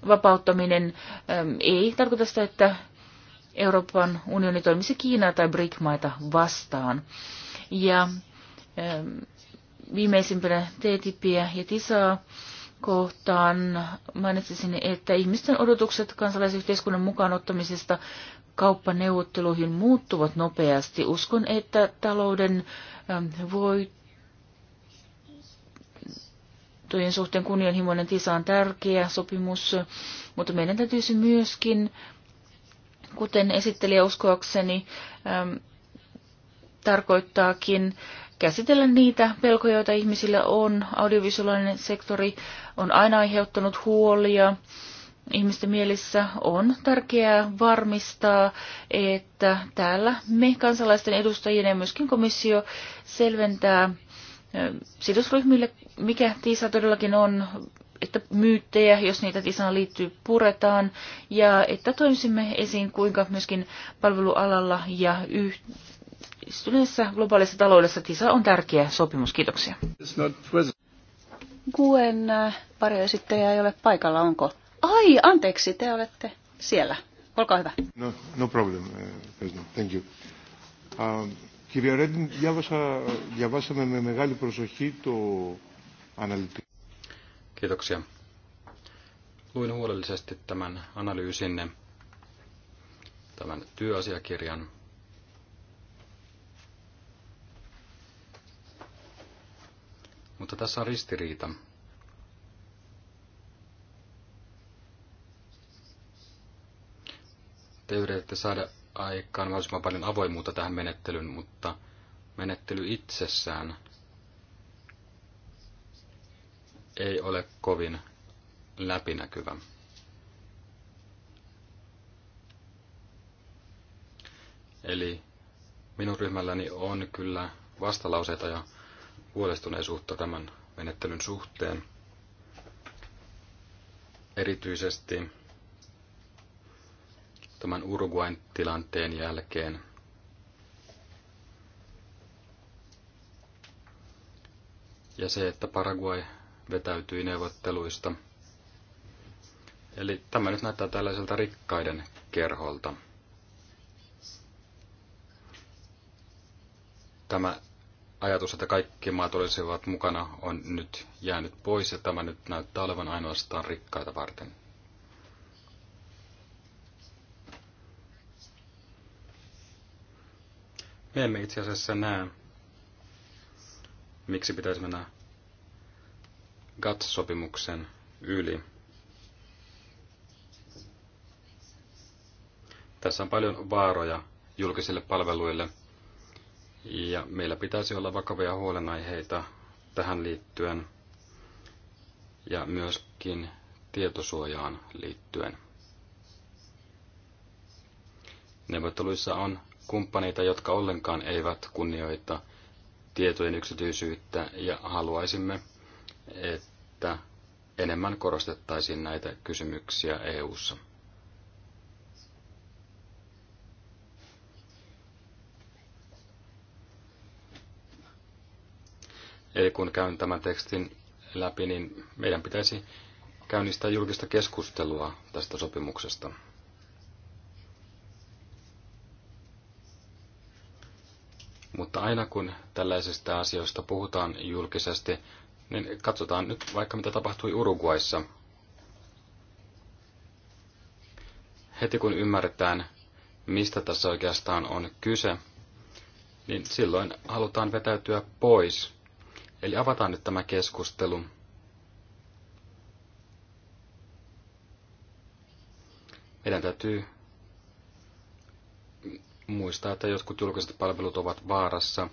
vapauttaminen ähm, ei tarkoita sitä, että Euroopan unioni toimisi Kiinaa tai BRIC-maita vastaan. Ja ähm, viimeisimpänä TTIPiä ja TISAa kohtaan mainitsisin, että ihmisten odotukset kansalaisyhteiskunnan mukaan ottamisesta kauppaneuvotteluihin muuttuvat nopeasti. Uskon, että talouden ähm, voit Yhdysvaltojen suhteen kunnianhimoinen TISA on tärkeä sopimus, mutta meidän täytyisi myöskin, kuten esittelijä uskoakseni äm, tarkoittaakin, käsitellä niitä pelkoja, joita ihmisillä on. Audiovisuaalinen sektori on aina aiheuttanut huolia. Ihmisten mielissä on tärkeää varmistaa, että täällä me kansalaisten edustajien ja myöskin komissio selventää sidosryhmille, mikä TISA todellakin on, että myyttejä, jos niitä TISAan liittyy, puretaan, ja että toimisimme esiin, kuinka myöskin palvelualalla ja yhdistyneessä globaalissa taloudessa TISA on tärkeä sopimus. Kiitoksia. Kuen äh, varjoesittelijä ei ole paikalla, onko? Ai, anteeksi, te olette siellä. Olkaa hyvä. No, no problem. Äh, Thank you. Um, Κύριε Ρέντιν, διάβασα, διαβάσαμε με μεγάλη προσοχή το αναλυτικό. Kiitoksia. Luin huolellisesti tämän analyysinne, tämän työasiakirjan. Mutta tässä on ristiriita. Te yritätte saada aikaan mahdollisimman paljon avoimuutta tähän menettelyyn, mutta menettely itsessään ei ole kovin läpinäkyvä. Eli minun ryhmälläni on kyllä vastalauseita ja huolestuneisuutta tämän menettelyn suhteen. Erityisesti tämän Uruguain tilanteen jälkeen. Ja se, että Paraguay vetäytyi neuvotteluista. Eli tämä nyt näyttää tällaiselta rikkaiden kerholta. Tämä ajatus, että kaikki maat olisivat mukana, on nyt jäänyt pois ja tämä nyt näyttää olevan ainoastaan rikkaita varten. Me emme itse asiassa näe, miksi pitäisi mennä gats sopimuksen yli. Tässä on paljon vaaroja julkisille palveluille, ja meillä pitäisi olla vakavia huolenaiheita tähän liittyen ja myöskin tietosuojaan liittyen. Neuvotteluissa on kumppaneita, jotka ollenkaan eivät kunnioita tietojen yksityisyyttä ja haluaisimme, että enemmän korostettaisiin näitä kysymyksiä EU:ssa. Eli kun käyn tämän tekstin läpi, niin meidän pitäisi käynnistää julkista keskustelua tästä sopimuksesta. Mutta aina kun tällaisista asioista puhutaan julkisesti, niin katsotaan nyt vaikka mitä tapahtui Uruguayssa. Heti kun ymmärretään, mistä tässä oikeastaan on kyse, niin silloin halutaan vetäytyä pois. Eli avataan nyt tämä keskustelu. Meidän täytyy muistaa, että jotkut julkiset palvelut ovat vaarassa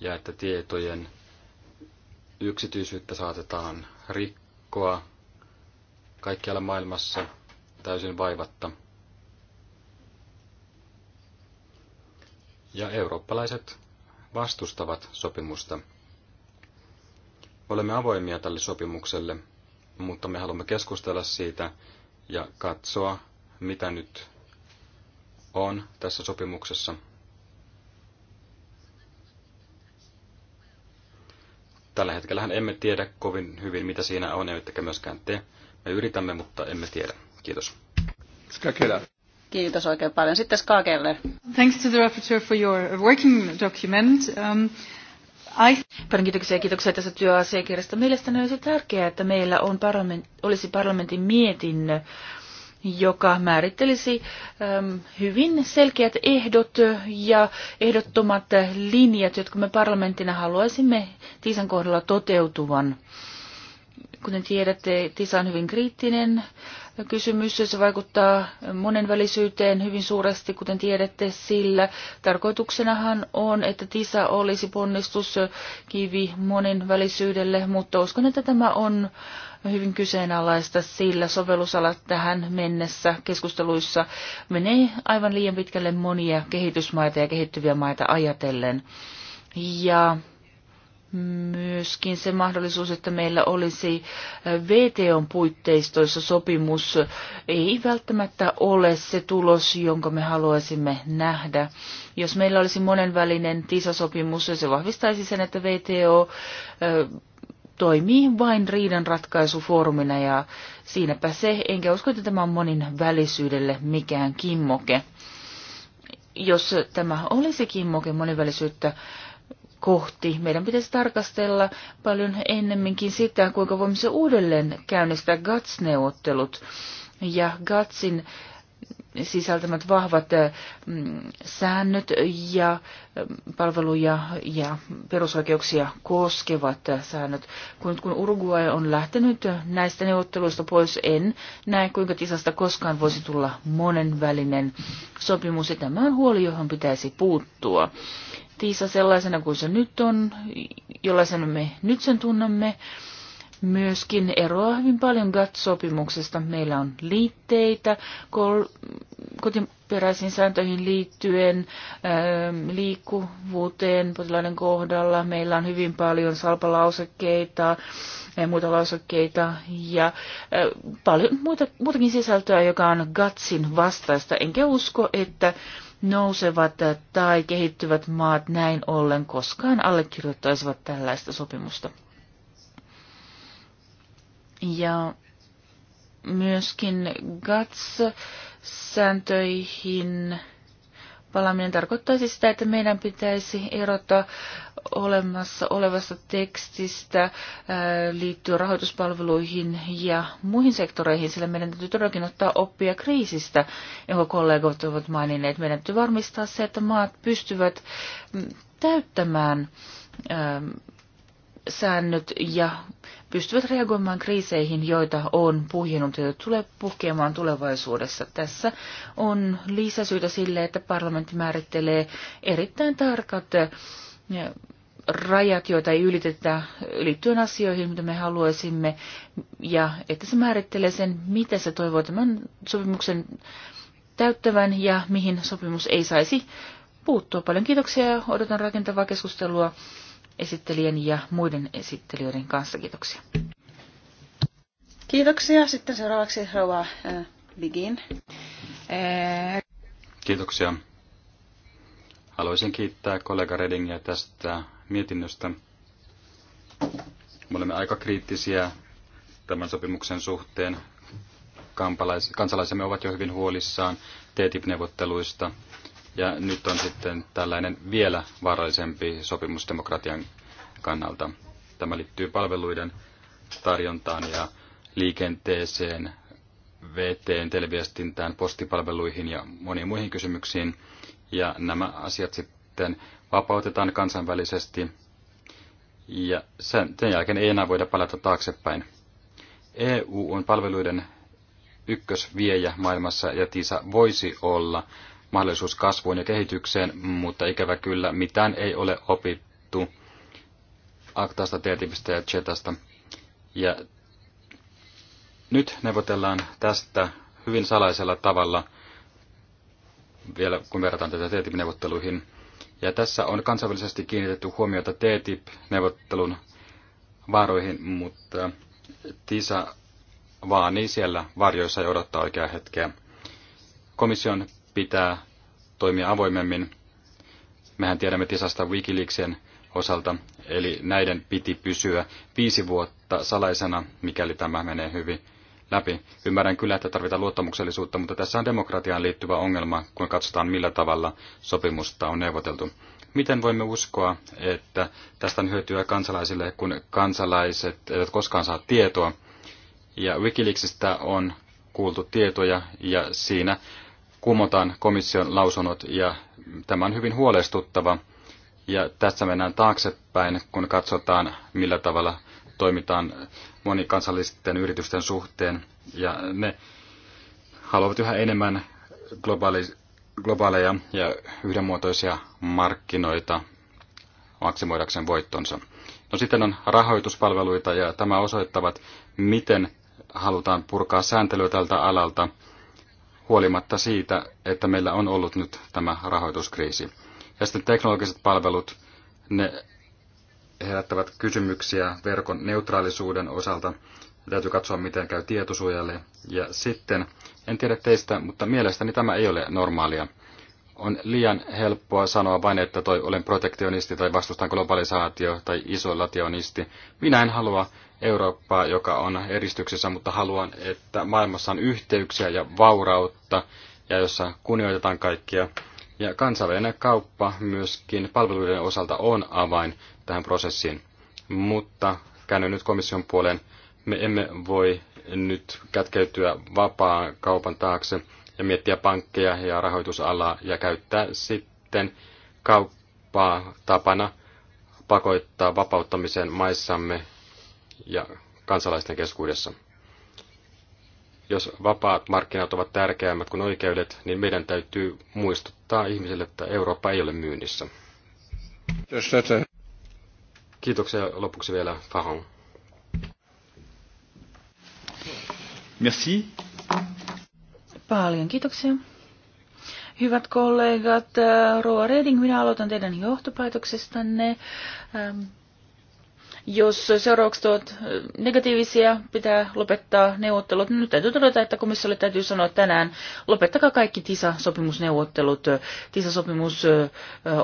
ja että tietojen yksityisyyttä saatetaan rikkoa kaikkialla maailmassa täysin vaivatta. Ja eurooppalaiset vastustavat sopimusta. Olemme avoimia tälle sopimukselle, mutta me haluamme keskustella siitä ja katsoa, mitä nyt on tässä sopimuksessa. Tällä hetkellä emme tiedä kovin hyvin, mitä siinä on, emmekä myöskään te. Me yritämme, mutta emme tiedä. Kiitos. Skakela. Kiitos oikein paljon. Sitten Skakelle. Thanks to the rapporteur for your working document. Um, I... Paljon kiitoksia ja kiitoksia tästä työasiakirjasta. Mielestäni olisi tärkeää, että meillä on parlament, olisi parlamentin mietinnö joka määrittelisi ähm, hyvin selkeät ehdot ja ehdottomat linjat, jotka me parlamenttina haluaisimme Tiisan kohdalla toteutuvan. Kuten tiedätte, Tisa on hyvin kriittinen kysymys. Se vaikuttaa monenvälisyyteen hyvin suuresti, kuten tiedätte, sillä tarkoituksenahan on, että TISA olisi ponnistuskivi monenvälisyydelle, mutta uskon, että tämä on hyvin kyseenalaista, sillä sovellusalat tähän mennessä keskusteluissa menee aivan liian pitkälle monia kehitysmaita ja kehittyviä maita ajatellen. Ja myöskin se mahdollisuus, että meillä olisi VTOn puitteistoissa sopimus, ei välttämättä ole se tulos, jonka me haluaisimme nähdä. Jos meillä olisi monenvälinen TISA-sopimus, se vahvistaisi sen, että VTO toimii vain riidanratkaisufoorumina ja siinäpä se, enkä usko, että tämä on monin välisyydelle mikään kimmoke. Jos tämä olisi kimmoke monivälisyyttä kohti. Meidän pitäisi tarkastella paljon ennemminkin sitä, kuinka voimme se uudelleen käynnistää GATS-neuvottelut ja GATSin sisältämät vahvat mm, säännöt ja mm, palveluja ja perusoikeuksia koskevat säännöt. Kun, kun Uruguay on lähtenyt näistä neuvotteluista pois, en näe kuinka tisasta koskaan voisi tulla monenvälinen sopimus. Ja tämä on huoli, johon pitäisi puuttua tiisa sellaisena kuin se nyt on, jollaisena me nyt sen tunnemme, myöskin eroaa hyvin paljon GATT-sopimuksesta. Meillä on liitteitä kol- kotiperäisiin sääntöihin liittyen, ö, ähm, liikkuvuuteen potilaiden kohdalla. Meillä on hyvin paljon salpalausekkeita ja äh, muita lausekkeita ja äh, paljon muita, muutakin sisältöä, joka on GATSin vastaista. Enkä usko, että nousevat äh, tai kehittyvät maat näin ollen koskaan allekirjoittaisivat tällaista sopimusta. Ja myöskin GATS-sääntöihin palaaminen tarkoittaisi sitä, että meidän pitäisi erottaa olemassa olevasta tekstistä äh, liittyen rahoituspalveluihin ja muihin sektoreihin, sillä meidän täytyy todellakin ottaa oppia kriisistä, jonka kollegat ovat maininneet. Meidän täytyy varmistaa se, että maat pystyvät mm, täyttämään ähm, säännöt ja pystyvät reagoimaan kriiseihin, joita on puhjennut ja tulee puhkeamaan tulevaisuudessa. Tässä on lisäsyytä sille, että parlamentti määrittelee erittäin tarkat eh, rajat, joita ei ylitetä liittyen asioihin, mitä me haluaisimme, ja että se määrittelee sen, mitä se toivoo tämän sopimuksen täyttävän ja mihin sopimus ei saisi puuttua. Paljon kiitoksia ja odotan rakentavaa keskustelua esittelijän ja muiden esittelijöiden kanssa. Kiitoksia. Kiitoksia. Sitten seuraavaksi rouva äh, Bigin. Kiitoksia. Haluaisin kiittää kollega Redingia tästä mietinnöstä. Me olemme aika kriittisiä tämän sopimuksen suhteen. Kansalaisemme ovat jo hyvin huolissaan TTIP-neuvotteluista ja nyt on sitten tällainen vielä vaarallisempi sopimus demokratian kannalta. Tämä liittyy palveluiden tarjontaan ja liikenteeseen, veteen, televiestintään, postipalveluihin ja moniin muihin kysymyksiin. Ja nämä asiat sitten vapautetaan kansainvälisesti ja sen, sen jälkeen ei enää voida palata taaksepäin. EU on palveluiden ykkösviejä maailmassa ja TISA voisi olla mahdollisuus kasvuun ja kehitykseen, mutta ikävä kyllä mitään ei ole opittu Aktasta, TTIPistä ja Chetasta. Ja nyt neuvotellaan tästä hyvin salaisella tavalla, vielä kun verrataan tätä TTIP-neuvotteluihin. Ja tässä on kansainvälisesti kiinnitetty huomiota TTIP-neuvottelun vaaroihin, mutta TISA niin siellä varjoissa ja odottaa oikeaa hetkeä. Komission pitää toimia avoimemmin. Mehän tiedämme Tisasta Wikileaksen osalta, eli näiden piti pysyä viisi vuotta salaisena, mikäli tämä menee hyvin läpi. Ymmärrän kyllä, että tarvitaan luottamuksellisuutta, mutta tässä on demokratiaan liittyvä ongelma, kun katsotaan millä tavalla sopimusta on neuvoteltu. Miten voimme uskoa, että tästä on hyötyä kansalaisille, kun kansalaiset eivät koskaan saa tietoa? Ja Wikileaksista on kuultu tietoja, ja siinä kumotaan komission lausunnot ja tämä on hyvin huolestuttava. Ja tässä mennään taaksepäin, kun katsotaan, millä tavalla toimitaan monikansallisten yritysten suhteen. Ja ne haluavat yhä enemmän globaali, globaaleja ja yhdenmuotoisia markkinoita maksimoidakseen voittonsa. No sitten on rahoituspalveluita ja tämä osoittavat, miten halutaan purkaa sääntelyä tältä alalta huolimatta siitä, että meillä on ollut nyt tämä rahoituskriisi. Ja sitten teknologiset palvelut, ne herättävät kysymyksiä verkon neutraalisuuden osalta. Täytyy katsoa, miten käy tietosuojalle. Ja sitten, en tiedä teistä, mutta mielestäni tämä ei ole normaalia. On liian helppoa sanoa vain, että toi olen protektionisti tai vastustan globalisaatio tai isolationisti. Minä en halua Eurooppaa, joka on eristyksessä, mutta haluan, että maailmassa on yhteyksiä ja vaurautta ja jossa kunnioitetaan kaikkia. Ja kansainvälinen kauppa myöskin palveluiden osalta on avain tähän prosessiin. Mutta käännyn nyt komission puoleen. Me emme voi nyt kätkeytyä vapaan kaupan taakse ja miettiä pankkeja ja rahoitusalaa ja käyttää sitten kauppaa tapana pakoittaa vapauttamiseen maissamme ja kansalaisten keskuudessa. Jos vapaat markkinat ovat tärkeämmät kuin oikeudet, niin meidän täytyy muistuttaa ihmisille, että Eurooppa ei ole myynnissä. Kiitoksia lopuksi vielä Fahon. Merci. Paljon kiitoksia. Hyvät kollegat, Roa Reding, minä aloitan teidän johtopäätöksestänne. Ähm, jos seuraukset ovat negatiivisia, pitää lopettaa neuvottelut. Nyt täytyy todeta, että komissiolle täytyy sanoa tänään, lopettakaa kaikki TISA-sopimusneuvottelut. TISA-sopimus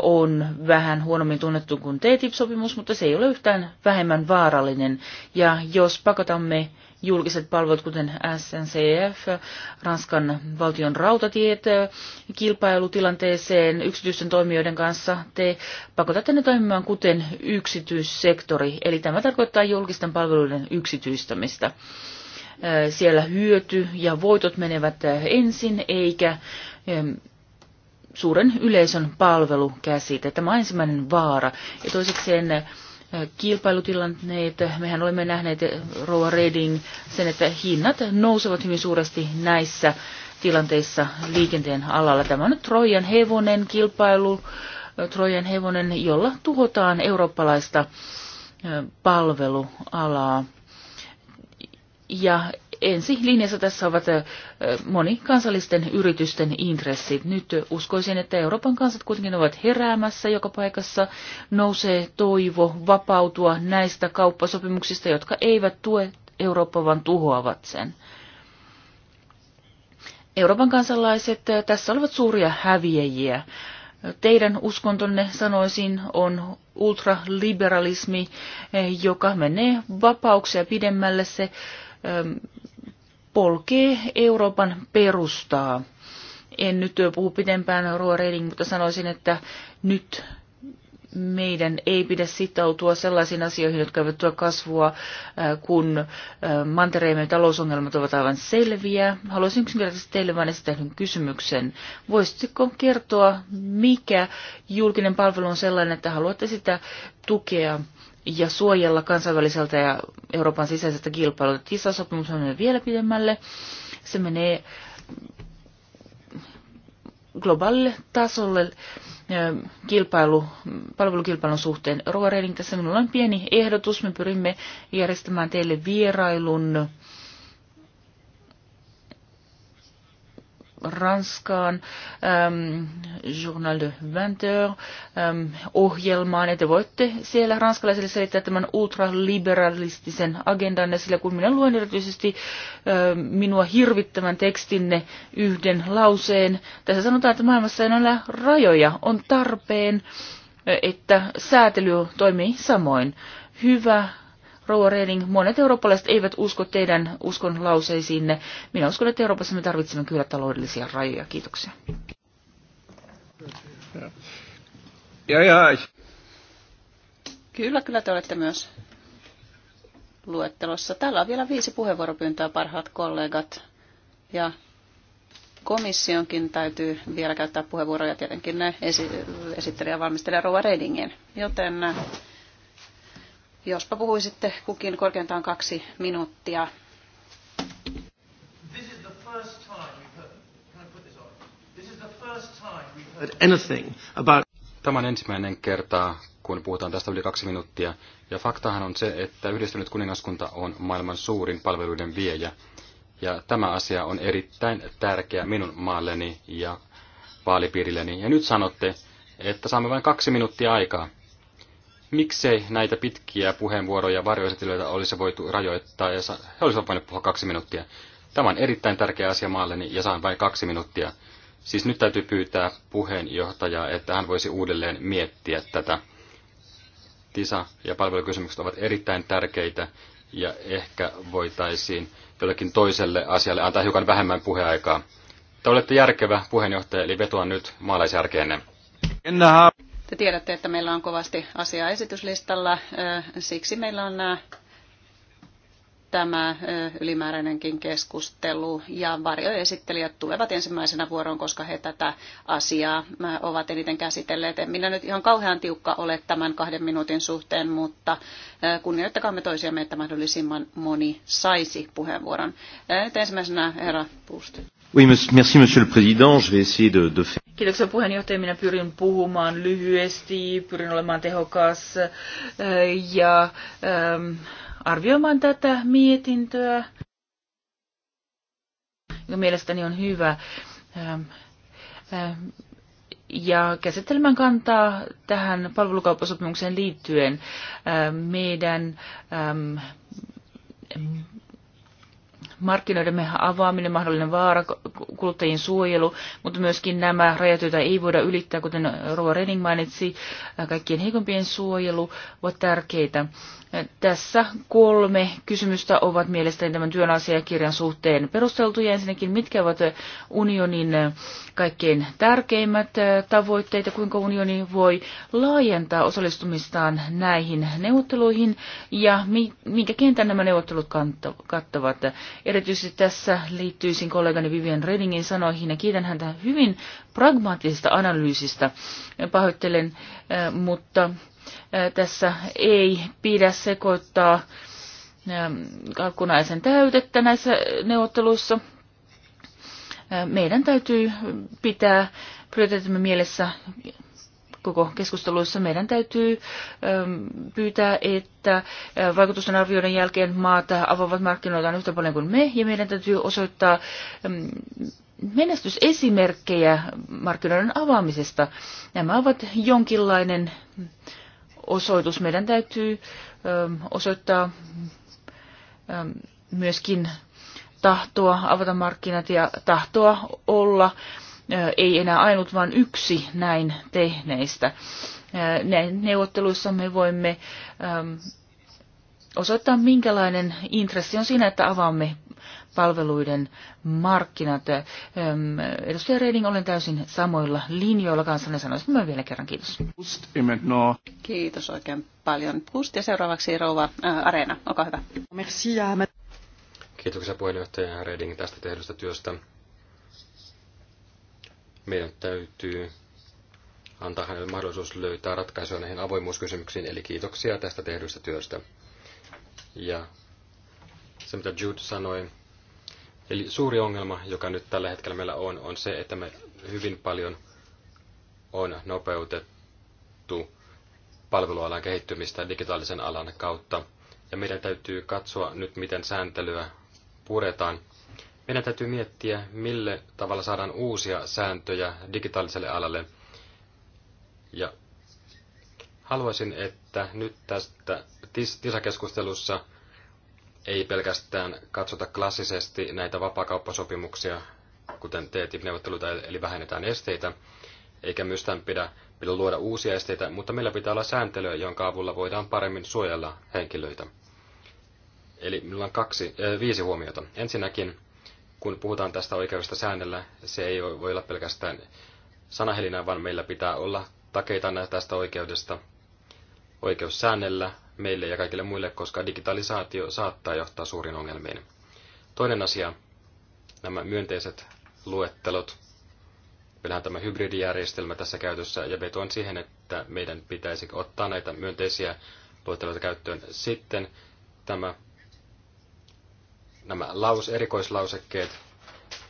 on vähän huonommin tunnettu kuin TTIP-sopimus, mutta se ei ole yhtään vähemmän vaarallinen. Ja jos pakotamme julkiset palvelut, kuten SNCF, Ranskan valtion rautatiet, kilpailutilanteeseen yksityisten toimijoiden kanssa. Te pakotatte ne toimimaan kuten yksityissektori, eli tämä tarkoittaa julkisten palveluiden yksityistämistä. Äh, siellä hyöty ja voitot menevät äh, ensin, eikä ähm, suuren yleisön palvelukäsite. Tämä on ensimmäinen vaara. Ja toisekseen äh, kilpailutilanteet. Mehän olemme nähneet Roa Reding sen, että hinnat nousevat hyvin suuresti näissä tilanteissa liikenteen alalla. Tämä on Trojan hevonen kilpailu, Trojan hevonen, jolla tuhotaan eurooppalaista palvelualaa. Ja ensi linjassa tässä ovat monikansallisten yritysten intressit. Nyt uskoisin, että Euroopan kansat kuitenkin ovat heräämässä joka paikassa. Nousee toivo vapautua näistä kauppasopimuksista, jotka eivät tue Eurooppaa, vaan tuhoavat sen. Euroopan kansalaiset tässä olivat suuria häviäjiä. Teidän uskontonne, sanoisin, on ultraliberalismi, joka menee vapauksia pidemmälle. Se polkee Euroopan perustaa. En nyt puhu pidempään Roa Reding, mutta sanoisin, että nyt meidän ei pidä sitoutua sellaisiin asioihin, jotka eivät tuo kasvua, äh, kun äh, mantereemme talousongelmat ovat aivan selviä. Haluaisin yksinkertaisesti teille vain esittää kysymyksen. Voisitko kertoa, mikä julkinen palvelu on sellainen, että haluatte sitä tukea ja suojella kansainväliseltä ja Euroopan sisäisestä kilpailulta. TISA-sopimus menee vielä pidemmälle. Se menee globaalille tasolle kilpailu, palvelukilpailun suhteen. Rova Reiling, tässä minulla on pieni ehdotus. Me pyrimme järjestämään teille vierailun Ranskaan äm, Journal de 20 ähm, ohjelmaan, ja te voitte siellä ranskalaisille selittää tämän ultraliberalistisen agendanne, sillä kun minä luen erityisesti äm, minua hirvittävän tekstinne yhden lauseen, tässä sanotaan, että maailmassa ei ole rajoja, on tarpeen, äh, että säätely toimii samoin. Hyvä Rouva Reining, monet eurooppalaiset eivät usko teidän uskon lauseisiinne. Minä uskon, että Euroopassa me tarvitsemme kyllä taloudellisia rajoja. Kiitoksia. Ja, ja. Kyllä, kyllä te olette myös luettelossa. Täällä on vielä viisi puheenvuoropyyntöä, parhaat kollegat. Ja komissionkin täytyy vielä käyttää puheenvuoroja tietenkin ne esi- esittelijä valmistelija Rouva Redingin. Joten Jospa puhuisitte kukin korkeintaan kaksi minuuttia. Tämä on ensimmäinen kerta, kun puhutaan tästä yli kaksi minuuttia. Ja faktahan on se, että yhdistynyt kuningaskunta on maailman suurin palveluiden viejä. Ja tämä asia on erittäin tärkeä minun maalleni ja vaalipiirilleni. Ja nyt sanotte, että saamme vain kaksi minuuttia aikaa miksei näitä pitkiä puheenvuoroja varjoesittelyitä olisi voitu rajoittaa ja sa- he olisivat voineet puhua kaksi minuuttia. Tämä on erittäin tärkeä asia maalleni ja saan vain kaksi minuuttia. Siis nyt täytyy pyytää puheenjohtajaa, että hän voisi uudelleen miettiä tätä. TISA ja palvelukysymykset ovat erittäin tärkeitä ja ehkä voitaisiin jollekin toiselle asialle antaa hiukan vähemmän puheaikaa. Te olette järkevä puheenjohtaja, eli vetoan nyt maalaisjärkeenne. Te tiedätte, että meillä on kovasti asiaa esityslistalla, siksi meillä on tämä ylimääräinenkin keskustelu ja varjoesittelijät tulevat ensimmäisenä vuoroon, koska he tätä asiaa ovat eniten käsitelleet. En minä nyt ihan kauhean tiukka ole tämän kahden minuutin suhteen, mutta me toisiamme, että mahdollisimman moni saisi puheenvuoron. Nyt ensimmäisenä herra Puust monsieur le président. Je vais essayer de, de faire... Kiitoksia puheenjohtaja. Minä pyrin puhumaan lyhyesti, pyrin olemaan tehokas äh, ja ähm, arvioimaan tätä mietintöä, joka mielestäni on hyvä. Ähm, äh, ja käsittelemään kantaa tähän palvelukauppasopimukseen liittyen. Äh, meidän ähm, mehän avaaminen, mahdollinen vaara, kuluttajien suojelu, mutta myöskin nämä rajat, joita ei voida ylittää, kuten Rova Reding mainitsi, äh, kaikkien heikompien suojelu, ovat tärkeitä. Tässä kolme kysymystä ovat mielestäni tämän työn asiakirjan suhteen perusteltuja. Ensinnäkin, mitkä ovat unionin kaikkein tärkeimmät tavoitteita, kuinka unioni voi laajentaa osallistumistaan näihin neuvotteluihin ja minkä kentän nämä neuvottelut kattavat. Erityisesti tässä liittyisin kollegani Vivian Redingin sanoihin ja kiitän häntä hyvin pragmaattisesta analyysistä. Pahoittelen, eh, mutta tässä ei pidä sekoittaa kalkkunaisen täytettä näissä neuvotteluissa. Meidän täytyy pitää prioriteettimme mielessä koko keskusteluissa. Meidän täytyy pyytää, että vaikutusten arvioiden jälkeen maat avaavat markkinoitaan yhtä paljon kuin me, ja meidän täytyy osoittaa menestysesimerkkejä markkinoiden avaamisesta. Nämä ovat jonkinlainen osoitus. Meidän täytyy osoittaa myöskin tahtoa avata markkinat ja tahtoa olla ei enää ainut, vaan yksi näin tehneistä. Näin neuvotteluissa me voimme osoittaa, minkälainen intressi on siinä, että avaamme palveluiden markkinat. Edustaja Reding, olen täysin samoilla linjoilla kanssanne. Sanoisin että vielä kerran. Kiitos. Kiitos oikein paljon. Pust ja seuraavaksi Rouva äh, Areena. Olkaa hyvä. Merci. Kiitoksia puheenjohtaja Reding tästä tehdystä työstä. Meidän täytyy antaa hänelle mahdollisuus löytää ratkaisuja näihin avoimuuskysymyksiin, eli kiitoksia tästä tehdystä työstä. Ja se, mitä Jude sanoi, Eli suuri ongelma, joka nyt tällä hetkellä meillä on, on se, että me hyvin paljon on nopeutettu palvelualan kehittymistä digitaalisen alan kautta. Ja meidän täytyy katsoa nyt, miten sääntelyä puretaan. Meidän täytyy miettiä, mille tavalla saadaan uusia sääntöjä digitaaliselle alalle. Ja haluaisin, että nyt tästä TISA-keskustelussa ei pelkästään katsota klassisesti näitä vapaakauppasopimuksia, kuten TTIP-neuvotteluita, e eli vähennetään esteitä, eikä myöskään pidä pidä luoda uusia esteitä, mutta meillä pitää olla sääntelyä, jonka avulla voidaan paremmin suojella henkilöitä. Eli minulla on kaksi, äh, viisi huomiota. Ensinnäkin, kun puhutaan tästä oikeudesta säännellä, se ei voi olla pelkästään sanahelinä, vaan meillä pitää olla takeita tästä oikeudesta. Oikeus säännellä meille ja kaikille muille, koska digitalisaatio saattaa johtaa suurin ongelmiin. Toinen asia, nämä myönteiset luettelot. Meillä on tämä hybridijärjestelmä tässä käytössä ja vetoan siihen, että meidän pitäisi ottaa näitä myönteisiä luetteloita käyttöön. Sitten tämä, nämä laus, erikoislausekkeet.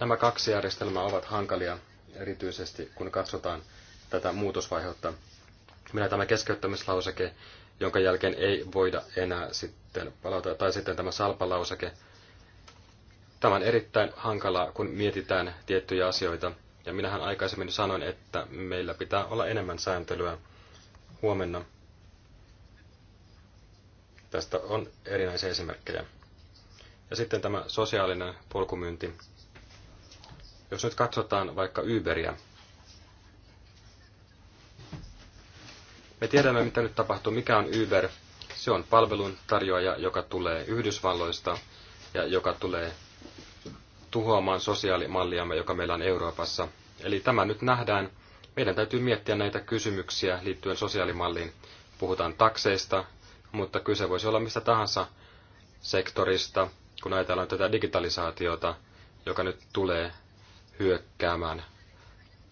Nämä kaksi järjestelmää ovat hankalia, erityisesti kun katsotaan tätä muutosvaihetta minä tämä keskeyttämislauseke, jonka jälkeen ei voida enää sitten palata, tai sitten tämä salpalauseke. Tämä on erittäin hankalaa, kun mietitään tiettyjä asioita. Ja minähän aikaisemmin sanoin, että meillä pitää olla enemmän sääntelyä huomenna. Tästä on erinäisiä esimerkkejä. Ja sitten tämä sosiaalinen polkumyynti. Jos nyt katsotaan vaikka Uberia, Me tiedämme, mitä nyt tapahtuu, mikä on Uber. Se on palvelun tarjoaja, joka tulee Yhdysvalloista ja joka tulee tuhoamaan sosiaalimalliamme, joka meillä on Euroopassa. Eli tämä nyt nähdään. Meidän täytyy miettiä näitä kysymyksiä liittyen sosiaalimalliin. Puhutaan takseista, mutta kyse voisi olla mistä tahansa sektorista, kun ajatellaan tätä digitalisaatiota, joka nyt tulee hyökkäämään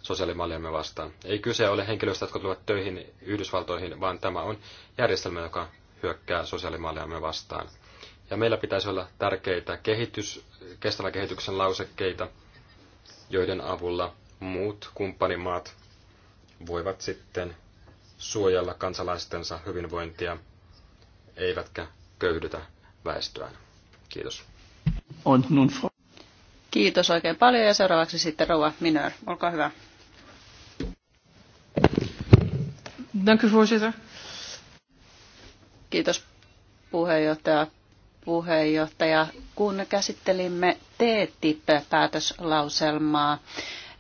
sosiaalimalliamme vastaan. Ei kyse ole henkilöistä, jotka tulevat töihin Yhdysvaltoihin, vaan tämä on järjestelmä, joka hyökkää sosiaalimalliamme vastaan. Ja meillä pitäisi olla tärkeitä kehitys, kestävän kehityksen lausekkeita, joiden avulla muut kumppanimaat voivat sitten suojella kansalaistensa hyvinvointia, eivätkä köyhdytä väestöään. Kiitos. Kiitos oikein paljon ja seuraavaksi sitten Rouva Minör. Olkaa hyvä. Dank u voorzitter. Kiitos puheenjohtaja. puheenjohtaja. Kun käsittelimme TTIP-päätöslauselmaa,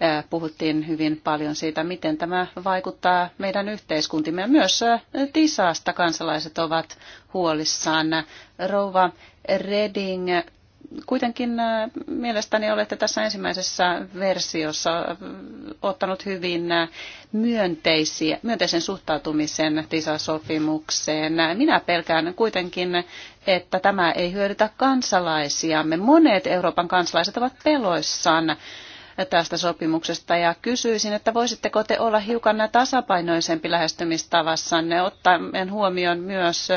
eh, puhuttiin hyvin paljon siitä, miten tämä vaikuttaa meidän yhteiskuntimme. Myös eh, TISAasta kansalaiset ovat huolissaan. Rouva Reding kuitenkin äh, mielestäni olette tässä ensimmäisessä versiossa äh, ottanut hyvin äh, myönteisiä, myönteisen suhtautumisen TISA-sopimukseen. Minä pelkään kuitenkin, että tämä ei hyödytä kansalaisiamme. Monet Euroopan kansalaiset ovat peloissaan tästä sopimuksesta ja kysyisin, että voisitteko te olla hiukan tasapainoisempi lähestymistavassanne ottaen huomioon myös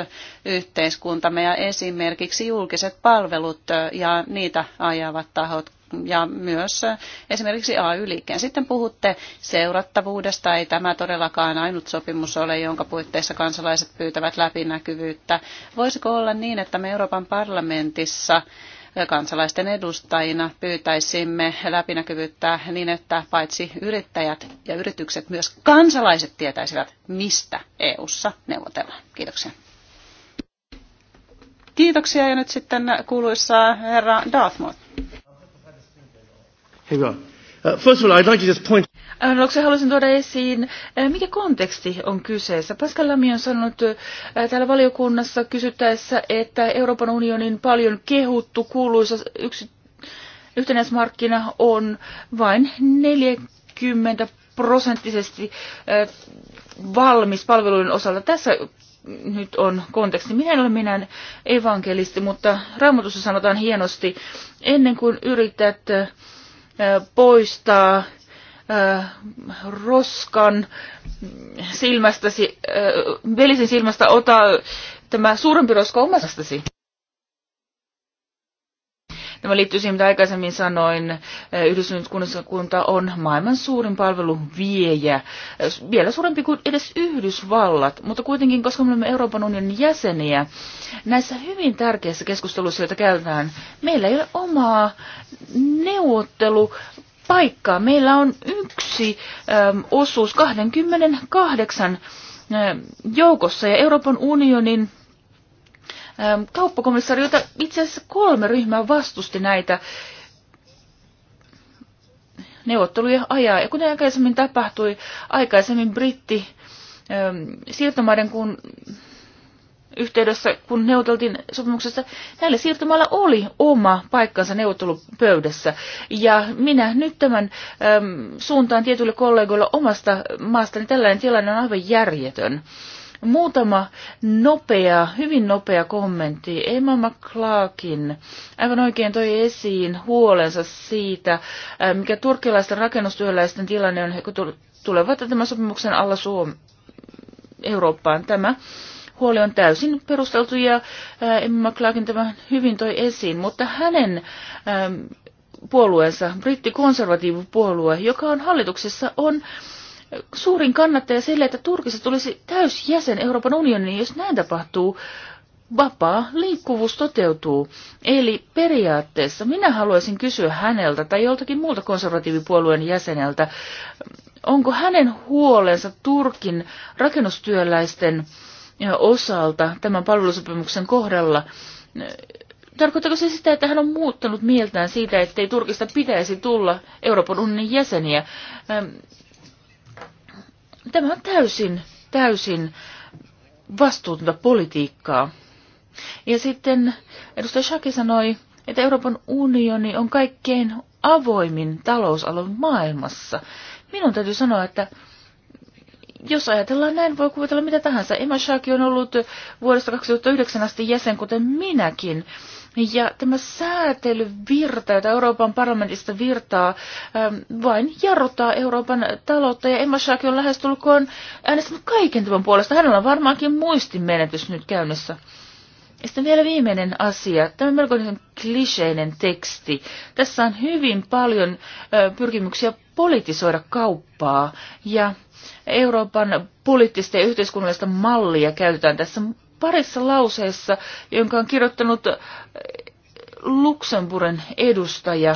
yhteiskuntamme ja esimerkiksi julkiset palvelut ja niitä ajavat tahot ja myös esimerkiksi AY-liikkeen. Sitten puhutte seurattavuudesta. Ei tämä todellakaan ainut sopimus ole, jonka puitteissa kansalaiset pyytävät läpinäkyvyyttä. Voisiko olla niin, että me Euroopan parlamentissa kansalaisten edustajina pyytäisimme läpinäkyvyyttä niin, että paitsi yrittäjät ja yritykset, myös kansalaiset tietäisivät, mistä EU-ssa neuvotellaan. Kiitoksia. Kiitoksia ja nyt sitten kuuluissa herra Dartmouth. Hyvä. Uh, first of all, I'd like to just point Aluksi haluaisin tuoda esiin, eh, mikä konteksti on kyseessä. Pascal Lamy on sanonut eh, täällä valiokunnassa kysyttäessä, että Euroopan unionin paljon kehuttu kuuluisa yksi, yhtenäismarkkina on vain 40 prosenttisesti eh, valmis palveluiden osalta. Tässä nyt on konteksti. Minä en ole minä evankelisti, mutta Raamatussa sanotaan hienosti, ennen kuin yrität poistaa roskan silmästäsi, velisen silmästä ota tämä suurempi roska omastasi. Tämä liittyy siihen, mitä aikaisemmin sanoin. Yhdyskunta on maailman suurin viejä, vielä suurempi kuin edes Yhdysvallat, mutta kuitenkin, koska me olemme Euroopan unionin jäseniä, näissä hyvin tärkeissä keskusteluissa, joita käydään, meillä ei ole omaa neuvottelu paikkaa. Meillä on yksi äm, osuus 28 äm, äh, joukossa ja Euroopan unionin äm, kauppakomissaari, jota itse asiassa kolme ryhmää vastusti näitä neuvotteluja ajaa. Ja kuten aikaisemmin tapahtui, aikaisemmin britti äm, siirtomaiden kun yhteydessä, kun neuvoteltiin sopimuksesta, näillä siirtymällä oli oma paikkansa neuvottelupöydässä. Ja minä nyt tämän äm, suuntaan tietyille kollegoille omasta maastani niin tällainen tilanne on aivan järjetön. Muutama nopea, hyvin nopea kommentti. Emma McClarkin aivan oikein toi esiin huolensa siitä, mikä turkkilaisten rakennustyöläisten tilanne on, kun tulevat tämän sopimuksen alla suom Eurooppaan. Tämä huoli on täysin perusteltu ja äh, Emma McClarkin tämä hyvin toi esiin, mutta hänen ähm, puolueensa, brittikonservatiivipuolue, joka on hallituksessa, on suurin kannattaja sille, että Turkissa tulisi täysjäsen Euroopan unioniin, jos näin tapahtuu, vapaa liikkuvuus toteutuu. Eli periaatteessa minä haluaisin kysyä häneltä tai joltakin muulta konservatiivipuolueen jäseneltä, onko hänen huolensa Turkin rakennustyöläisten osalta tämän palvelusopimuksen kohdalla. Tarkoittako se sitä, että hän on muuttanut mieltään siitä, ettei Turkista pitäisi tulla Euroopan unionin jäseniä? Ähm, tämä on täysin, täysin vastuutonta politiikkaa. Ja sitten edustaja Shaki sanoi, että Euroopan unioni on kaikkein avoimin talousalue maailmassa. Minun täytyy sanoa, että jos ajatellaan näin, voi kuvitella mitä tahansa. Emma Shaki on ollut vuodesta 2009 asti jäsen, kuten minäkin. Ja tämä säätelyvirta, jota Euroopan parlamentista virtaa, ähm, vain jarruttaa Euroopan taloutta. Ja Emma Shaki on lähestulkoon äänestänyt kaiken tämän puolesta. Hänellä on varmaankin muistimenetys nyt käynnissä. Ja sitten vielä viimeinen asia. Tämä on melkoinen kliseinen teksti. Tässä on hyvin paljon äh, pyrkimyksiä politisoida kauppaa. Ja Euroopan poliittista ja yhteiskunnallista mallia käytetään tässä parissa lauseessa, jonka on kirjoittanut äh, Luxemburgin edustaja,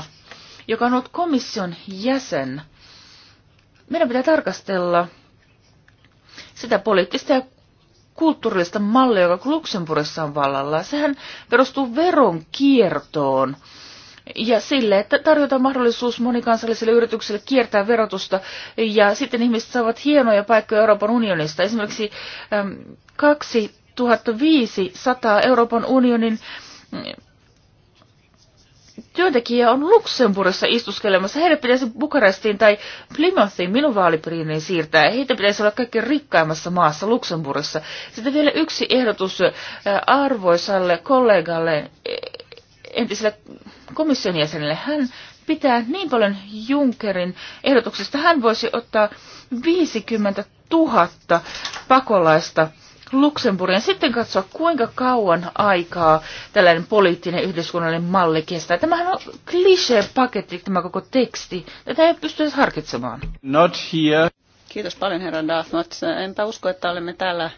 joka on ollut komission jäsen. Meidän pitää tarkastella sitä poliittista ja kulttuurillista mallia, joka Luxemburgissa on vallalla. Sehän perustuu veronkiertoon. kiertoon ja sille, että tarjotaan mahdollisuus monikansallisille yrityksille kiertää verotusta ja sitten ihmiset saavat hienoja paikkoja Euroopan unionista. Esimerkiksi 2500 Euroopan unionin työntekijä on Luxemburgissa istuskelemassa. Heidät pitäisi Bukarestiin tai Plymouthiin minun vaalipiiriin siirtää. Heitä pitäisi olla kaikkein rikkaimmassa maassa Luxemburgissa. Sitten vielä yksi ehdotus arvoisalle kollegalle entiselle komission jäsenelle. Hän pitää niin paljon Junckerin ehdotuksesta, hän voisi ottaa 50 000 pakolaista Luxemburgin. Sitten katsoa, kuinka kauan aikaa tällainen poliittinen yhdyskunnallinen malli kestää. Tämähän on klisee-paketti, tämä koko teksti. Tätä ei pysty edes harkitsemaan. Not here. Kiitos paljon, herra Dathmat. Enpä usko, että olemme täällä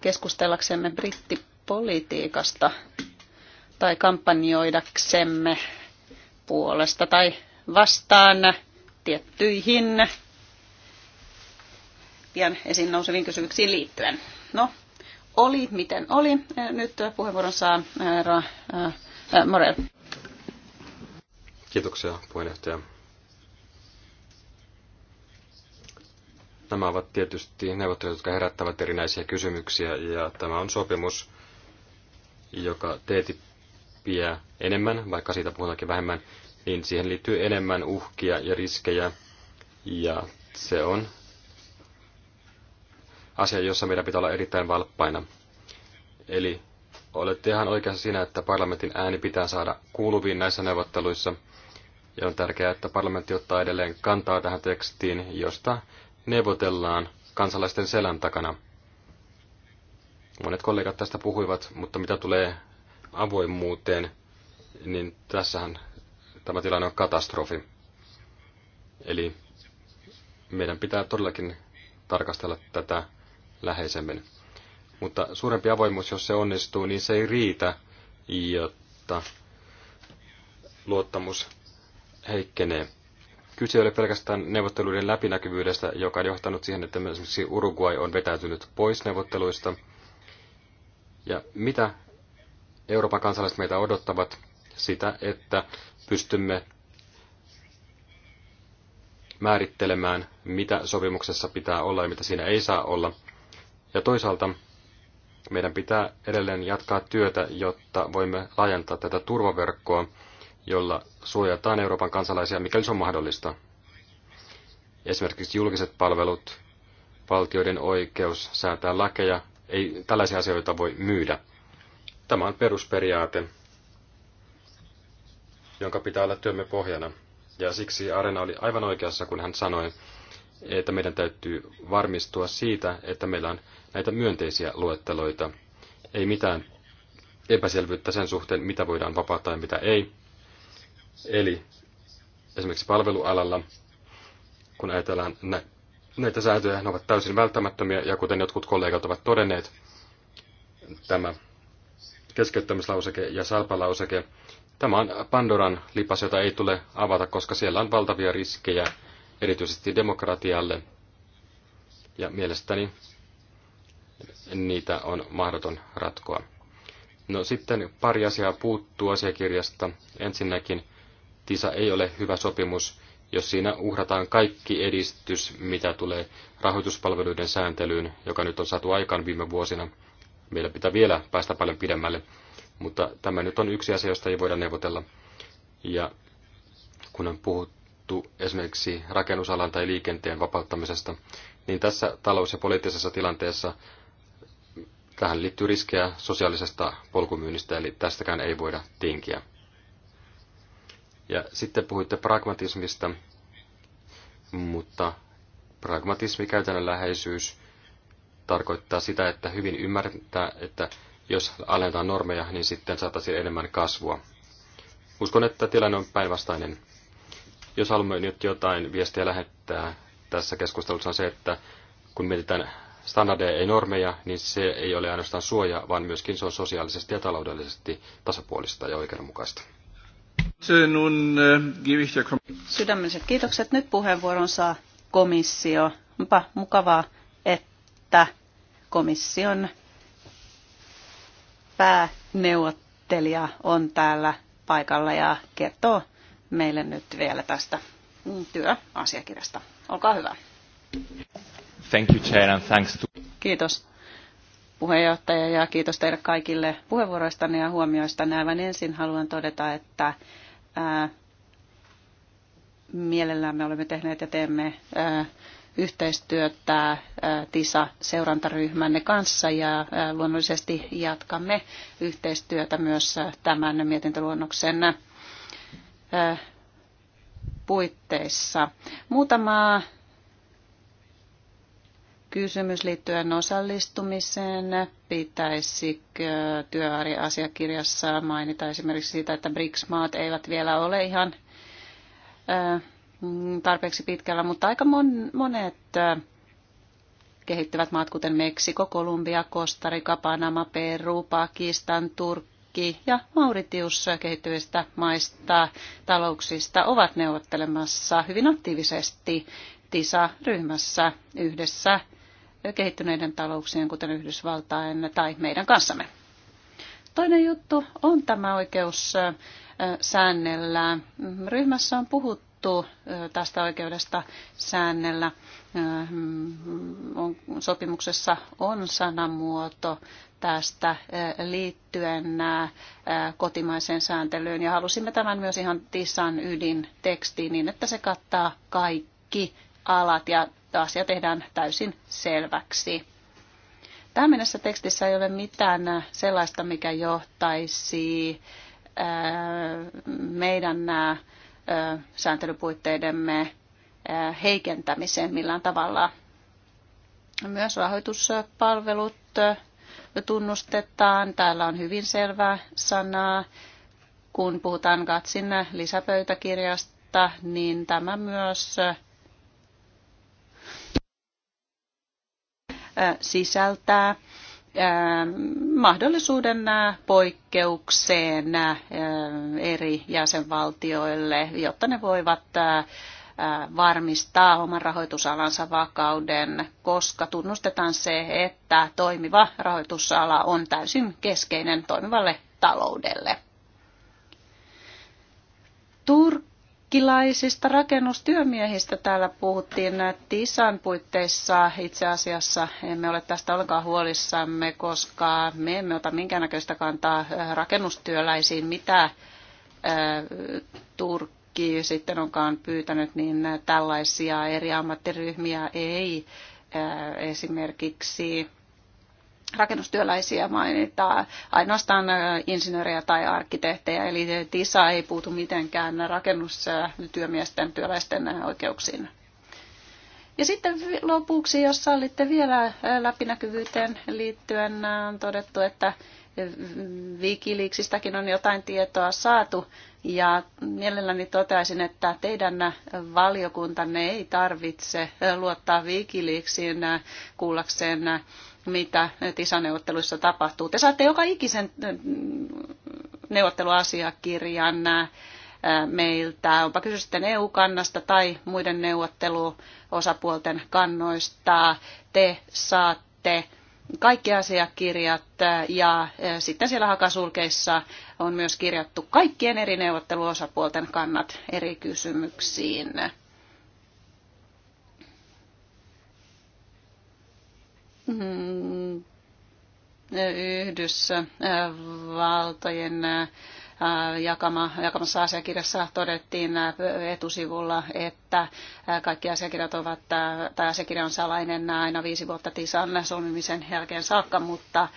keskustellaksemme brittipolitiikasta tai kampanjoidaksemme puolesta tai vastaan tiettyihin pian esiin nouseviin kysymyksiin liittyen. No, oli miten oli. Nyt puheenvuoron saa ää, äh, ää, äh, äh, Morel. Kiitoksia puheenjohtaja. Nämä ovat tietysti neuvottelut, jotka herättävät erinäisiä kysymyksiä, ja tämä on sopimus, joka TTIP tyyppiä enemmän, vaikka siitä puhutaankin vähemmän, niin siihen liittyy enemmän uhkia ja riskejä. Ja se on asia, jossa meidän pitää olla erittäin valppaina. Eli olette ihan oikeassa siinä, että parlamentin ääni pitää saada kuuluviin näissä neuvotteluissa. Ja on tärkeää, että parlamentti ottaa edelleen kantaa tähän tekstiin, josta neuvotellaan kansalaisten selän takana. Monet kollegat tästä puhuivat, mutta mitä tulee avoimuuteen, niin tässähän tämä tilanne on katastrofi. Eli meidän pitää todellakin tarkastella tätä läheisemmin. Mutta suurempi avoimuus, jos se onnistuu, niin se ei riitä, jotta luottamus heikkenee. Kyse ei ole pelkästään neuvotteluiden läpinäkyvyydestä, joka on johtanut siihen, että esimerkiksi Uruguay on vetäytynyt pois neuvotteluista. Ja mitä Euroopan kansalaiset meitä odottavat sitä, että pystymme määrittelemään, mitä sopimuksessa pitää olla ja mitä siinä ei saa olla. Ja toisaalta meidän pitää edelleen jatkaa työtä, jotta voimme laajentaa tätä turvaverkkoa, jolla suojataan Euroopan kansalaisia, mikäli se on mahdollista. Esimerkiksi julkiset palvelut, valtioiden oikeus säätää lakeja, ei tällaisia asioita voi myydä. Tämä on perusperiaate, jonka pitää olla työmme pohjana. Ja siksi Arena oli aivan oikeassa, kun hän sanoi, että meidän täytyy varmistua siitä, että meillä on näitä myönteisiä luetteloita. Ei mitään epäselvyyttä sen suhteen, mitä voidaan vapauttaa ja mitä ei. Eli esimerkiksi palvelualalla, kun ajatellaan nä- näitä säätöjä, ne ovat täysin välttämättömiä, ja kuten jotkut kollegat ovat todenneet, tämä keskeyttämislauseke ja salpalauseke. Tämä on Pandoran lipas, jota ei tule avata, koska siellä on valtavia riskejä, erityisesti demokratialle. Ja mielestäni niitä on mahdoton ratkoa. No sitten pari asiaa puuttuu asiakirjasta. Ensinnäkin TISA ei ole hyvä sopimus, jos siinä uhrataan kaikki edistys, mitä tulee rahoituspalveluiden sääntelyyn, joka nyt on saatu aikaan viime vuosina – meillä pitää vielä päästä paljon pidemmälle, mutta tämä nyt on yksi asia, josta ei voida neuvotella. Ja kun on puhuttu esimerkiksi rakennusalan tai liikenteen vapauttamisesta, niin tässä talous- ja poliittisessa tilanteessa tähän liittyy riskejä sosiaalisesta polkumyynnistä, eli tästäkään ei voida tinkiä. Ja sitten puhuitte pragmatismista, mutta pragmatismi, käytännönläheisyys tarkoittaa sitä, että hyvin ymmärtää, että jos alennetaan normeja, niin sitten saataisiin enemmän kasvua. Uskon, että tilanne on päinvastainen. Jos haluamme nyt jotain viestiä lähettää tässä keskustelussa on se, että kun mietitään standardeja ei normeja, niin se ei ole ainoastaan suoja, vaan myöskin se on sosiaalisesti ja taloudellisesti tasapuolista ja oikeudenmukaista. Sydämelliset kiitokset. Nyt puheenvuoron saa komissio. Onpa mukavaa että komission pääneuvottelija on täällä paikalla ja kertoo meille nyt vielä tästä työasiakirjasta. Olkaa hyvä. Thank you, Chair, and thanks to... Kiitos puheenjohtaja ja kiitos teille kaikille puheenvuoroistanne ja huomioista. Aivan ensin haluan todeta, että ää, mielellään me olemme tehneet ja teemme ää, yhteistyötä TISA-seurantaryhmänne kanssa ja luonnollisesti jatkamme yhteistyötä myös tämän mietintöluonnoksen puitteissa. Muutama kysymys liittyen osallistumiseen. Pitäisikö työariasiakirjassa mainita esimerkiksi siitä, että BRICS-maat eivät vielä ole ihan Mm, tarpeeksi pitkällä, mutta aika mon, monet kehittyvät maat, kuten Meksiko, Kolumbia, Kostarika, Panama, Peru, Pakistan, Turkki ja Mauritius kehittyvistä maista talouksista ovat neuvottelemassa hyvin aktiivisesti TISA-ryhmässä yhdessä kehittyneiden talouksien, kuten Yhdysvaltain tai meidän kanssamme. Toinen juttu on tämä oikeus säännellä. Ryhmässä on puhuttu haluttu tästä oikeudesta säännellä. Mm, sopimuksessa on sanamuoto tästä liittyen kotimaiseen sääntelyyn ja halusimme tämän myös ihan Tissan ydin tekstiin niin, että se kattaa kaikki alat ja asia tehdään täysin selväksi. Tähän mennessä tekstissä ei ole mitään sellaista, mikä johtaisi meidän nämä sääntelypuitteidemme heikentämiseen millään tavalla. Myös rahoituspalvelut tunnustetaan. Täällä on hyvin selvää sanaa. Kun puhutaan Gatsin lisäpöytäkirjasta, niin tämä myös sisältää Ähm, mahdollisuuden äh, poikkeukseen äh, eri jäsenvaltioille, jotta ne voivat äh, varmistaa oman rahoitusalansa vakauden, koska tunnustetaan se, että toimiva rahoitusala on täysin keskeinen toimivalle taloudelle. Turkki Turkkilaisista rakennustyömiehistä täällä puhuttiin äh, TISAN puitteissa. Itse asiassa emme ole tästä ollenkaan huolissamme, koska me emme ota minkäännäköistä kantaa äh, rakennustyöläisiin, mitä äh, Turkki sitten onkaan pyytänyt, niin tällaisia eri ammattiryhmiä ei esimerkiksi rakennustyöläisiä mainitaan, ainoastaan insinöörejä tai arkkitehtejä, eli TISA ei puutu mitenkään rakennustyömiesten työläisten oikeuksiin. Ja sitten lopuksi, jos sallitte vielä läpinäkyvyyteen liittyen, on todettu, että Wikileaksistäkin on jotain tietoa saatu, ja mielelläni toteaisin, että teidän valiokuntanne ei tarvitse luottaa Wikileaksiin kuullakseen mitä TISA-neuvotteluissa tapahtuu. Te saatte joka ikisen neuvotteluasiakirjan meiltä, onpa kyse sitten EU-kannasta tai muiden neuvotteluosapuolten kannoista. Te saatte kaikki asiakirjat ja sitten siellä hakasulkeissa on myös kirjattu kaikkien eri neuvotteluosapuolten kannat eri kysymyksiin. Mm, Yhdysvaltojen jakama, jakamassa asiakirjassa todettiin etusivulla, että kaikki asiakirjat ovat, tai asiakirja on salainen aina viisi vuotta TISAN solmimisen jälkeen saakka, mutta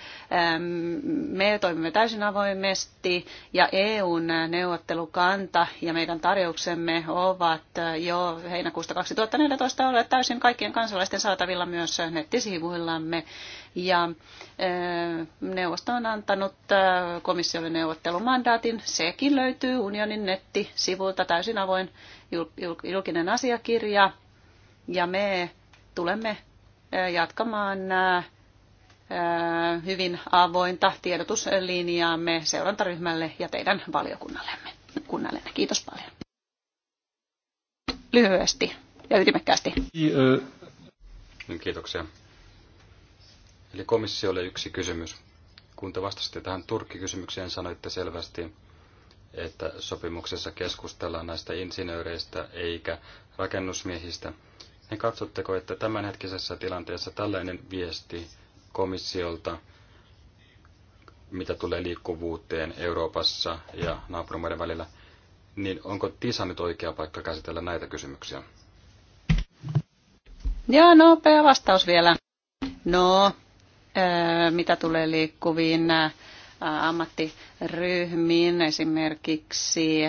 me toimimme täysin avoimesti ja EUn neuvottelukanta ja meidän tarjouksemme ovat jo heinäkuusta 2014 olleet täysin kaikkien kansalaisten saatavilla myös nettisivuillamme ja eh, neuvosto on antanut eh, komissiolle neuvottelumandaatin. Sekin löytyy unionin nettisivulta täysin avoin julkinen asiakirja ja me tulemme eh, jatkamaan hyvin avointa tiedotuslinjaamme seurantaryhmälle ja teidän valiokunnallemme. Kunnallenne. Kiitos paljon. Lyhyesti ja ytimekkäästi. Niin, niin, kiitoksia. Eli komissiolle yksi kysymys. Kun te vastasitte tähän Turkki-kysymykseen, sanoitte selvästi, että sopimuksessa keskustellaan näistä insinööreistä eikä rakennusmiehistä. Ne niin katsotteko, että tämänhetkisessä tilanteessa tällainen viesti komissiolta, mitä tulee liikkuvuuteen Euroopassa ja naapurimaiden välillä, niin onko TISA nyt oikea paikka käsitellä näitä kysymyksiä? Joo, nopea vastaus vielä. No, mitä tulee liikkuviin ammattiryhmiin, esimerkiksi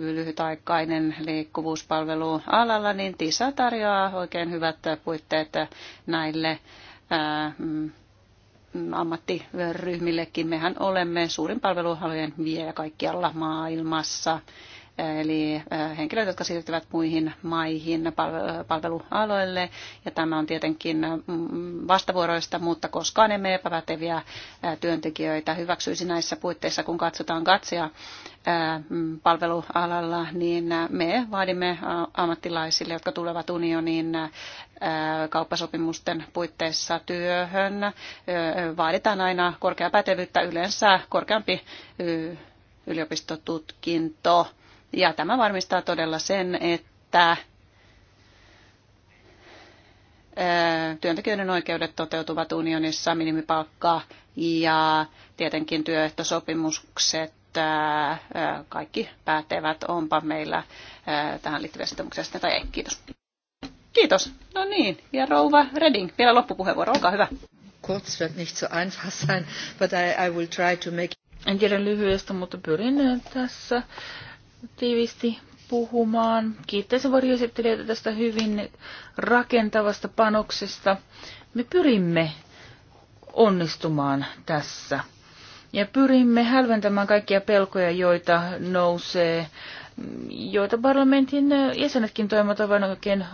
lyhytaikainen liikkuvuuspalvelu alalla, niin TISA tarjoaa oikein hyvät puitteet näille mm, ammattiryhmillekin. Mehän olemme suurin palveluhalojen viejä kaikkialla maailmassa eli äh, henkilöt, jotka siirtyvät muihin maihin äh, palvelualoille. Ja tämä on tietenkin äh, mm, vastavuoroista, mutta koskaan emme epäväteviä työntekijöitä hyväksyisi näissä puitteissa, kun katsotaan katsia mm, palvelualalla, niin me vaadimme ammattilaisille, jotka tulevat unioniin kauppasopimusten puitteissa työhön. Vaaditaan aina korkeaa pätevyyttä, yleensä korkeampi yliopistotutkinto. Ja tämä varmistaa todella sen, että työntekijöiden oikeudet toteutuvat unionissa, minimipalkka ja tietenkin työehtosopimukset, kaikki päätevät, onpa meillä tähän liittyviä sitoumuksesta tai ei. Kiitos. Kiitos. No niin, ja rouva Reding, vielä loppupuheenvuoro, olkaa hyvä. Kurz wird nicht so einfach sein, but I, I will try to make... En tiedä lyhyestä, mutta pyrin tässä tiivisti puhumaan. Kiittäisin varjoesittelijöitä tästä hyvin rakentavasta panoksesta. Me pyrimme onnistumaan tässä. Ja pyrimme hälventämään kaikkia pelkoja, joita nousee joita parlamentin jäsenetkin toimivat aivan oikein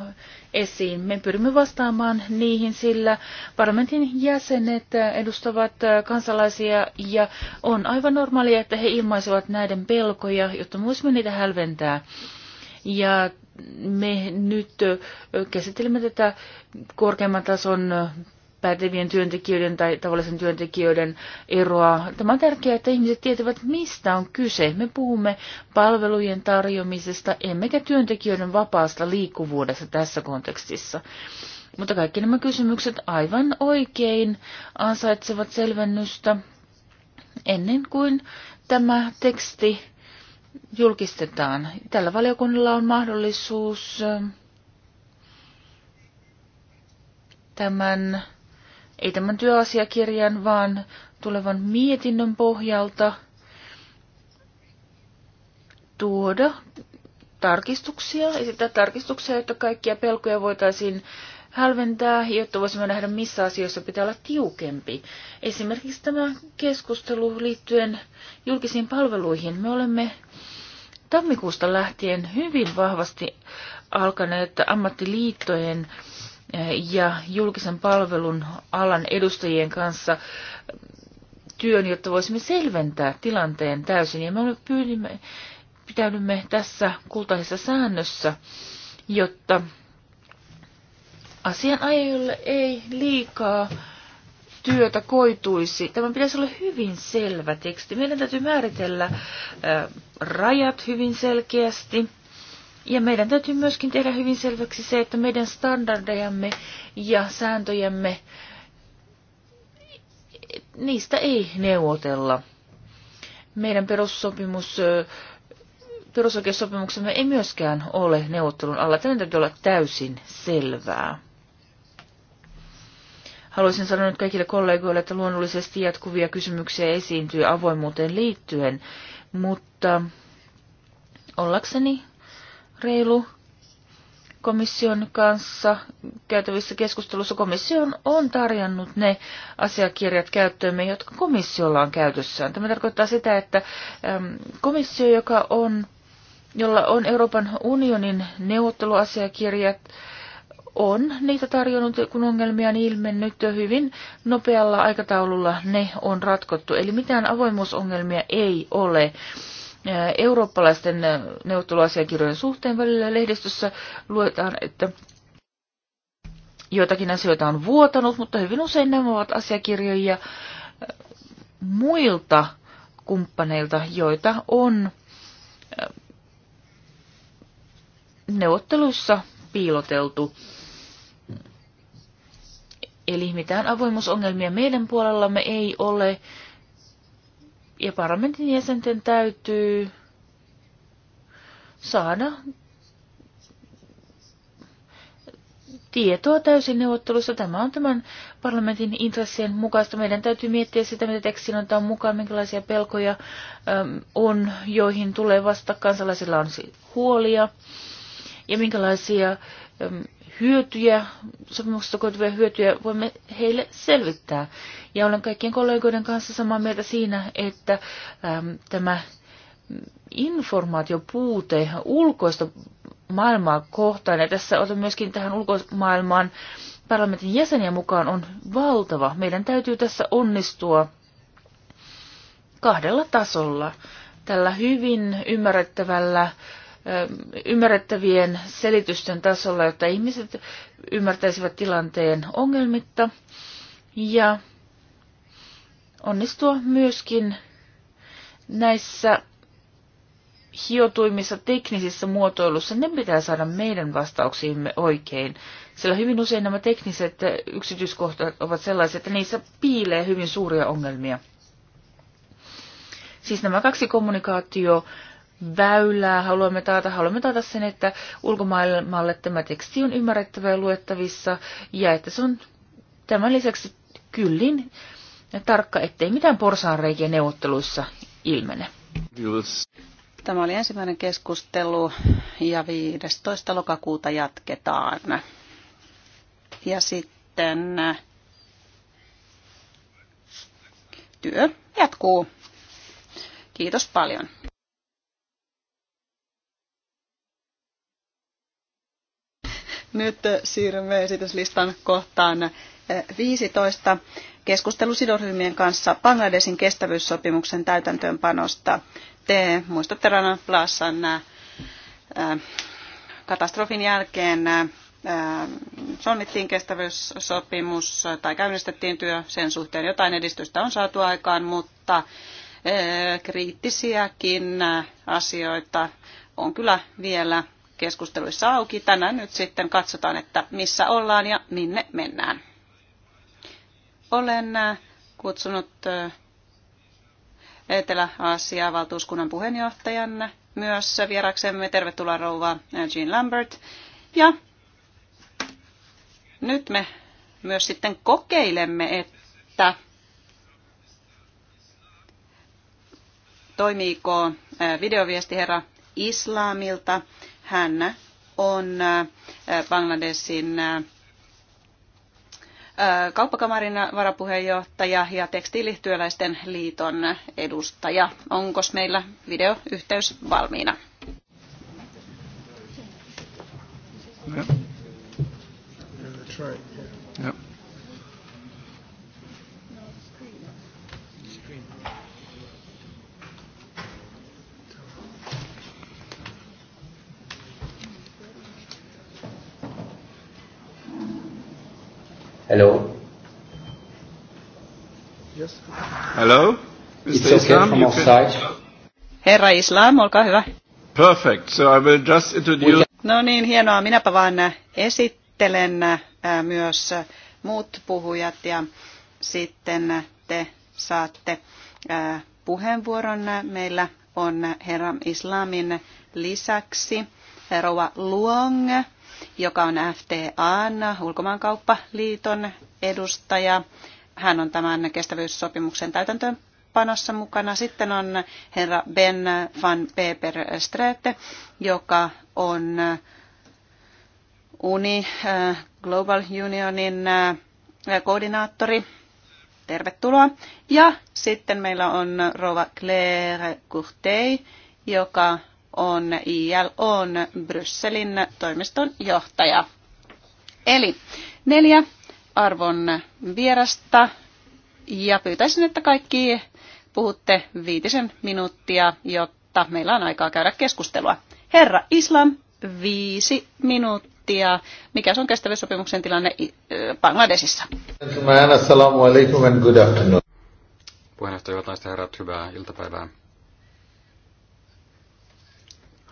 esiin. Me pyrimme vastaamaan niihin, sillä parlamentin jäsenet edustavat kansalaisia ja on aivan normaalia, että he ilmaisevat näiden pelkoja, jotta voisimme niitä hälventää. Ja me nyt käsittelemme tätä korkeamman tason pätevien työntekijöiden tai tavallisen työntekijöiden eroa. Tämä on tärkeää, että ihmiset tietävät, mistä on kyse. Me puhumme palvelujen tarjoamisesta, emmekä työntekijöiden vapaasta liikkuvuudesta tässä kontekstissa. Mutta kaikki nämä kysymykset aivan oikein ansaitsevat selvennystä ennen kuin tämä teksti julkistetaan. Tällä valiokunnalla on mahdollisuus tämän ei tämän työasiakirjan, vaan tulevan mietinnön pohjalta tuoda tarkistuksia, esittää tarkistuksia, jotta kaikkia pelkoja voitaisiin hälventää, jotta voisimme nähdä, missä asioissa pitää olla tiukempi. Esimerkiksi tämä keskustelu liittyen julkisiin palveluihin. Me olemme tammikuusta lähtien hyvin vahvasti alkaneet ammattiliittojen ja julkisen palvelun alan edustajien kanssa työn, jotta voisimme selventää tilanteen täysin. Ja me pyydimme, pitäydymme tässä kultaisessa säännössä, jotta asianajajille ei liikaa työtä koituisi. Tämä pitäisi olla hyvin selvä teksti. Meidän täytyy määritellä rajat hyvin selkeästi. Ja meidän täytyy myöskin tehdä hyvin selväksi se, että meidän standardejamme ja sääntöjämme, niistä ei neuvotella. Meidän perussopimus, perusoikeussopimuksemme ei myöskään ole neuvottelun alla. Tämä täytyy olla täysin selvää. Haluaisin sanoa nyt kaikille kollegoille, että luonnollisesti jatkuvia kysymyksiä esiintyy avoimuuteen liittyen, mutta ollakseni reilu komission kanssa käytävissä keskustelussa. komissio on tarjonnut ne asiakirjat käyttöömme, jotka komissiolla on käytössään. Tämä tarkoittaa sitä, että komissio, joka on, jolla on Euroopan unionin neuvotteluasiakirjat, on niitä tarjonnut, kun ongelmia on ilmennyt hyvin nopealla aikataululla ne on ratkottu. Eli mitään avoimuusongelmia ei ole eurooppalaisten neuvotteluasiakirjojen suhteen välillä lehdistössä luetaan, että joitakin asioita on vuotanut, mutta hyvin usein nämä ovat asiakirjoja muilta kumppaneilta, joita on neuvotteluissa piiloteltu. Eli mitään avoimuusongelmia meidän puolellamme ei ole ja parlamentin jäsenten täytyy saada tietoa täysin neuvottelussa. Tämä on tämän parlamentin intressien mukaista. Meidän täytyy miettiä sitä, mitä tekstin ottaa mukaan, minkälaisia pelkoja on, joihin tulee vasta kansalaisilla on siis huolia ja minkälaisia hyötyjä, sopimuksesta koituvia hyötyjä voimme heille selvittää. Ja olen kaikkien kollegoiden kanssa samaa mieltä siinä, että äm, tämä informaatiopuute ulkoista maailmaa kohtaan, ja tässä otan myöskin tähän ulkomaailmaan parlamentin jäseniä mukaan, on valtava. Meidän täytyy tässä onnistua kahdella tasolla. Tällä hyvin ymmärrettävällä ymmärrettävien selitysten tasolla, jotta ihmiset ymmärtäisivät tilanteen ongelmitta ja onnistua myöskin näissä hiotuimmissa teknisissä muotoilussa, ne pitää saada meidän vastauksiimme oikein, sillä hyvin usein nämä tekniset yksityiskohtat ovat sellaisia, että niissä piilee hyvin suuria ongelmia. Siis nämä kaksi kommunikaatio väylää haluamme taata. Haluamme taata sen, että ulkomaailmalle tämä teksti on ymmärrettävä ja luettavissa ja että se on tämän lisäksi kyllin ja tarkka, ettei mitään porsaanreikiä neuvotteluissa ilmene. Yes. Tämä oli ensimmäinen keskustelu ja 15. lokakuuta jatketaan. Ja sitten työ jatkuu. Kiitos paljon. Nyt siirrymme esityslistan kohtaan 15 eh, keskustelu sidosryhmien kanssa Bangladesin kestävyyssopimuksen täytäntöönpanosta. Te muistatte Rana Plassan eh, katastrofin jälkeen eh, solmittiin kestävyyssopimus tai käynnistettiin työ sen suhteen. Jotain edistystä on saatu aikaan, mutta kriittisiäkin asioita on kyllä vielä keskusteluissa auki. Tänään nyt sitten katsotaan, että missä ollaan ja minne mennään. Olen äh, kutsunut äh, etelä aasia valtuuskunnan puheenjohtajan myös vieraksemme. Tervetuloa rouva äh, Jean Lambert. Ja nyt me myös sitten kokeilemme, että toimiiko videoviesti herra Islamilta hän on äh, Bangladesin äh, kauppakamarin varapuheenjohtaja ja tekstiilityöläisten liiton edustaja. Onko meillä videoyhteys valmiina? Yeah. Hello? Yes. Hello? Mr. It's okay Islam, from our side. Herra Islam, olkaa hyvä. Perfect. So I will just introduce... No niin, hienoa. Minäpä vaan esittelen äh, myös muut puhujat ja sitten te saatte äh, puheenvuoron. Meillä on herra Islamin lisäksi rouva Luong, joka on FTAn, ulkomaankauppaliiton edustaja. Hän on tämän kestävyyssopimuksen täytäntöönpanossa mukana. Sitten on herra Ben van Peper Strete, joka on UNI, eh, Global Unionin eh, koordinaattori. Tervetuloa. Ja sitten meillä on Rova Claire Courtei, joka on ILOn Brysselin toimiston johtaja. Eli neljä arvon vierasta ja pyytäisin, että kaikki puhutte viitisen minuuttia, jotta meillä on aikaa käydä keskustelua. Herra Islam, viisi minuuttia. Mikä on kestävyyssopimuksen tilanne Bangladesissa? Assalamu alaikum and good afternoon. Puheenjohtaja, hyvät naiset herrat, hyvää iltapäivää.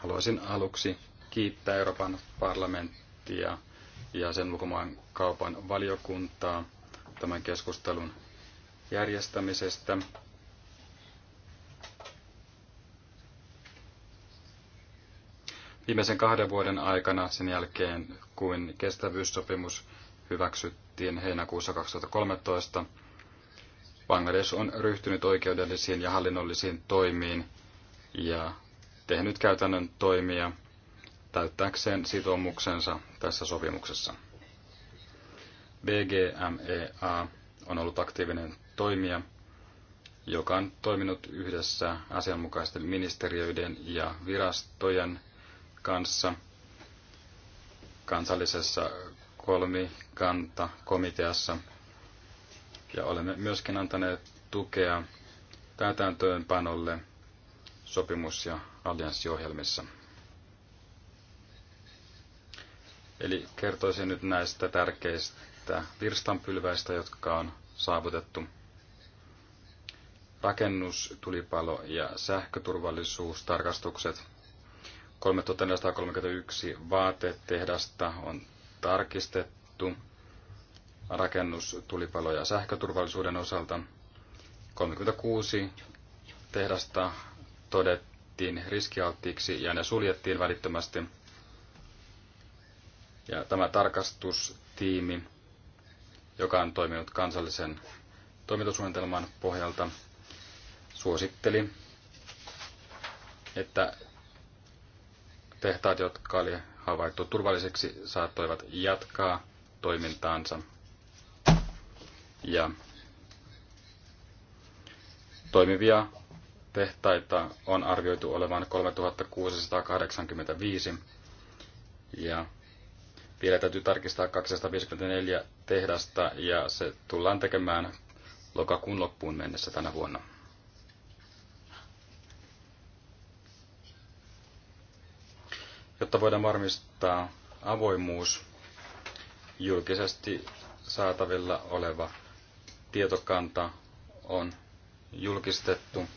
Haluaisin aluksi kiittää Euroopan parlamenttia ja sen ulkomaan kaupan valiokuntaa tämän keskustelun järjestämisestä. Viimeisen kahden vuoden aikana sen jälkeen, kun kestävyyssopimus hyväksyttiin heinäkuussa 2013, Bangladesh on ryhtynyt oikeudellisiin ja hallinnollisiin toimiin ja tehnyt käytännön toimia täyttääkseen sitoumuksensa tässä sopimuksessa. BGMEA on ollut aktiivinen toimija, joka on toiminut yhdessä asianmukaisten ministeriöiden ja virastojen kanssa kansallisessa kolmikanta Ja olemme myöskin antaneet tukea täytäntöönpanolle sopimus- ja allianssiohjelmissa. Eli kertoisin nyt näistä tärkeistä virstanpylväistä, jotka on saavutettu. Rakennus, tulipalo ja sähköturvallisuustarkastukset. 3431 vaatetehdasta on tarkistettu rakennus, tulipalo ja sähköturvallisuuden osalta. 36 tehdasta todet, todettiin riskialttiiksi ja ne suljettiin välittömästi. Ja tämä tarkastustiimi, joka on toiminut kansallisen toimintasuunnitelman pohjalta, suositteli, että tehtaat, jotka oli havaittu turvallisiksi, saattoivat jatkaa toimintaansa. Ja toimivia tehtaita on arvioitu olevan 3685 ja vielä täytyy tarkistaa 254 tehdasta ja se tullaan tekemään lokakuun loppuun mennessä tänä vuonna. Jotta voidaan varmistaa avoimuus, julkisesti saatavilla oleva tietokanta on julkistettu –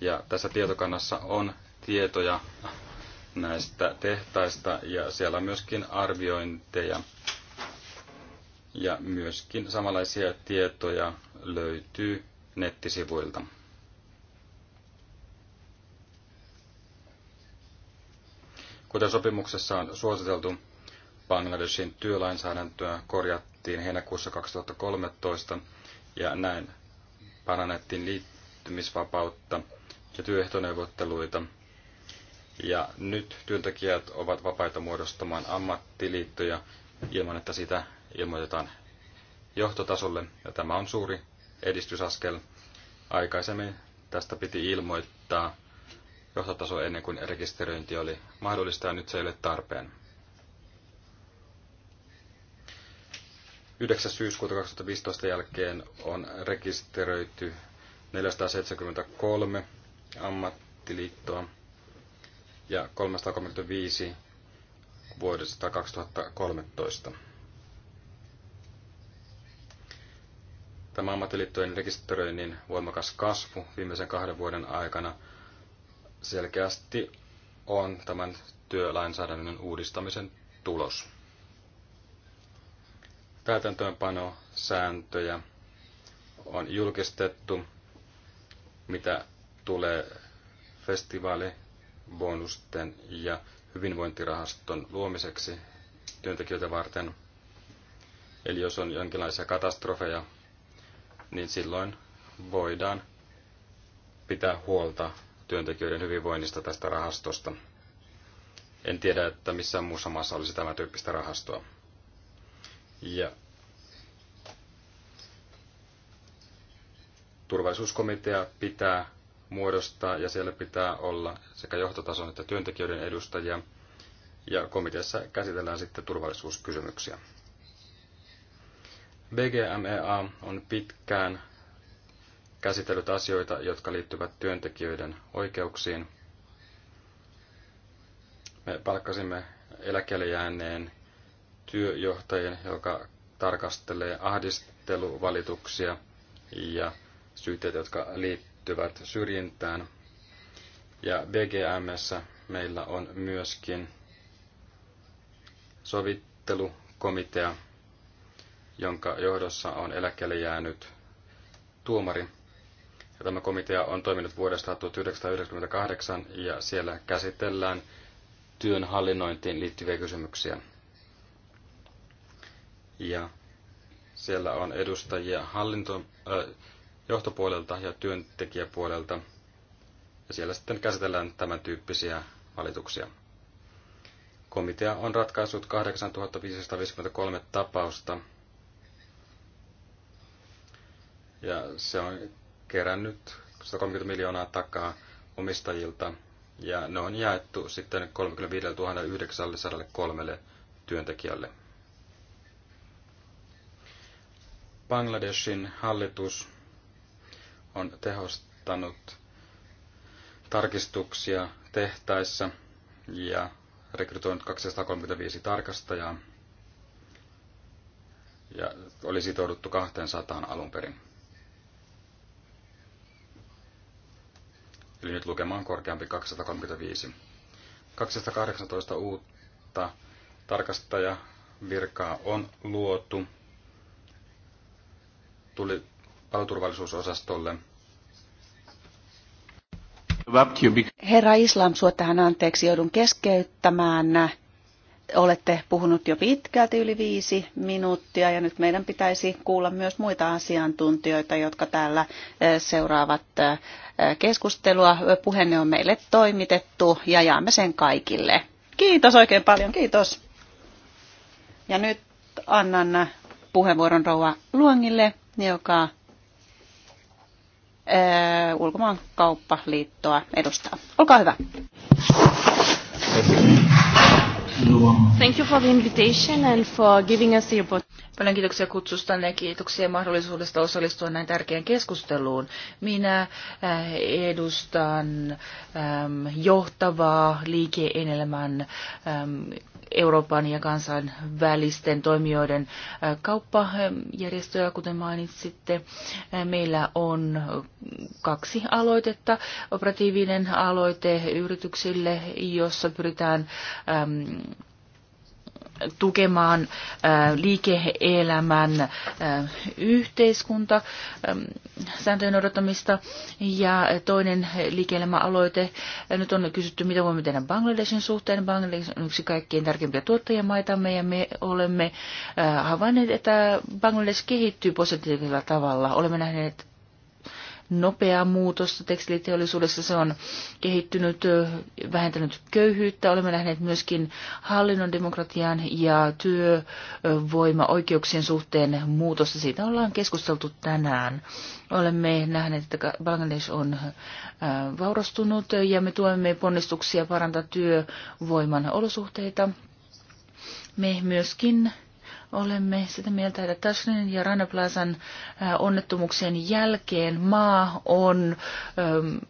Ja tässä tietokannassa on tietoja näistä tehtaista ja siellä on myöskin arviointeja. Ja myöskin samanlaisia tietoja löytyy nettisivuilta. Kuten sopimuksessa on suositeltu, Bangladeshin työlainsäädäntöä korjattiin heinäkuussa 2013 ja näin parannettiin liittymisvapautta ja työehtoneuvotteluita. Ja nyt työntekijät ovat vapaita muodostamaan ammattiliittoja ilman, että sitä ilmoitetaan johtotasolle. Ja tämä on suuri edistysaskel. Aikaisemmin tästä piti ilmoittaa johtotaso ennen kuin rekisteröinti oli mahdollista ja nyt se ei ole tarpeen. 9. syyskuuta 2015 jälkeen on rekisteröity 473 ammattiliittoa ja 335 vuodesta 2013. Tämä ammattiliittojen rekisteröinnin voimakas kasvu viimeisen kahden vuoden aikana selkeästi on tämän työlainsäädännön uudistamisen tulos. sääntöjä on julkistettu, mitä tulee bonusten ja hyvinvointirahaston luomiseksi työntekijöitä varten. Eli jos on jonkinlaisia katastrofeja, niin silloin voidaan pitää huolta työntekijöiden hyvinvoinnista tästä rahastosta. En tiedä, että missään muussa maassa olisi tämä tyyppistä rahastoa. Ja turvallisuuskomitea pitää muodostaa ja siellä pitää olla sekä johtotason että työntekijöiden edustajia ja komiteassa käsitellään sitten turvallisuuskysymyksiä. BGMEA on pitkään käsitellyt asioita, jotka liittyvät työntekijöiden oikeuksiin. Me palkkasimme eläkkeelle jääneen työjohtajien, joka tarkastelee ahdisteluvalituksia ja syytteitä, jotka liittyvät liittyvät syrjintään. Ja BGMssä meillä on myöskin sovittelukomitea, jonka johdossa on eläkkeelle jäänyt tuomari. Ja tämä komitea on toiminut vuodesta 1998 ja siellä käsitellään työn hallinnointiin liittyviä kysymyksiä. Ja siellä on edustajia hallinto, äh, johtopuolelta ja työntekijäpuolelta. Ja siellä sitten käsitellään tämän tyyppisiä valituksia. Komitea on ratkaissut 8553 tapausta. Ja se on kerännyt 130 miljoonaa takaa omistajilta. Ja ne on jaettu sitten 35 903 työntekijälle. Bangladeshin hallitus on tehostanut tarkistuksia tehtäessä ja rekrytoinut 235 tarkastajaa ja oli sitouduttu 200 alun perin. Eli nyt lukema on korkeampi 235. 218 uutta tarkastajavirkaa on luotu. Tuli paloturvallisuusosastolle. Herra Islam, suo tähän anteeksi, joudun keskeyttämään. Olette puhunut jo pitkälti yli viisi minuuttia ja nyt meidän pitäisi kuulla myös muita asiantuntijoita, jotka täällä seuraavat keskustelua. Puhenne on meille toimitettu ja jaamme sen kaikille. Kiitos oikein paljon, kiitos. Ja nyt annan puheenvuoron rouva Luongille, joka Äh, ulkomaankauppaliittoa edustaa. Olkaa hyvä. Thank you for the invitation and for giving us the opportunity. Paljon kiitoksia kutsustanne ja kiitoksia mahdollisuudesta osallistua näin tärkeään keskusteluun. Minä äh, edustan ähm, johtavaa liike-elämän ähm, Euroopan ja kansainvälisten toimijoiden kauppajärjestöjä, kuten mainitsitte. Meillä on kaksi aloitetta. Operatiivinen aloite yrityksille, jossa pyritään tukemaan äh, liike-elämän äh, yhteiskunta ähm, sääntöjen odottamista. Ja toinen liike-elämäaloite, äh, nyt on kysytty, mitä voimme tehdä Bangladeshin suhteen. Bangladesh on yksi kaikkein tärkeimpiä tuottajamaitamme ja me olemme havainneet, että Bangladesh kehittyy positiivisella tavalla. Olemme nähneet nopeaa muutosta tekstiiliteollisuudessa. Se on kehittynyt, vähentänyt köyhyyttä. Olemme nähneet myöskin hallinnon demokratian ja työvoimaoikeuksien suhteen muutosta. Siitä ollaan keskusteltu tänään. Olemme nähneet, että Bangladesh on vaurastunut ja me tuemme ponnistuksia parantaa työvoiman olosuhteita. Me myöskin Olemme sitä mieltä, että Tashlinin ja Rana Plazan äh, onnettomuuksien jälkeen maa on äm,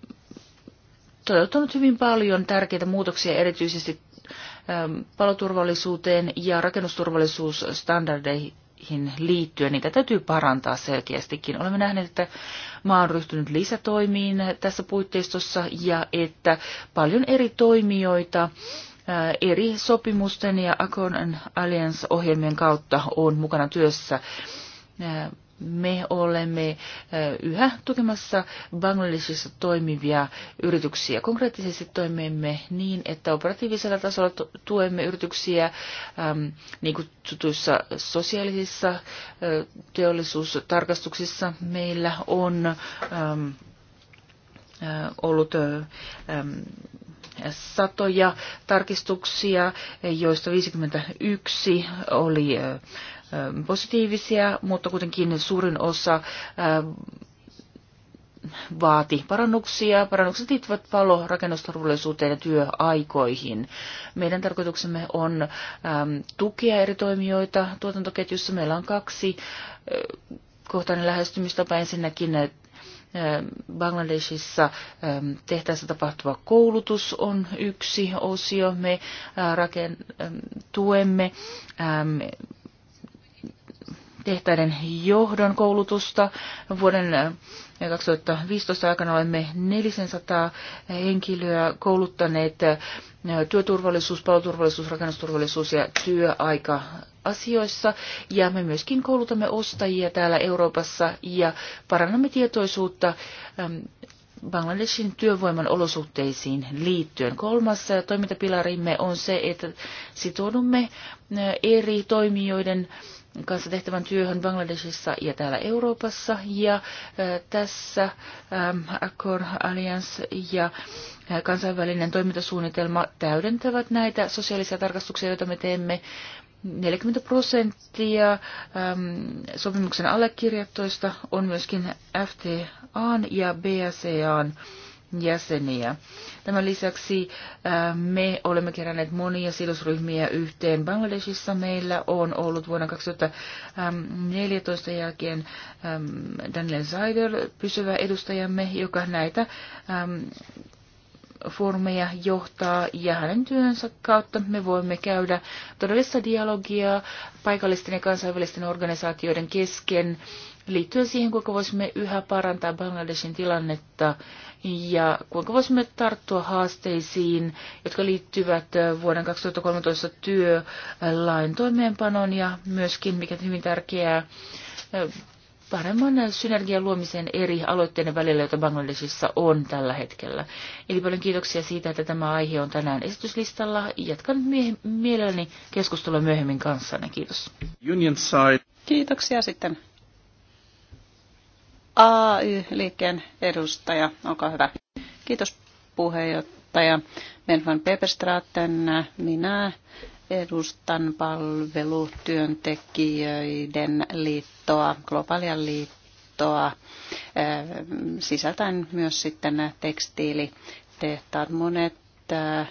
toteuttanut hyvin paljon tärkeitä muutoksia erityisesti äm, paloturvallisuuteen ja rakennusturvallisuusstandardeihin liittyen, niitä täytyy parantaa selkeästikin. Olemme nähneet, että maa on ryhtynyt lisätoimiin tässä puitteistossa ja että paljon eri toimijoita eri sopimusten ja Acon Alliance-ohjelmien kautta on mukana työssä. Me olemme yhä tukemassa Bangladesissa toimivia yrityksiä. Konkreettisesti toimimme niin, että operatiivisella tasolla tuemme yrityksiä niin niin kutsutuissa sosiaalisissa teollisuustarkastuksissa. Meillä on ollut satoja tarkistuksia, joista 51 oli positiivisia, mutta kuitenkin suurin osa vaati parannuksia. Parannukset liittyvät palo, rakennusturvallisuuteen ja työaikoihin. Meidän tarkoituksemme on äm, tukea eri toimijoita tuotantoketjussa. Meillä on kaksi äh, kohtainen lähestymistapa. Ensinnäkin Ehm, Bangladesissa ehm, tehtäessä tapahtuva koulutus on yksi osio. Me raken, ehm, tuemme tehtäiden johdon koulutusta vuoden 2015 aikana olemme 400 henkilöä kouluttaneet työturvallisuus, paloturvallisuus, rakennusturvallisuus ja työaika asioissa ja me myöskin koulutamme ostajia täällä Euroopassa ja parannamme tietoisuutta Bangladeshin työvoiman olosuhteisiin liittyen. Kolmas toimintapilarimme on se, että sitoudumme eri toimijoiden kanssa tehtävän työhön Bangladesissa ja täällä Euroopassa. Ja äh, tässä ähm, Accord Alliance ja äh, kansainvälinen toimintasuunnitelma täydentävät näitä sosiaalisia tarkastuksia, joita me teemme 40 prosenttia ähm, sopimuksen allekirjoittoista on myöskin FTAn ja BSEAn jäseniä. Tämän lisäksi äh, me olemme keränneet monia sidosryhmiä yhteen. Bangladesissa meillä on ollut vuonna 2014 jälkeen ähm, Daniel Zaider, pysyvä edustajamme, joka näitä ähm, foorumeja johtaa ja hänen työnsä kautta me voimme käydä todellista dialogia paikallisten ja kansainvälisten organisaatioiden kesken liittyen siihen, kuinka voisimme yhä parantaa Bangladeshin tilannetta ja kuinka voisimme tarttua haasteisiin, jotka liittyvät vuoden 2013 työlain toimeenpanoon ja myöskin, mikä on hyvin tärkeää, paremman synergian luomisen eri aloitteiden välillä, joita Bangladesissa on tällä hetkellä. Eli paljon kiitoksia siitä, että tämä aihe on tänään esityslistalla. Jatkan mielelläni keskustelua myöhemmin kanssanne. Kiitos. Union side. Kiitoksia sitten AY-liikkeen edustaja, olkaa hyvä. Kiitos puheenjohtaja Ben van Peperstraten. Minä edustan palvelutyöntekijöiden liittoa, globaalia liittoa, eh, sisältäen myös sitten tekstiilitehtaat. Monet eh,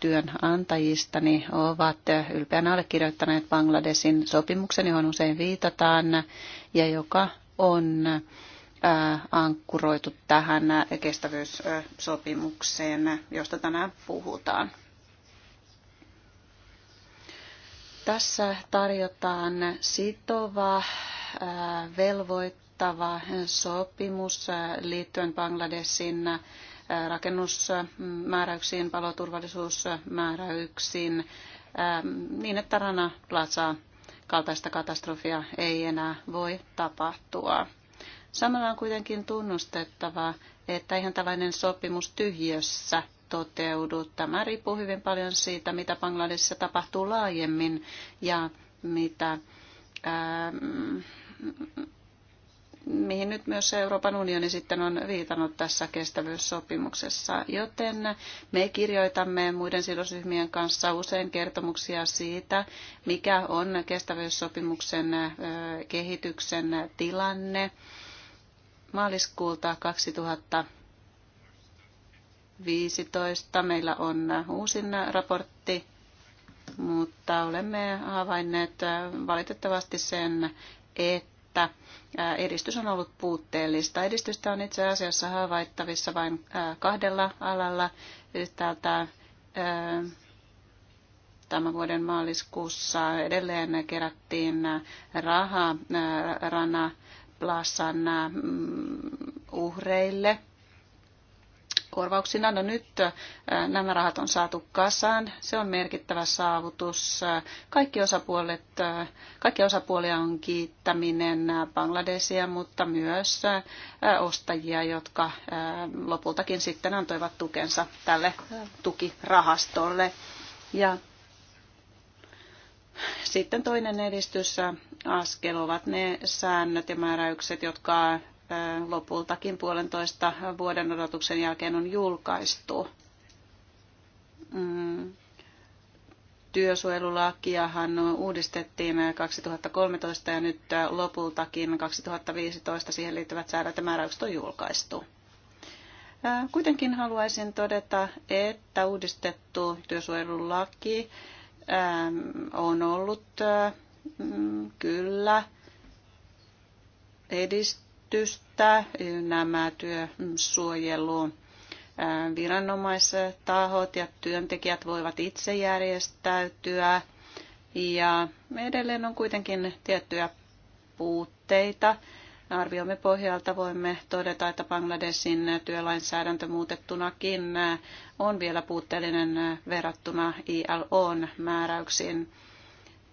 työnantajistani ovat ylpeänä allekirjoittaneet Bangladesin sopimuksen, johon usein viitataan ja joka on ankkuroitu tähän kestävyyssopimukseen, josta tänään puhutaan. Tässä tarjotaan sitova, velvoittava sopimus liittyen Bangladesin rakennusmääräyksiin, paloturvallisuusmääräyksiin, niin että Rana Plaza kaltaista katastrofia ei enää voi tapahtua. Samalla on kuitenkin tunnustettava, että ihan tällainen sopimus tyhjössä toteudu. Tämä riippuu hyvin paljon siitä, mitä Bangladesissa tapahtuu laajemmin ja mitä ää, ähm, mihin nyt myös Euroopan unioni sitten on viitannut tässä kestävyyssopimuksessa. Joten me kirjoitamme muiden sidosryhmien kanssa usein kertomuksia siitä, mikä on kestävyyssopimuksen kehityksen tilanne maaliskuulta 2015. Meillä on uusin raportti mutta olemme havainneet valitettavasti sen, että että edistys on ollut puutteellista. Edistystä on itse asiassa havaittavissa vain kahdella alalla. Yhtäältä tämän vuoden maaliskuussa edelleen kerättiin raha Rana Plassan mm, uhreille – korvauksina. No nyt äh, nämä rahat on saatu kasaan. Se on merkittävä saavutus. Kaikki, osapuolet, äh, kaikki osapuolia on kiittäminen äh, Bangladesia, mutta myös ostajia, jotka lopultakin sitten antoivat tukensa tälle tukirahastolle. Ja sitten toinen edistysaskel ovat ne säännöt ja määräykset, jotka lopultakin puolentoista vuoden odotuksen jälkeen on julkaistu. Mm. Työsuojelulakiahan uudistettiin 2013 ja nyt lopultakin 2015 siihen liittyvät säädöt on julkaistu. Kuitenkin haluaisin todeta, että uudistettu työsuojelulaki on ollut mm, kyllä edistynyt kehitystä, nämä työsuojelu, viranomaistahot ja työntekijät voivat itse järjestäytyä. Ja edelleen on kuitenkin tiettyjä puutteita. Arviomme pohjalta voimme todeta, että Bangladesin työlainsäädäntö muutettunakin on vielä puutteellinen verrattuna ilo määräyksiin.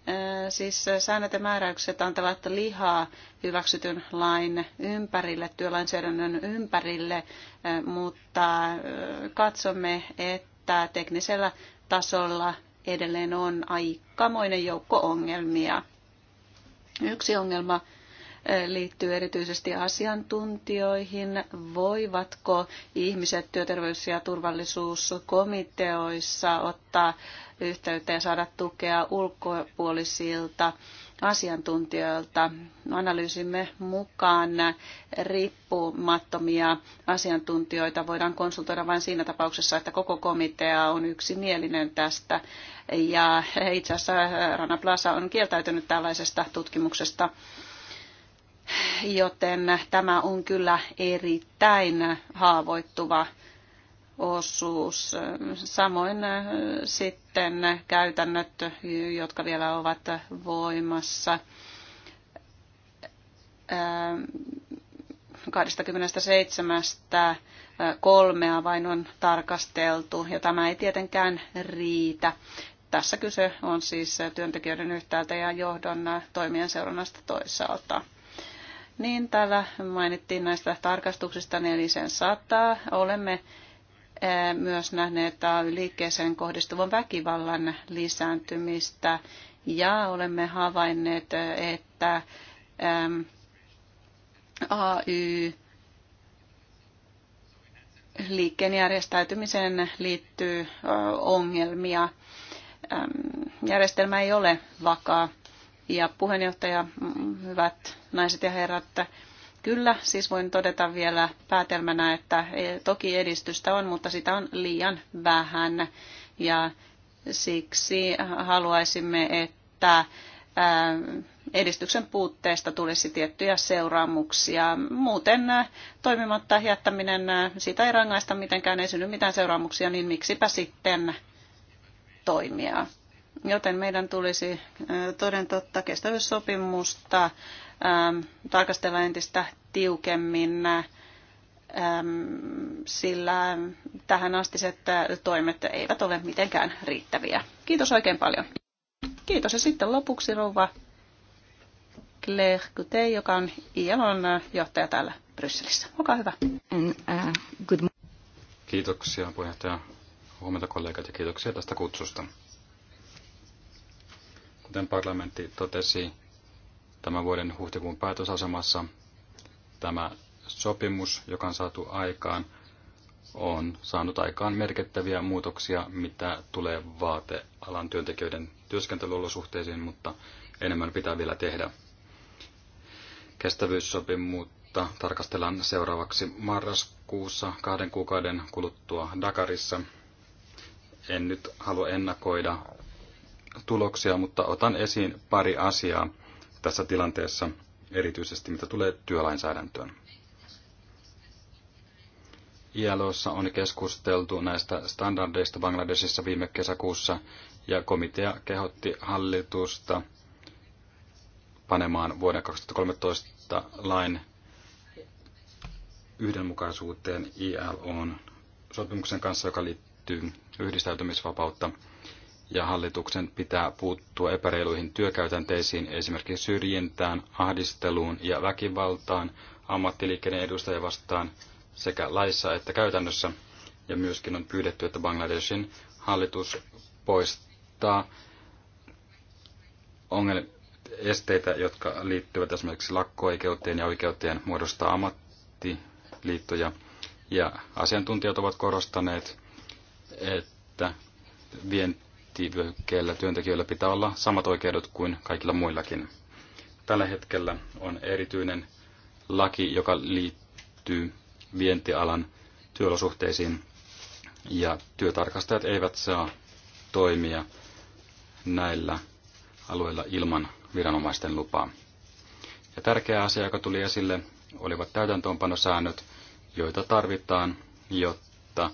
Äh, siis säännöt ja määräykset antavat lihaa hyväksytyn lain ympärille, työlainsäädännön ympärille, äh, mutta äh, katsomme, että teknisellä tasolla edelleen on aikamoinen joukko ongelmia. Yksi ongelma liittyy erityisesti asiantuntijoihin. Voivatko ihmiset työterveys- ja turvallisuuskomiteoissa ottaa yhteyttä ja saada tukea ulkopuolisilta asiantuntijoilta? No, analyysimme mukaan riippumattomia asiantuntijoita voidaan konsultoida vain siinä tapauksessa, että koko komitea on yksimielinen tästä. Ja itse asiassa Rana Plaza on kieltäytynyt tällaisesta tutkimuksesta joten tämä on kyllä erittäin haavoittuva osuus. Samoin äh, sitten käytännöt, jotka vielä ovat voimassa. 27 kolmea vain on tarkasteltu ja tämä ei tietenkään riitä. Tässä kyse on siis työntekijöiden yhtäältä ja johdon äh, toimien seurannasta toisaalta niin täällä mainittiin näistä tarkastuksista nelisen sataa. Olemme eh, myös nähneet liikkeeseen kohdistuvan väkivallan lisääntymistä ja olemme havainneet, että AY liikkeen järjestäytymiseen liittyy ongelmia. Järjestelmä ei ole vakaa ja puheenjohtaja, mm, hyvät naiset ja herrat, Kyllä, siis voin todeta vielä päätelmänä, että e, toki edistystä on, mutta sitä on liian vähän. Ja siksi haluaisimme, että edistyksen puutteesta tulisi tiettyjä seuraamuksia. Muuten toimimatta jättäminen, sitä ei rangaista mitenkään, ei synny mitään seuraamuksia, niin miksipä sitten toimia. Joten meidän tulisi toden totta kestävyyssopimusta tarkastella entistä tiukemmin, sillä tähän astiset toimet eivät ole mitenkään riittäviä. Kiitos oikein paljon. Kiitos ja sitten lopuksi rouva Claire Coutet, joka on ILOn johtaja täällä Brysselissä. Olkaa hyvä. And, uh, good Kiitoksia puheenjohtaja, huomenta kollegat ja kiitoksia tästä kutsusta. Kuten parlamentti totesi tämän vuoden huhtikuun päätösasemassa, tämä sopimus, joka on saatu aikaan, on saanut aikaan merkittäviä muutoksia, mitä tulee vaatealan työntekijöiden työskentelyolosuhteisiin, mutta enemmän pitää vielä tehdä. Kestävyyssopimuutta tarkastellaan seuraavaksi marraskuussa kahden kuukauden kuluttua Dakarissa. En nyt halua ennakoida tuloksia, mutta otan esiin pari asiaa tässä tilanteessa, erityisesti mitä tulee työlainsäädäntöön. ILOssa on keskusteltu näistä standardeista Bangladesissa viime kesäkuussa ja komitea kehotti hallitusta panemaan vuoden 2013 lain yhdenmukaisuuteen ILOn sopimuksen kanssa, joka liittyy yhdistäytymisvapautta ja hallituksen pitää puuttua epäreiluihin työkäytänteisiin, esimerkiksi syrjintään, ahdisteluun ja väkivaltaan ammattiliikkeiden edustajia vastaan sekä laissa että käytännössä. Ja myöskin on pyydetty, että Bangladeshin hallitus poistaa ongelmia, esteitä, jotka liittyvät esimerkiksi lakko-oikeuteen ja oikeuteen muodostaa ammattiliittoja. Ja asiantuntijat ovat korostaneet, että vien aktiivivyöhykkeellä työntekijöillä pitää olla samat oikeudet kuin kaikilla muillakin. Tällä hetkellä on erityinen laki, joka liittyy vientialan työolosuhteisiin, ja työtarkastajat eivät saa toimia näillä alueilla ilman viranomaisten lupaa. Ja tärkeä asia, joka tuli esille, olivat täytäntöönpanosäännöt, joita tarvitaan, jotta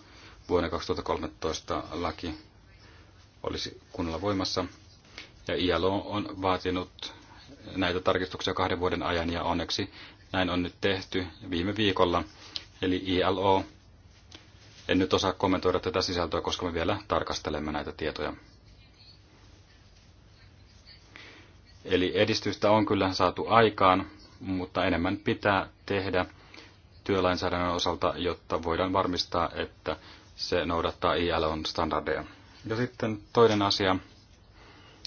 vuonna 2013 laki olisi kunnolla voimassa. Ja ILO on vaatinut näitä tarkistuksia kahden vuoden ajan ja onneksi näin on nyt tehty viime viikolla. Eli ILO, en nyt osaa kommentoida tätä sisältöä, koska me vielä tarkastelemme näitä tietoja. Eli edistystä on kyllä saatu aikaan, mutta enemmän pitää tehdä työlainsäädännön osalta, jotta voidaan varmistaa, että se noudattaa ILOn standardeja. Ja sitten toinen asia.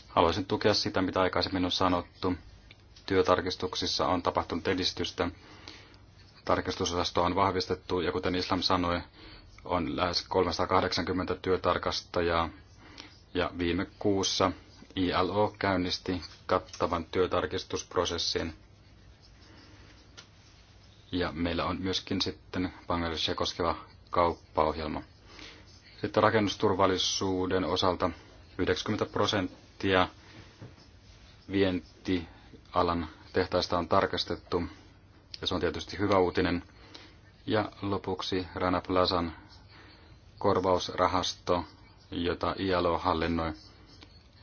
Haluaisin tukea sitä, mitä aikaisemmin on sanottu. Työtarkistuksissa on tapahtunut edistystä. Tarkistusosasto on vahvistettu ja kuten Islam sanoi, on lähes 380 työtarkastajaa. Ja viime kuussa ILO käynnisti kattavan työtarkistusprosessin. Ja meillä on myöskin sitten Bangladesia koskeva kauppaohjelma. Sitten rakennusturvallisuuden osalta 90 prosenttia vientialan tehtaista on tarkastettu, ja se on tietysti hyvä uutinen. Ja lopuksi Rana Plazan korvausrahasto, jota ILO hallinnoi,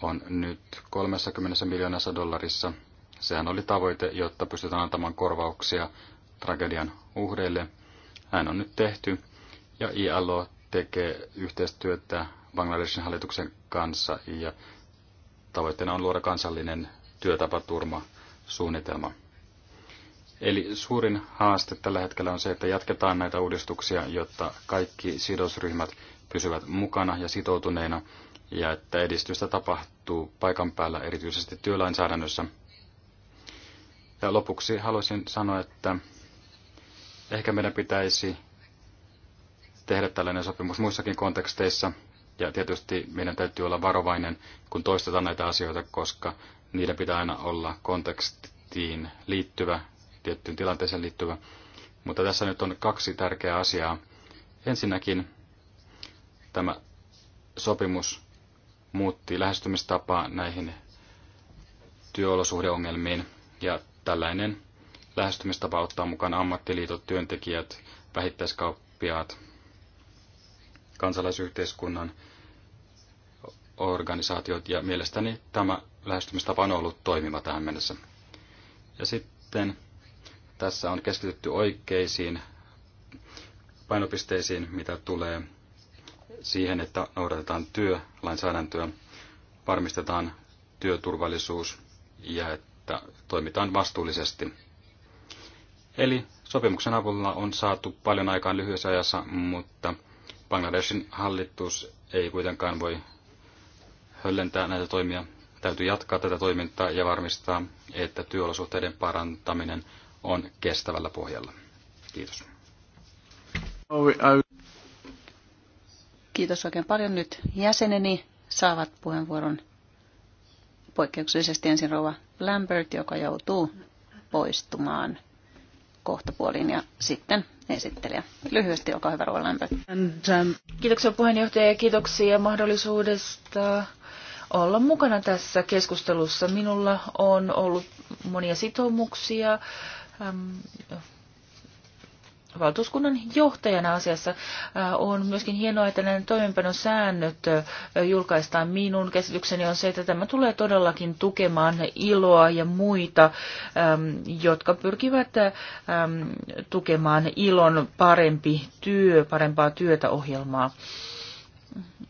on nyt 30 miljoonassa dollarissa. Sehän oli tavoite, jotta pystytään antamaan korvauksia tragedian uhreille. Hän on nyt tehty, ja ILO tekee yhteistyötä Bangladeshin hallituksen kanssa ja tavoitteena on luoda kansallinen työtapaturmasuunnitelma. Eli suurin haaste tällä hetkellä on se, että jatketaan näitä uudistuksia, jotta kaikki sidosryhmät pysyvät mukana ja sitoutuneina ja että edistystä tapahtuu paikan päällä erityisesti työlainsäädännössä. Ja lopuksi haluaisin sanoa, että ehkä meidän pitäisi tehdä tällainen sopimus muissakin konteksteissa. Ja tietysti meidän täytyy olla varovainen, kun toistetaan näitä asioita, koska niiden pitää aina olla kontekstiin liittyvä, tiettyyn tilanteeseen liittyvä. Mutta tässä nyt on kaksi tärkeää asiaa. Ensinnäkin tämä sopimus muutti lähestymistapaa näihin työolosuhdeongelmiin ja tällainen lähestymistapa ottaa mukaan ammattiliitot, työntekijät, vähittäiskauppiaat kansalaisyhteiskunnan organisaatiot, ja mielestäni tämä lähestymistapa on ollut toimiva tähän mennessä. Ja sitten tässä on keskitytty oikeisiin painopisteisiin, mitä tulee siihen, että noudatetaan työlainsäädäntöä, varmistetaan työturvallisuus ja että toimitaan vastuullisesti. Eli sopimuksen avulla on saatu paljon aikaan lyhyessä ajassa, mutta Bangladeshin hallitus ei kuitenkaan voi höllentää näitä toimia. Täytyy jatkaa tätä toimintaa ja varmistaa, että työolosuhteiden parantaminen on kestävällä pohjalla. Kiitos. Kiitos oikein paljon. Nyt jäseneni saavat puheenvuoron poikkeuksellisesti ensin rouva Lambert, joka joutuu poistumaan kohtapuoliin ja sitten esittelijä. Lyhyesti, olkaa hyvä Roland. Um, kiitoksia puheenjohtaja ja kiitoksia mahdollisuudesta olla mukana tässä keskustelussa. Minulla on ollut monia sitoumuksia valtuuskunnan johtajana asiassa. Äh, on myöskin hienoa, että nämä toimenpanosäännöt äh, julkaistaan. Minun käsitykseni on se, että tämä tulee todellakin tukemaan iloa ja muita, ähm, jotka pyrkivät äh, ähm, tukemaan ilon parempi työ, parempaa työtä ohjelmaa.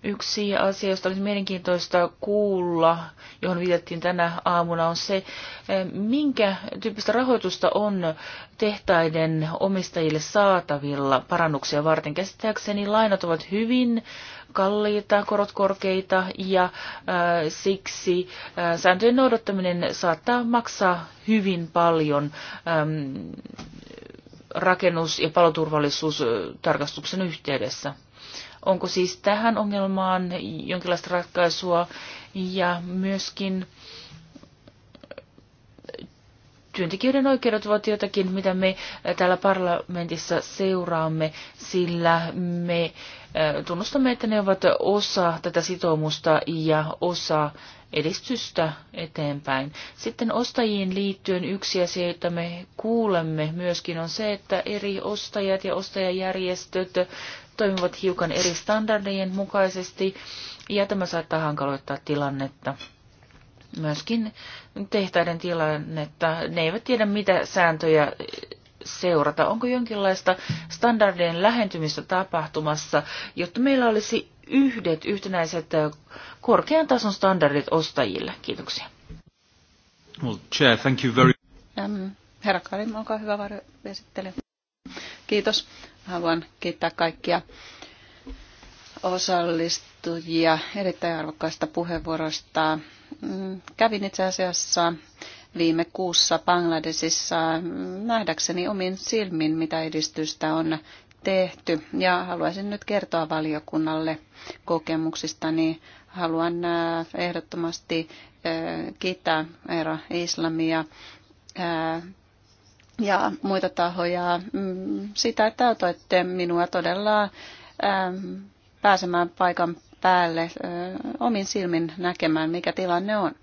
Yksi asia, josta olisi mielenkiintoista kuulla, johon viitattiin tänä aamuna, on se, eh, minkä tyyppistä rahoitusta on tehtaiden omistajille saatavilla parannuksia varten. Käsittääkseni lainat ovat hyvin kalliita, korot korkeita ja äh, siksi äh, sääntöjen noudattaminen saattaa maksaa hyvin paljon ähm, rakennus- ja paloturvallisuustarkastuksen yhteydessä. Onko siis tähän ongelmaan jonkinlaista ratkaisua ja myöskin työntekijöiden oikeudet ovat jotakin, mitä me täällä parlamentissa seuraamme, sillä me tunnustamme, että ne ovat osa tätä sitoumusta ja osa edistystä eteenpäin. Sitten ostajiin liittyen yksi asia, jota me kuulemme myöskin, on se, että eri ostajat ja ostajajärjestöt toimivat hiukan eri standardien mukaisesti, ja tämä saattaa hankaloittaa tilannetta. Myöskin tehtaiden tilannetta, ne eivät tiedä mitä sääntöjä seurata. Onko jonkinlaista standardien lähentymistä tapahtumassa, jotta meillä olisi yhdet yhtenäiset äh, korkean tason standardit ostajille? Kiitoksia. Well, chair, thank you very... herra Karim, olkaa hyvä esittely. Kiitos. Haluan kiittää kaikkia osallistujia erittäin arvokkaista puheenvuoroista. Mm, kävin itse asiassa viime kuussa Bangladesissa nähdäkseni omin silmin, mitä edistystä on tehty. Ja haluaisin nyt kertoa valiokunnalle kokemuksistani. Haluan äh, ehdottomasti äh, kiittää Eera Islamia äh, ja muita tahoja mm, sitä, että autoitte minua todella ähm, pääsemään paikan päälle äh, omin silmin näkemään, mikä tilanne on.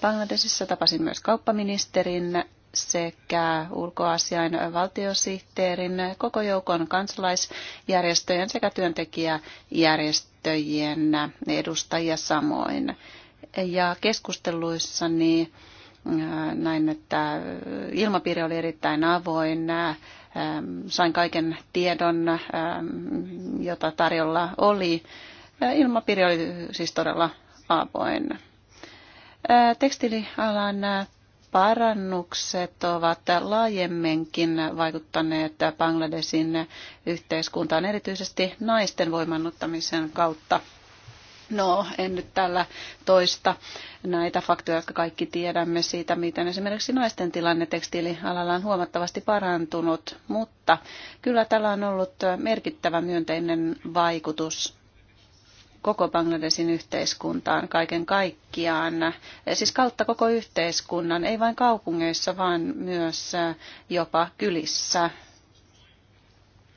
Bangladesissa tapasin myös kauppaministerin sekä ulkoasiain valtiosihteerin, koko joukon kansalaisjärjestöjen sekä työntekijäjärjestöjen edustajia samoin. Ja keskusteluissani Äh, näin, että äh, ilmapiiri oli erittäin avoin. Ähm, sain kaiken tiedon, ähm, jota tarjolla oli. Äh, ilmapiiri oli siis todella avoin. Tekstilialan parannukset ovat laajemminkin vaikuttaneet Bangladesin yhteiskuntaan, erityisesti naisten voimannuttamisen kautta – No, en nyt tällä toista näitä faktoja, jotka kaikki tiedämme siitä, miten esimerkiksi naisten tilanne tekstiilialalla on huomattavasti parantunut, mutta kyllä tällä on ollut merkittävä myönteinen vaikutus koko Bangladesin yhteiskuntaan kaiken kaikkiaan, siis kautta koko yhteiskunnan, ei vain kaupungeissa, vaan myös jopa kylissä.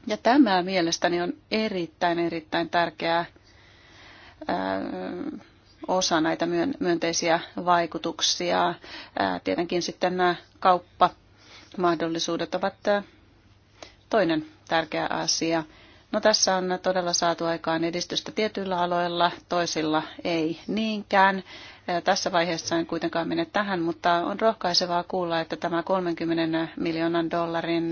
Ja tämä mielestäni on erittäin, erittäin tärkeää osa näitä myönteisiä vaikutuksia. Tietenkin sitten nämä kauppamahdollisuudet ovat toinen tärkeä asia. No tässä on todella saatu aikaan edistystä tietyillä aloilla, toisilla ei niinkään. Tässä vaiheessa en kuitenkaan mene tähän, mutta on rohkaisevaa kuulla, että tämä 30 miljoonan dollarin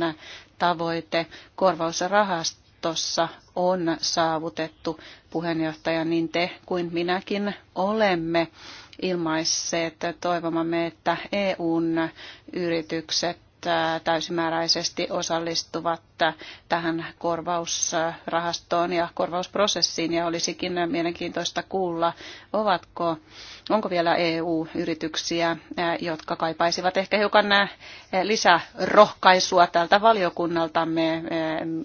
tavoite korvausrahasta neuvostossa on saavutettu. Puheenjohtaja, niin te kuin minäkin olemme ilmaisseet toivomamme, että EUn yritykset täysimääräisesti osallistuvat tähän korvausrahastoon ja korvausprosessiin ja olisikin mielenkiintoista kuulla, ovatko, onko vielä EU-yrityksiä, jotka kaipaisivat ehkä hiukan lisärohkaisua tältä valiokunnaltamme.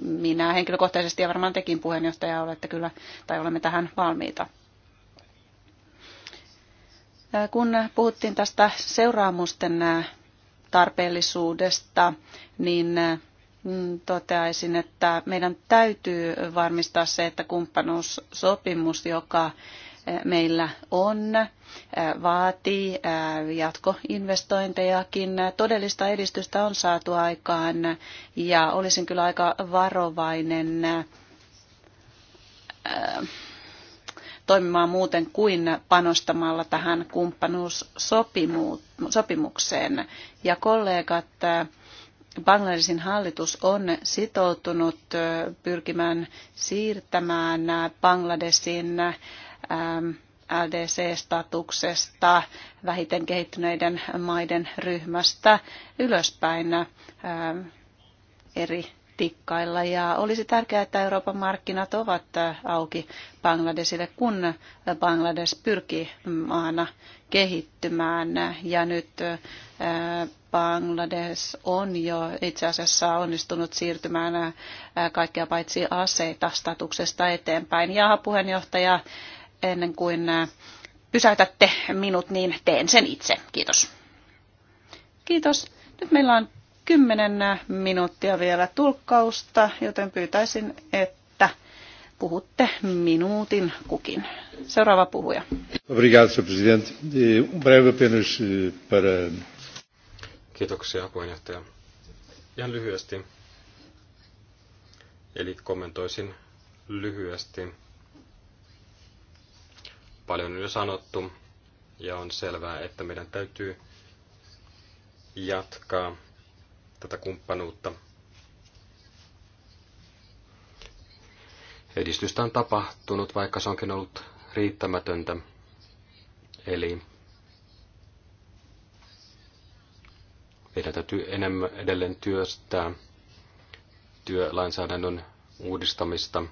Minä henkilökohtaisesti ja varmaan tekin puheenjohtaja olette kyllä tai olemme tähän valmiita. Kun puhuttiin tästä seuraamusten tarpeellisuudesta, niin mm, toteaisin, että meidän täytyy varmistaa se, että kumppanuussopimus, joka eh, meillä on, eh, vaatii eh, jatkoinvestointejakin. Todellista edistystä on saatu aikaan ja olisin kyllä aika varovainen toimimaan muuten kuin panostamalla tähän kumppanuussopimukseen. Ja kollegat, Bangladesin hallitus on sitoutunut pyrkimään siirtämään Bangladesin ähm, LDC-statuksesta vähiten kehittyneiden maiden ryhmästä ylöspäin ähm, eri tikkailla ja olisi tärkeää, että Euroopan markkinat ovat äh, auki Bangladesille, kun äh, Banglades pyrkii maana kehittymään ja nyt äh, Banglades on jo itse asiassa onnistunut siirtymään kaikkea paitsi aseita statuksesta eteenpäin. Ja puheenjohtaja, ennen kuin pysäytätte minut, niin teen sen itse. Kiitos. Kiitos. Nyt meillä on kymmenen minuuttia vielä tulkkausta, joten pyytäisin, että puhutte minuutin kukin. Seuraava puhuja. E, um eh, Kiitoksia, puheenjohtaja. Ihan lyhyesti. Eli kommentoisin lyhyesti. Paljon on jo sanottu ja on selvää, että meidän täytyy jatkaa tätä kumppanuutta. Edistystä on tapahtunut, vaikka se onkin ollut riittämätöntä. Eli meidän täytyy enemmän edelleen työstää työlainsäädännön uudistamista.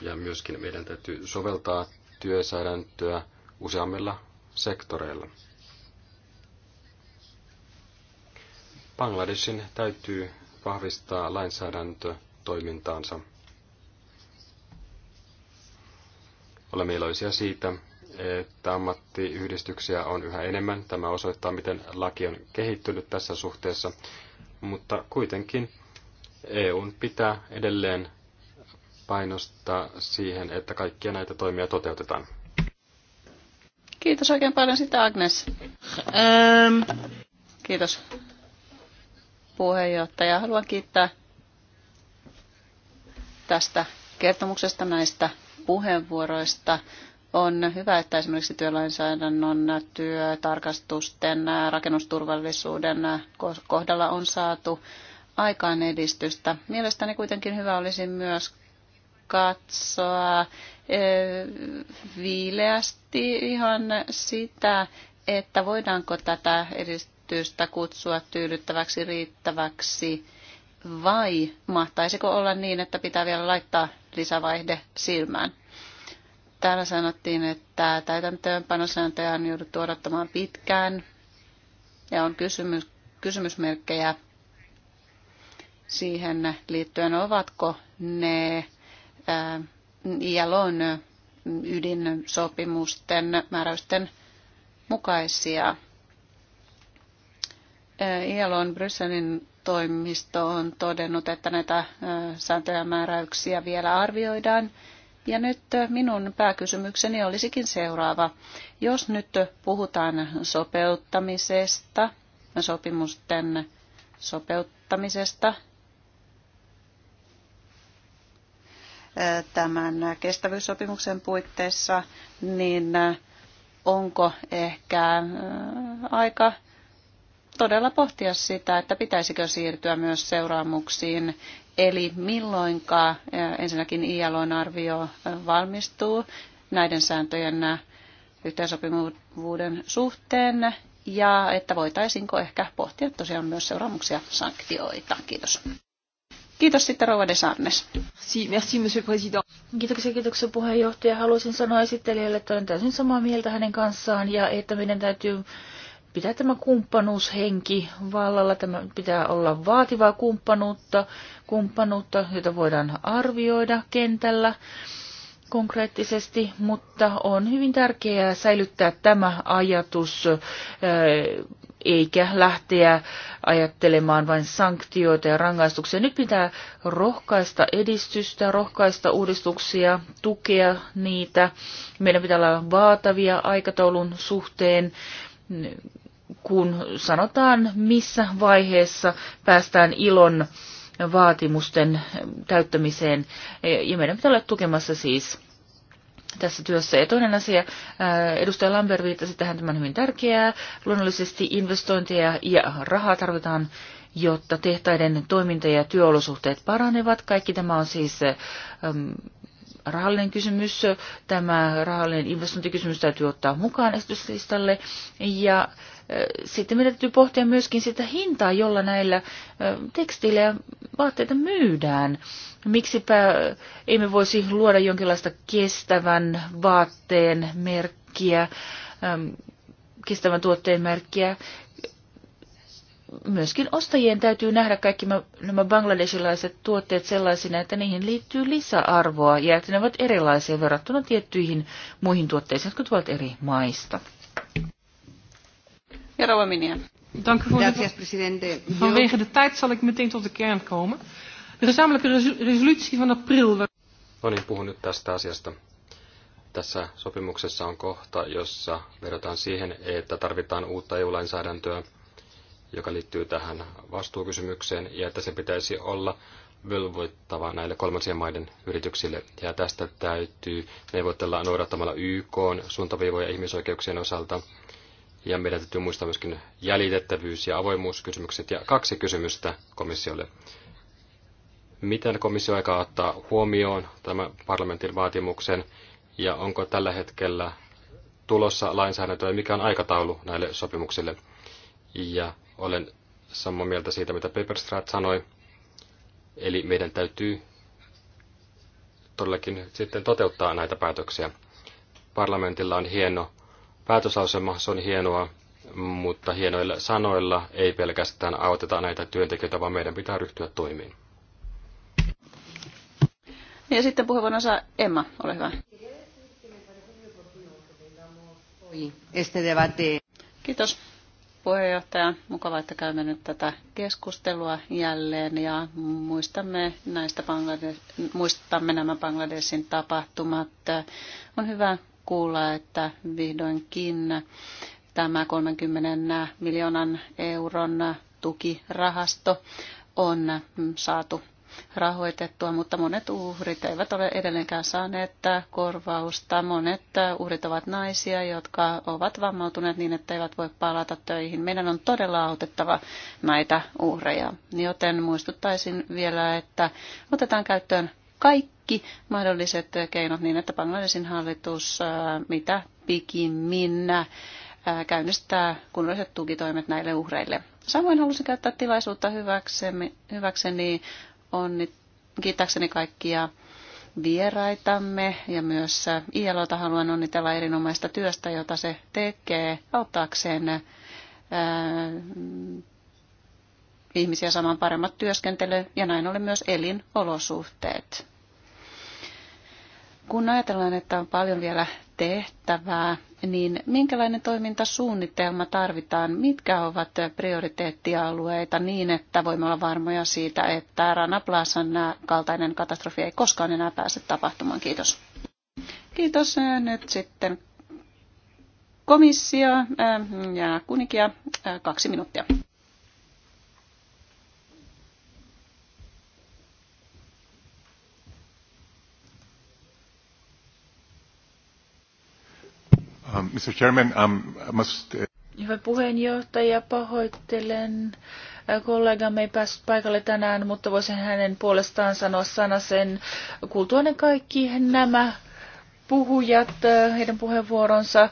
Ja myöskin meidän täytyy soveltaa työsäädäntöä useammilla sektoreilla. Bangladesin täytyy vahvistaa lainsäädäntötoimintaansa. Olemme iloisia siitä, että ammattiyhdistyksiä on yhä enemmän. Tämä osoittaa, miten laki on kehittynyt tässä suhteessa, mutta kuitenkin EUn pitää edelleen painostaa siihen, että kaikkia näitä toimia toteutetaan. Kiitos oikein paljon sitä, Agnes. Ähm. Kiitos puheenjohtaja. Haluan kiittää tästä kertomuksesta näistä puheenvuoroista. On hyvä, että esimerkiksi työlainsäädännön työtarkastusten rakennusturvallisuuden kohdalla on saatu aikaan edistystä. Mielestäni kuitenkin hyvä olisi myös katsoa eh, viileästi ihan sitä, että voidaanko tätä edistää yritystä kutsua tyydyttäväksi, riittäväksi, vai mahtaisiko olla niin, että pitää vielä laittaa lisävaihde silmään? Täällä sanottiin, että täytäntöönpanosääntöjä on jouduttu odottamaan pitkään ja on kysymys, kysymysmerkkejä siihen liittyen, ovatko ne ILOn ydinsopimusten määräysten mukaisia. ILOn Brysselin toimisto on todennut, että näitä sääntöjä ja määräyksiä vielä arvioidaan. Ja nyt minun pääkysymykseni olisikin seuraava. Jos nyt puhutaan sopeuttamisesta, sopimusten sopeuttamisesta tämän kestävyyssopimuksen puitteissa, niin onko ehkä aika todella pohtia sitä, että pitäisikö siirtyä myös seuraamuksiin. Eli milloinka eh, ensinnäkin ILOn arvio eh, valmistuu näiden sääntöjen eh, yhteensopivuuden suhteen ja että voitaisiinko ehkä pohtia tosiaan myös seuraamuksia sanktioita. Kiitos. Kiitos sitten Rouva Desarnes. Si, merci, monsieur président. Kiitoksia, kiitoksia puheenjohtaja. Haluaisin sanoa esittelijälle, että olen täysin samaa mieltä hänen kanssaan ja että meidän täytyy pitää tämä kumppanuushenki vallalla. Tämä pitää olla vaativaa kumppanuutta, kumppanuutta, jota voidaan arvioida kentällä konkreettisesti, mutta on hyvin tärkeää säilyttää tämä ajatus eikä lähteä ajattelemaan vain sanktioita ja rangaistuksia. Nyt pitää rohkaista edistystä, rohkaista uudistuksia, tukea niitä. Meidän pitää olla vaatavia aikataulun suhteen kun sanotaan, missä vaiheessa päästään ilon vaatimusten täyttämiseen. Ja meidän pitää olla tukemassa siis tässä työssä. Ja toinen asia, edustaja Lambert viittasi tähän tämän hyvin tärkeää. Luonnollisesti investointeja ja rahaa tarvitaan, jotta tehtaiden toiminta ja työolosuhteet paranevat. Kaikki tämä on siis rahallinen kysymys. Tämä rahallinen investointikysymys täytyy ottaa mukaan esityslistalle. Ja sitten meidän täytyy pohtia myöskin sitä hintaa, jolla näillä tekstiillä ja vaatteita myydään. Miksipä emme voisi luoda jonkinlaista kestävän vaatteen merkkiä, kestävän tuotteen merkkiä myöskin ostajien täytyy nähdä kaikki nämä bangladesilaiset tuotteet sellaisina, että niihin liittyy lisäarvoa ja että ne ovat erilaisia verrattuna tiettyihin muihin tuotteisiin, jotka tulevat eri maista. Ja Waminia. Dank u voorzitter. Vanwege de tijd zal ik meteen tot de kern komen. De gezamenlijke resolutie van april. No niin, puhun nyt tästä asiasta. Tässä sopimuksessa on kohta, jossa vedotaan siihen, että tarvitaan uutta EU-lainsäädäntöä joka liittyy tähän vastuukysymykseen, ja että sen pitäisi olla velvoittava näille kolmansien maiden yrityksille. Ja tästä täytyy neuvotella noudattamalla YK suuntaviivoja ihmisoikeuksien osalta. Ja meidän täytyy muistaa myöskin jäljitettävyys- ja avoimuuskysymykset. Ja kaksi kysymystä komissiolle. Miten komissio aikaa ottaa huomioon tämän parlamentin vaatimuksen? Ja onko tällä hetkellä tulossa lainsäädäntöä ja mikä on aikataulu näille sopimuksille? Ja olen samaa mieltä siitä, mitä Paperstrat sanoi. Eli meidän täytyy todellakin sitten toteuttaa näitä päätöksiä. Parlamentilla on hieno päätösasema, se on hienoa, mutta hienoilla sanoilla ei pelkästään auteta näitä työntekijöitä, vaan meidän pitää ryhtyä toimiin. Ja sitten puheenvuoron saa Emma, ole hyvä. Kiitos puheenjohtaja. Mukava, että käymme nyt tätä keskustelua jälleen ja muistamme, näistä Banglades, muistamme nämä Bangladesin tapahtumat. On hyvä kuulla, että vihdoinkin tämä 30 miljoonan euron tukirahasto on saatu rahoitettua, mutta monet uhrit eivät ole edelleenkään saaneet korvausta. Monet uhrit ovat naisia, jotka ovat vammautuneet niin, että eivät voi palata töihin. Meidän on todella autettava näitä uhreja, joten muistuttaisin vielä, että otetaan käyttöön kaikki mahdolliset keinot niin, että Bangladesin hallitus mitä pikimmin käynnistää kunnolliset tukitoimet näille uhreille. Samoin halusin käyttää tilaisuutta hyväkseni, hyväkseni onnit, kiittääkseni kaikkia vieraitamme ja myös ILOta haluan onnitella erinomaista työstä, jota se tekee auttaakseen ää, ihmisiä saamaan paremmat työskentely ja näin ollen myös elinolosuhteet. Kun ajatellaan, että on paljon vielä tehtävää, niin minkälainen toimintasuunnitelma tarvitaan? Mitkä ovat prioriteettialueita niin, että voimme olla varmoja siitä, että Rana Plazan kaltainen katastrofi ei koskaan enää pääse tapahtumaan? Kiitos. Kiitos. Nyt sitten komissio ja kunikia kaksi minuuttia. Mr. Chairman, um, I must... Uh, Hyvä puheenjohtaja, pahoittelen. Äh, kollegamme ei päässyt paikalle tänään, mutta voisin hänen puolestaan sanoa sana sen Kuultuanne kaikki nämä puhujat, äh, heidän puheenvuoronsa. Äh,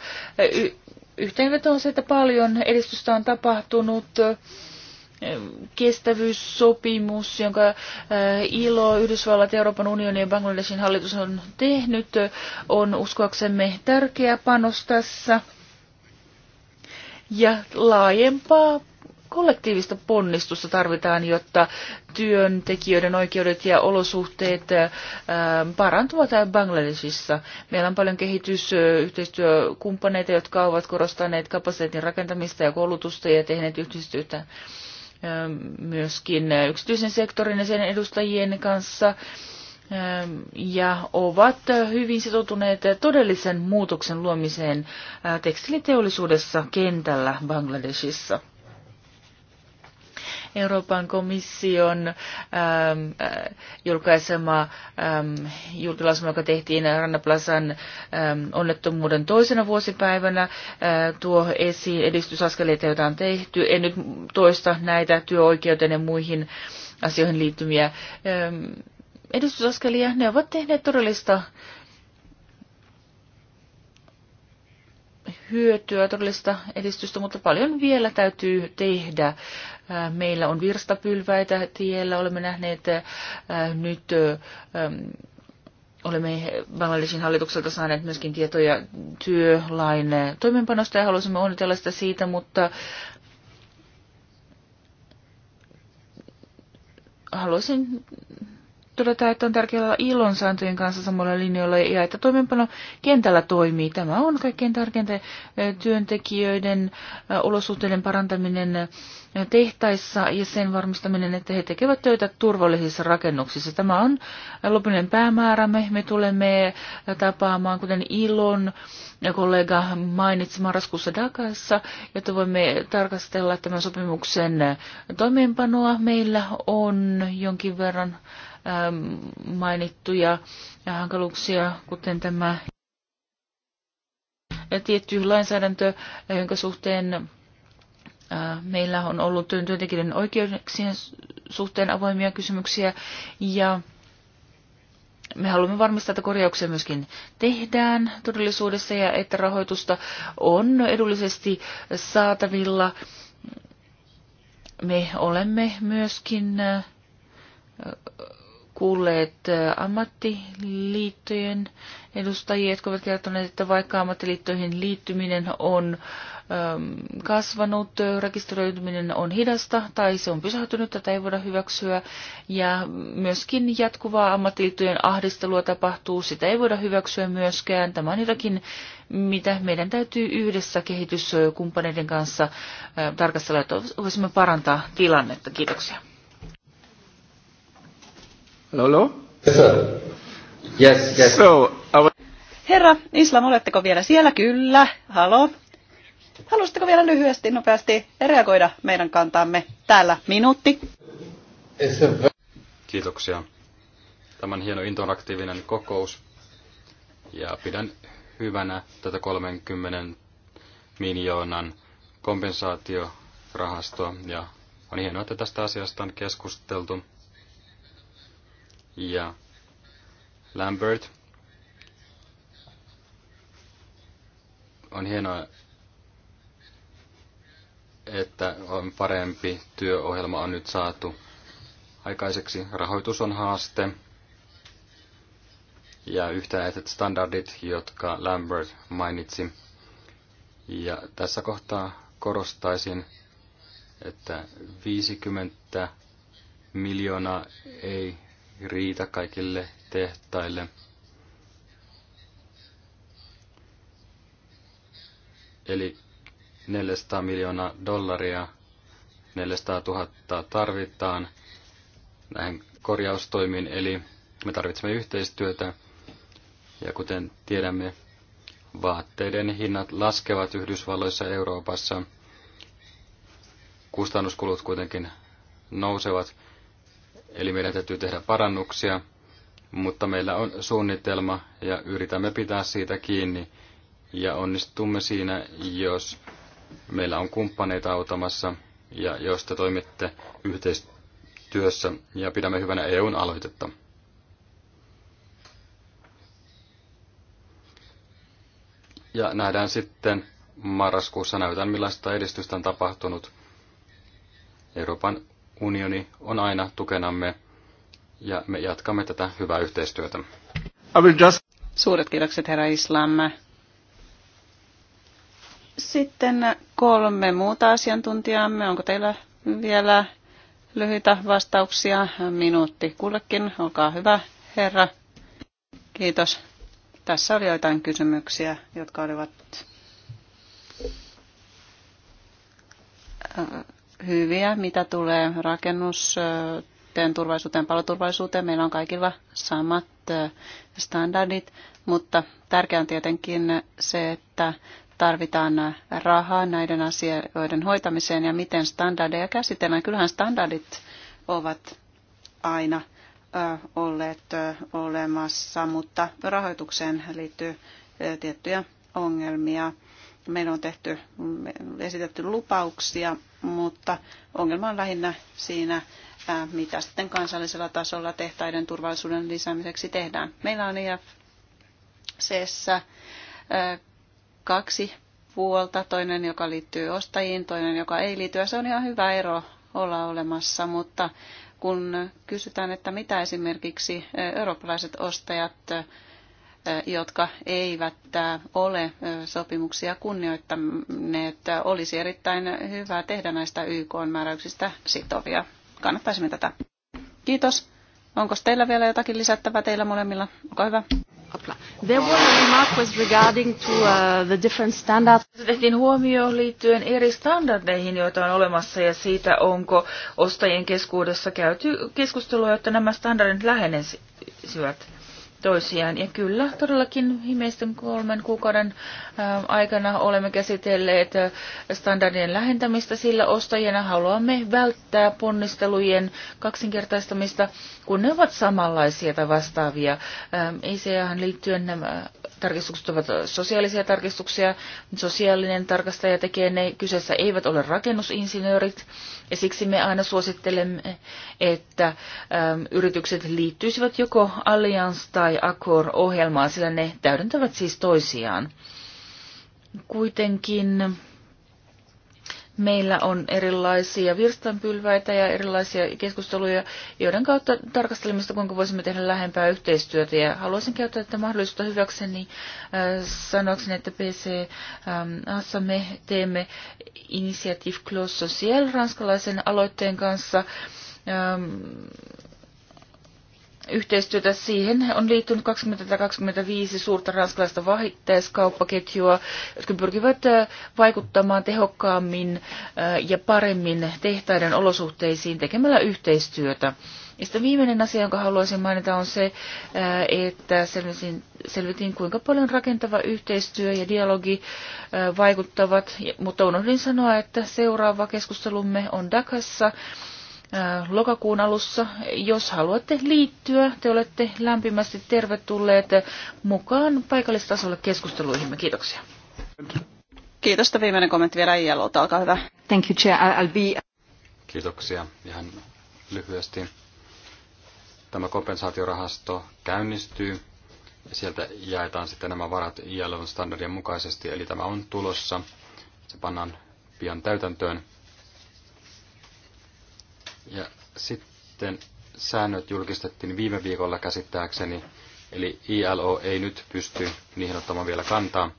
y- yhteenveto on se, että paljon edistystä on tapahtunut kestävyyssopimus, jonka äh, ILO, Yhdysvallat, Euroopan unioni ja Bangladesin hallitus on tehnyt, on uskoaksemme tärkeä panos tässä. Ja laajempaa kollektiivista ponnistusta tarvitaan, jotta työntekijöiden oikeudet ja olosuhteet äh, parantuvat Bangladesissa. Meillä on paljon kehitysyhteistyökumppaneita, jotka ovat korostaneet kapasiteetin rakentamista ja koulutusta ja tehneet yhteistyötä Ähm, myöskin äh, yksityisen sektorin ja sen edustajien kanssa ähm, ja ovat äh, hyvin sitoutuneet äh, todellisen muutoksen luomiseen tekstiiliteollisuudessa kentällä Bangladesissa. Euroopan komission ähm, äh, julkaisema ähm, julkilausuma, joka tehtiin Rannaplasan ähm, onnettomuuden toisena vuosipäivänä, äh, tuo esiin edistysaskeleita, joita on tehty. En nyt toista näitä työoikeuteen ja muihin asioihin liittymiä ähm, edistysaskelia. Ne ovat tehneet todellista hyötyä, todellista edistystä, mutta paljon vielä täytyy tehdä. Meillä on virstapylväitä tiellä, olemme nähneet nyt mm, olemme Bangladesin hallitukselta saaneet myöskin tietoja työlain toimeenpanosta ja haluaisimme onnitella sitä siitä, mutta haluaisin todeta, että on tärkeää olla ilon kanssa samalla linjoilla ja että toimenpano kentällä toimii. Tämä on kaikkein tärkeintä työntekijöiden olosuhteiden parantaminen tehtaissa ja sen varmistaminen, että he tekevät töitä turvallisissa rakennuksissa. Tämä on lopullinen päämäärämme. Me tulemme tapaamaan, kuten Ilon kollega mainitsi marraskuussa Dakassa, jotta voimme tarkastella tämän sopimuksen toimeenpanoa. Meillä on jonkin verran Ähm, mainittuja hankaluuksia, kuten tämä tietty lainsäädäntö, jonka suhteen äh, meillä on ollut työntekijöiden oikeuksien suhteen avoimia kysymyksiä ja me haluamme varmistaa, että korjauksia myöskin tehdään todellisuudessa ja että rahoitusta on edullisesti saatavilla. Me olemme myöskin äh, kuulleet ammattiliittojen edustajia, jotka ovat kertoneet, että vaikka ammattiliittoihin liittyminen on kasvanut, rekisteröityminen on hidasta tai se on pysähtynyt, tätä ei voida hyväksyä. Ja myöskin jatkuvaa ammattiliittojen ahdistelua tapahtuu, sitä ei voida hyväksyä myöskään. Tämä on jotakin, mitä meidän täytyy yhdessä kehityskumppaneiden kanssa tarkastella, että voisimme parantaa tilannetta. Kiitoksia. Lolo? Yes, yes. So, our... Herra Islam, oletteko vielä siellä? Kyllä. Halo. Haluaisitteko vielä lyhyesti, nopeasti reagoida meidän kantaamme täällä minuutti? Kiitoksia. Tämän hieno interaktiivinen kokous. Ja pidän hyvänä tätä 30 miljoonan kompensaatiorahastoa. Ja on hienoa, että tästä asiasta on keskusteltu ja Lambert. On hienoa, että on parempi työohjelma on nyt saatu aikaiseksi. Rahoitus on haaste ja yhtäläiset standardit, jotka Lambert mainitsi. Ja tässä kohtaa korostaisin, että 50 miljoonaa ei riitä kaikille tehtaille. Eli 400 miljoonaa dollaria, 400 000 tarvitaan näihin korjaustoimiin, eli me tarvitsemme yhteistyötä. Ja kuten tiedämme, vaatteiden hinnat laskevat Yhdysvalloissa Euroopassa. Kustannuskulut kuitenkin nousevat, Eli meidän täytyy tehdä parannuksia, mutta meillä on suunnitelma ja yritämme pitää siitä kiinni ja onnistumme siinä, jos meillä on kumppaneita autamassa ja jos te toimitte yhteistyössä ja pidämme hyvänä EUn aloitetta. Ja nähdään sitten marraskuussa, näytän millaista edistystä on tapahtunut. Euroopan unioni on aina tukenamme ja me jatkamme tätä hyvää yhteistyötä. Just... Suuret kiitokset herra Islam. Sitten kolme muuta asiantuntijaamme. Onko teillä vielä lyhyitä vastauksia? Minuutti kullekin. Olkaa hyvä, herra. Kiitos. Tässä oli joitain kysymyksiä, jotka olivat äh, hyviä, mitä tulee rakennusten turvallisuuteen, paloturvallisuuteen. Meillä on kaikilla samat eh, standardit, mutta tärkeää on tietenkin se, että tarvitaan rahaa näiden asioiden hoitamiseen ja miten standardeja käsitellään. Kyllähän standardit ovat aina eh, olleet eh, olemassa, mutta rahoitukseen liittyy tiettyjä ongelmia meillä on tehty, esitetty lupauksia, mutta ongelma on lähinnä siinä, mitä sitten kansallisella tasolla tehtaiden turvallisuuden lisäämiseksi tehdään. Meillä on IFCssä kaksi puolta, toinen joka liittyy ostajiin, toinen joka ei liity, ja se on ihan hyvä ero olla olemassa, mutta kun kysytään, että mitä esimerkiksi eurooppalaiset ostajat jotka eivät ole sopimuksia kunnioittaneet. Olisi erittäin hyvä tehdä näistä YK-määräyksistä sitovia. Kannattaisimme tätä. Kiitos. Onko teillä vielä jotakin lisättävää teillä molemmilla? Olkaa hyvä. There was a remark regarding to uh, the different standards. Tehtiin huomio liittyen eri standardeihin, joita on olemassa ja siitä, onko ostajien keskuudessa käyty keskustelua, jotta nämä standardit lähenisivät toisiaan. Ja kyllä, todellakin viimeisten kolmen kuukauden aikana olemme käsitelleet standardien lähentämistä, sillä ostajina haluamme välttää ponnistelujen kaksinkertaistamista, kun ne ovat samanlaisia tai vastaavia. ICAhan liittyen nämä tarkistukset ovat sosiaalisia tarkistuksia. Sosiaalinen tarkastaja tekee ne. Kyseessä eivät ole rakennusinsinöörit. Ja siksi me aina suosittelemme, että äm, yritykset liittyisivät joko Allianz tai Accor-ohjelmaan, sillä ne täydentävät siis toisiaan. Kuitenkin meillä on erilaisia virstanpylväitä ja erilaisia keskusteluja, joiden kautta sitä, kuinka voisimme tehdä lähempää yhteistyötä. Ja haluaisin käyttää tätä mahdollisuutta hyväkseni äh, sanoakseni, että PC ähm, Assa me teemme Initiative Close Social ranskalaisen aloitteen kanssa ähm, yhteistyötä. Siihen on liittynyt 2025 suurta ranskalaista vahittaiskauppaketjua, jotka pyrkivät vaikuttamaan tehokkaammin ja paremmin tehtaiden olosuhteisiin tekemällä yhteistyötä. Ja sitten viimeinen asia, jonka haluaisin mainita, on se, että selvitin, selvitin kuinka paljon rakentava yhteistyö ja dialogi vaikuttavat, mutta unohdin sanoa, että seuraava keskustelumme on Dakassa lokakuun alussa. Jos haluatte liittyä, te olette lämpimästi tervetulleet mukaan paikallistasolle keskusteluihimme. Kiitoksia. Kiitos. Viimeinen kommentti vielä Ijalolta, Olkaa hyvä. Thank you, Chair. I'll be... Kiitoksia. Ihan lyhyesti. Tämä kompensaatiorahasto käynnistyy ja sieltä jaetaan sitten nämä varat ilo standardien mukaisesti, eli tämä on tulossa. Se pannaan pian täytäntöön. Ja sitten säännöt julkistettiin viime viikolla käsittääkseni, eli ILO ei nyt pysty niihin ottamaan vielä kantaa,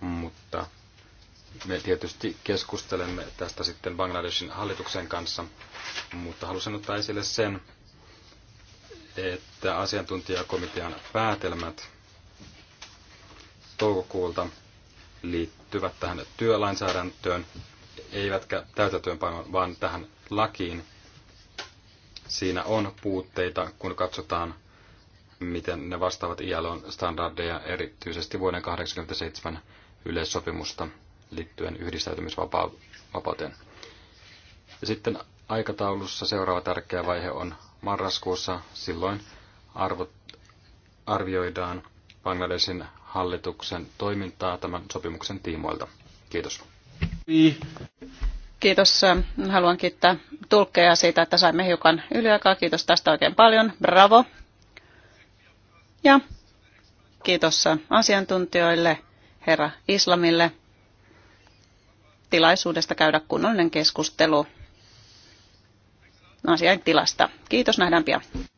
mutta me tietysti keskustelemme tästä sitten Bangladeshin hallituksen kanssa, mutta halusin ottaa esille sen, että asiantuntijakomitean päätelmät toukokuulta liittyvät tähän työlainsäädäntöön, eivätkä täytäntöönpanoon, vaan tähän lakiin, siinä on puutteita, kun katsotaan, miten ne vastaavat ILOn standardeja, erityisesti vuoden 1987 yleissopimusta liittyen yhdistäytymisvapauteen. Ja sitten aikataulussa seuraava tärkeä vaihe on marraskuussa. Silloin arvot, arvioidaan Bangladesin hallituksen toimintaa tämän sopimuksen tiimoilta. Kiitos. Kiitos. Haluan kiittää tulkkeja siitä, että saimme hiukan yliaikaa. Kiitos tästä oikein paljon. Bravo. Ja kiitos asiantuntijoille, herra Islamille, tilaisuudesta käydä kunnollinen keskustelu asiain tilasta. Kiitos, nähdään pian.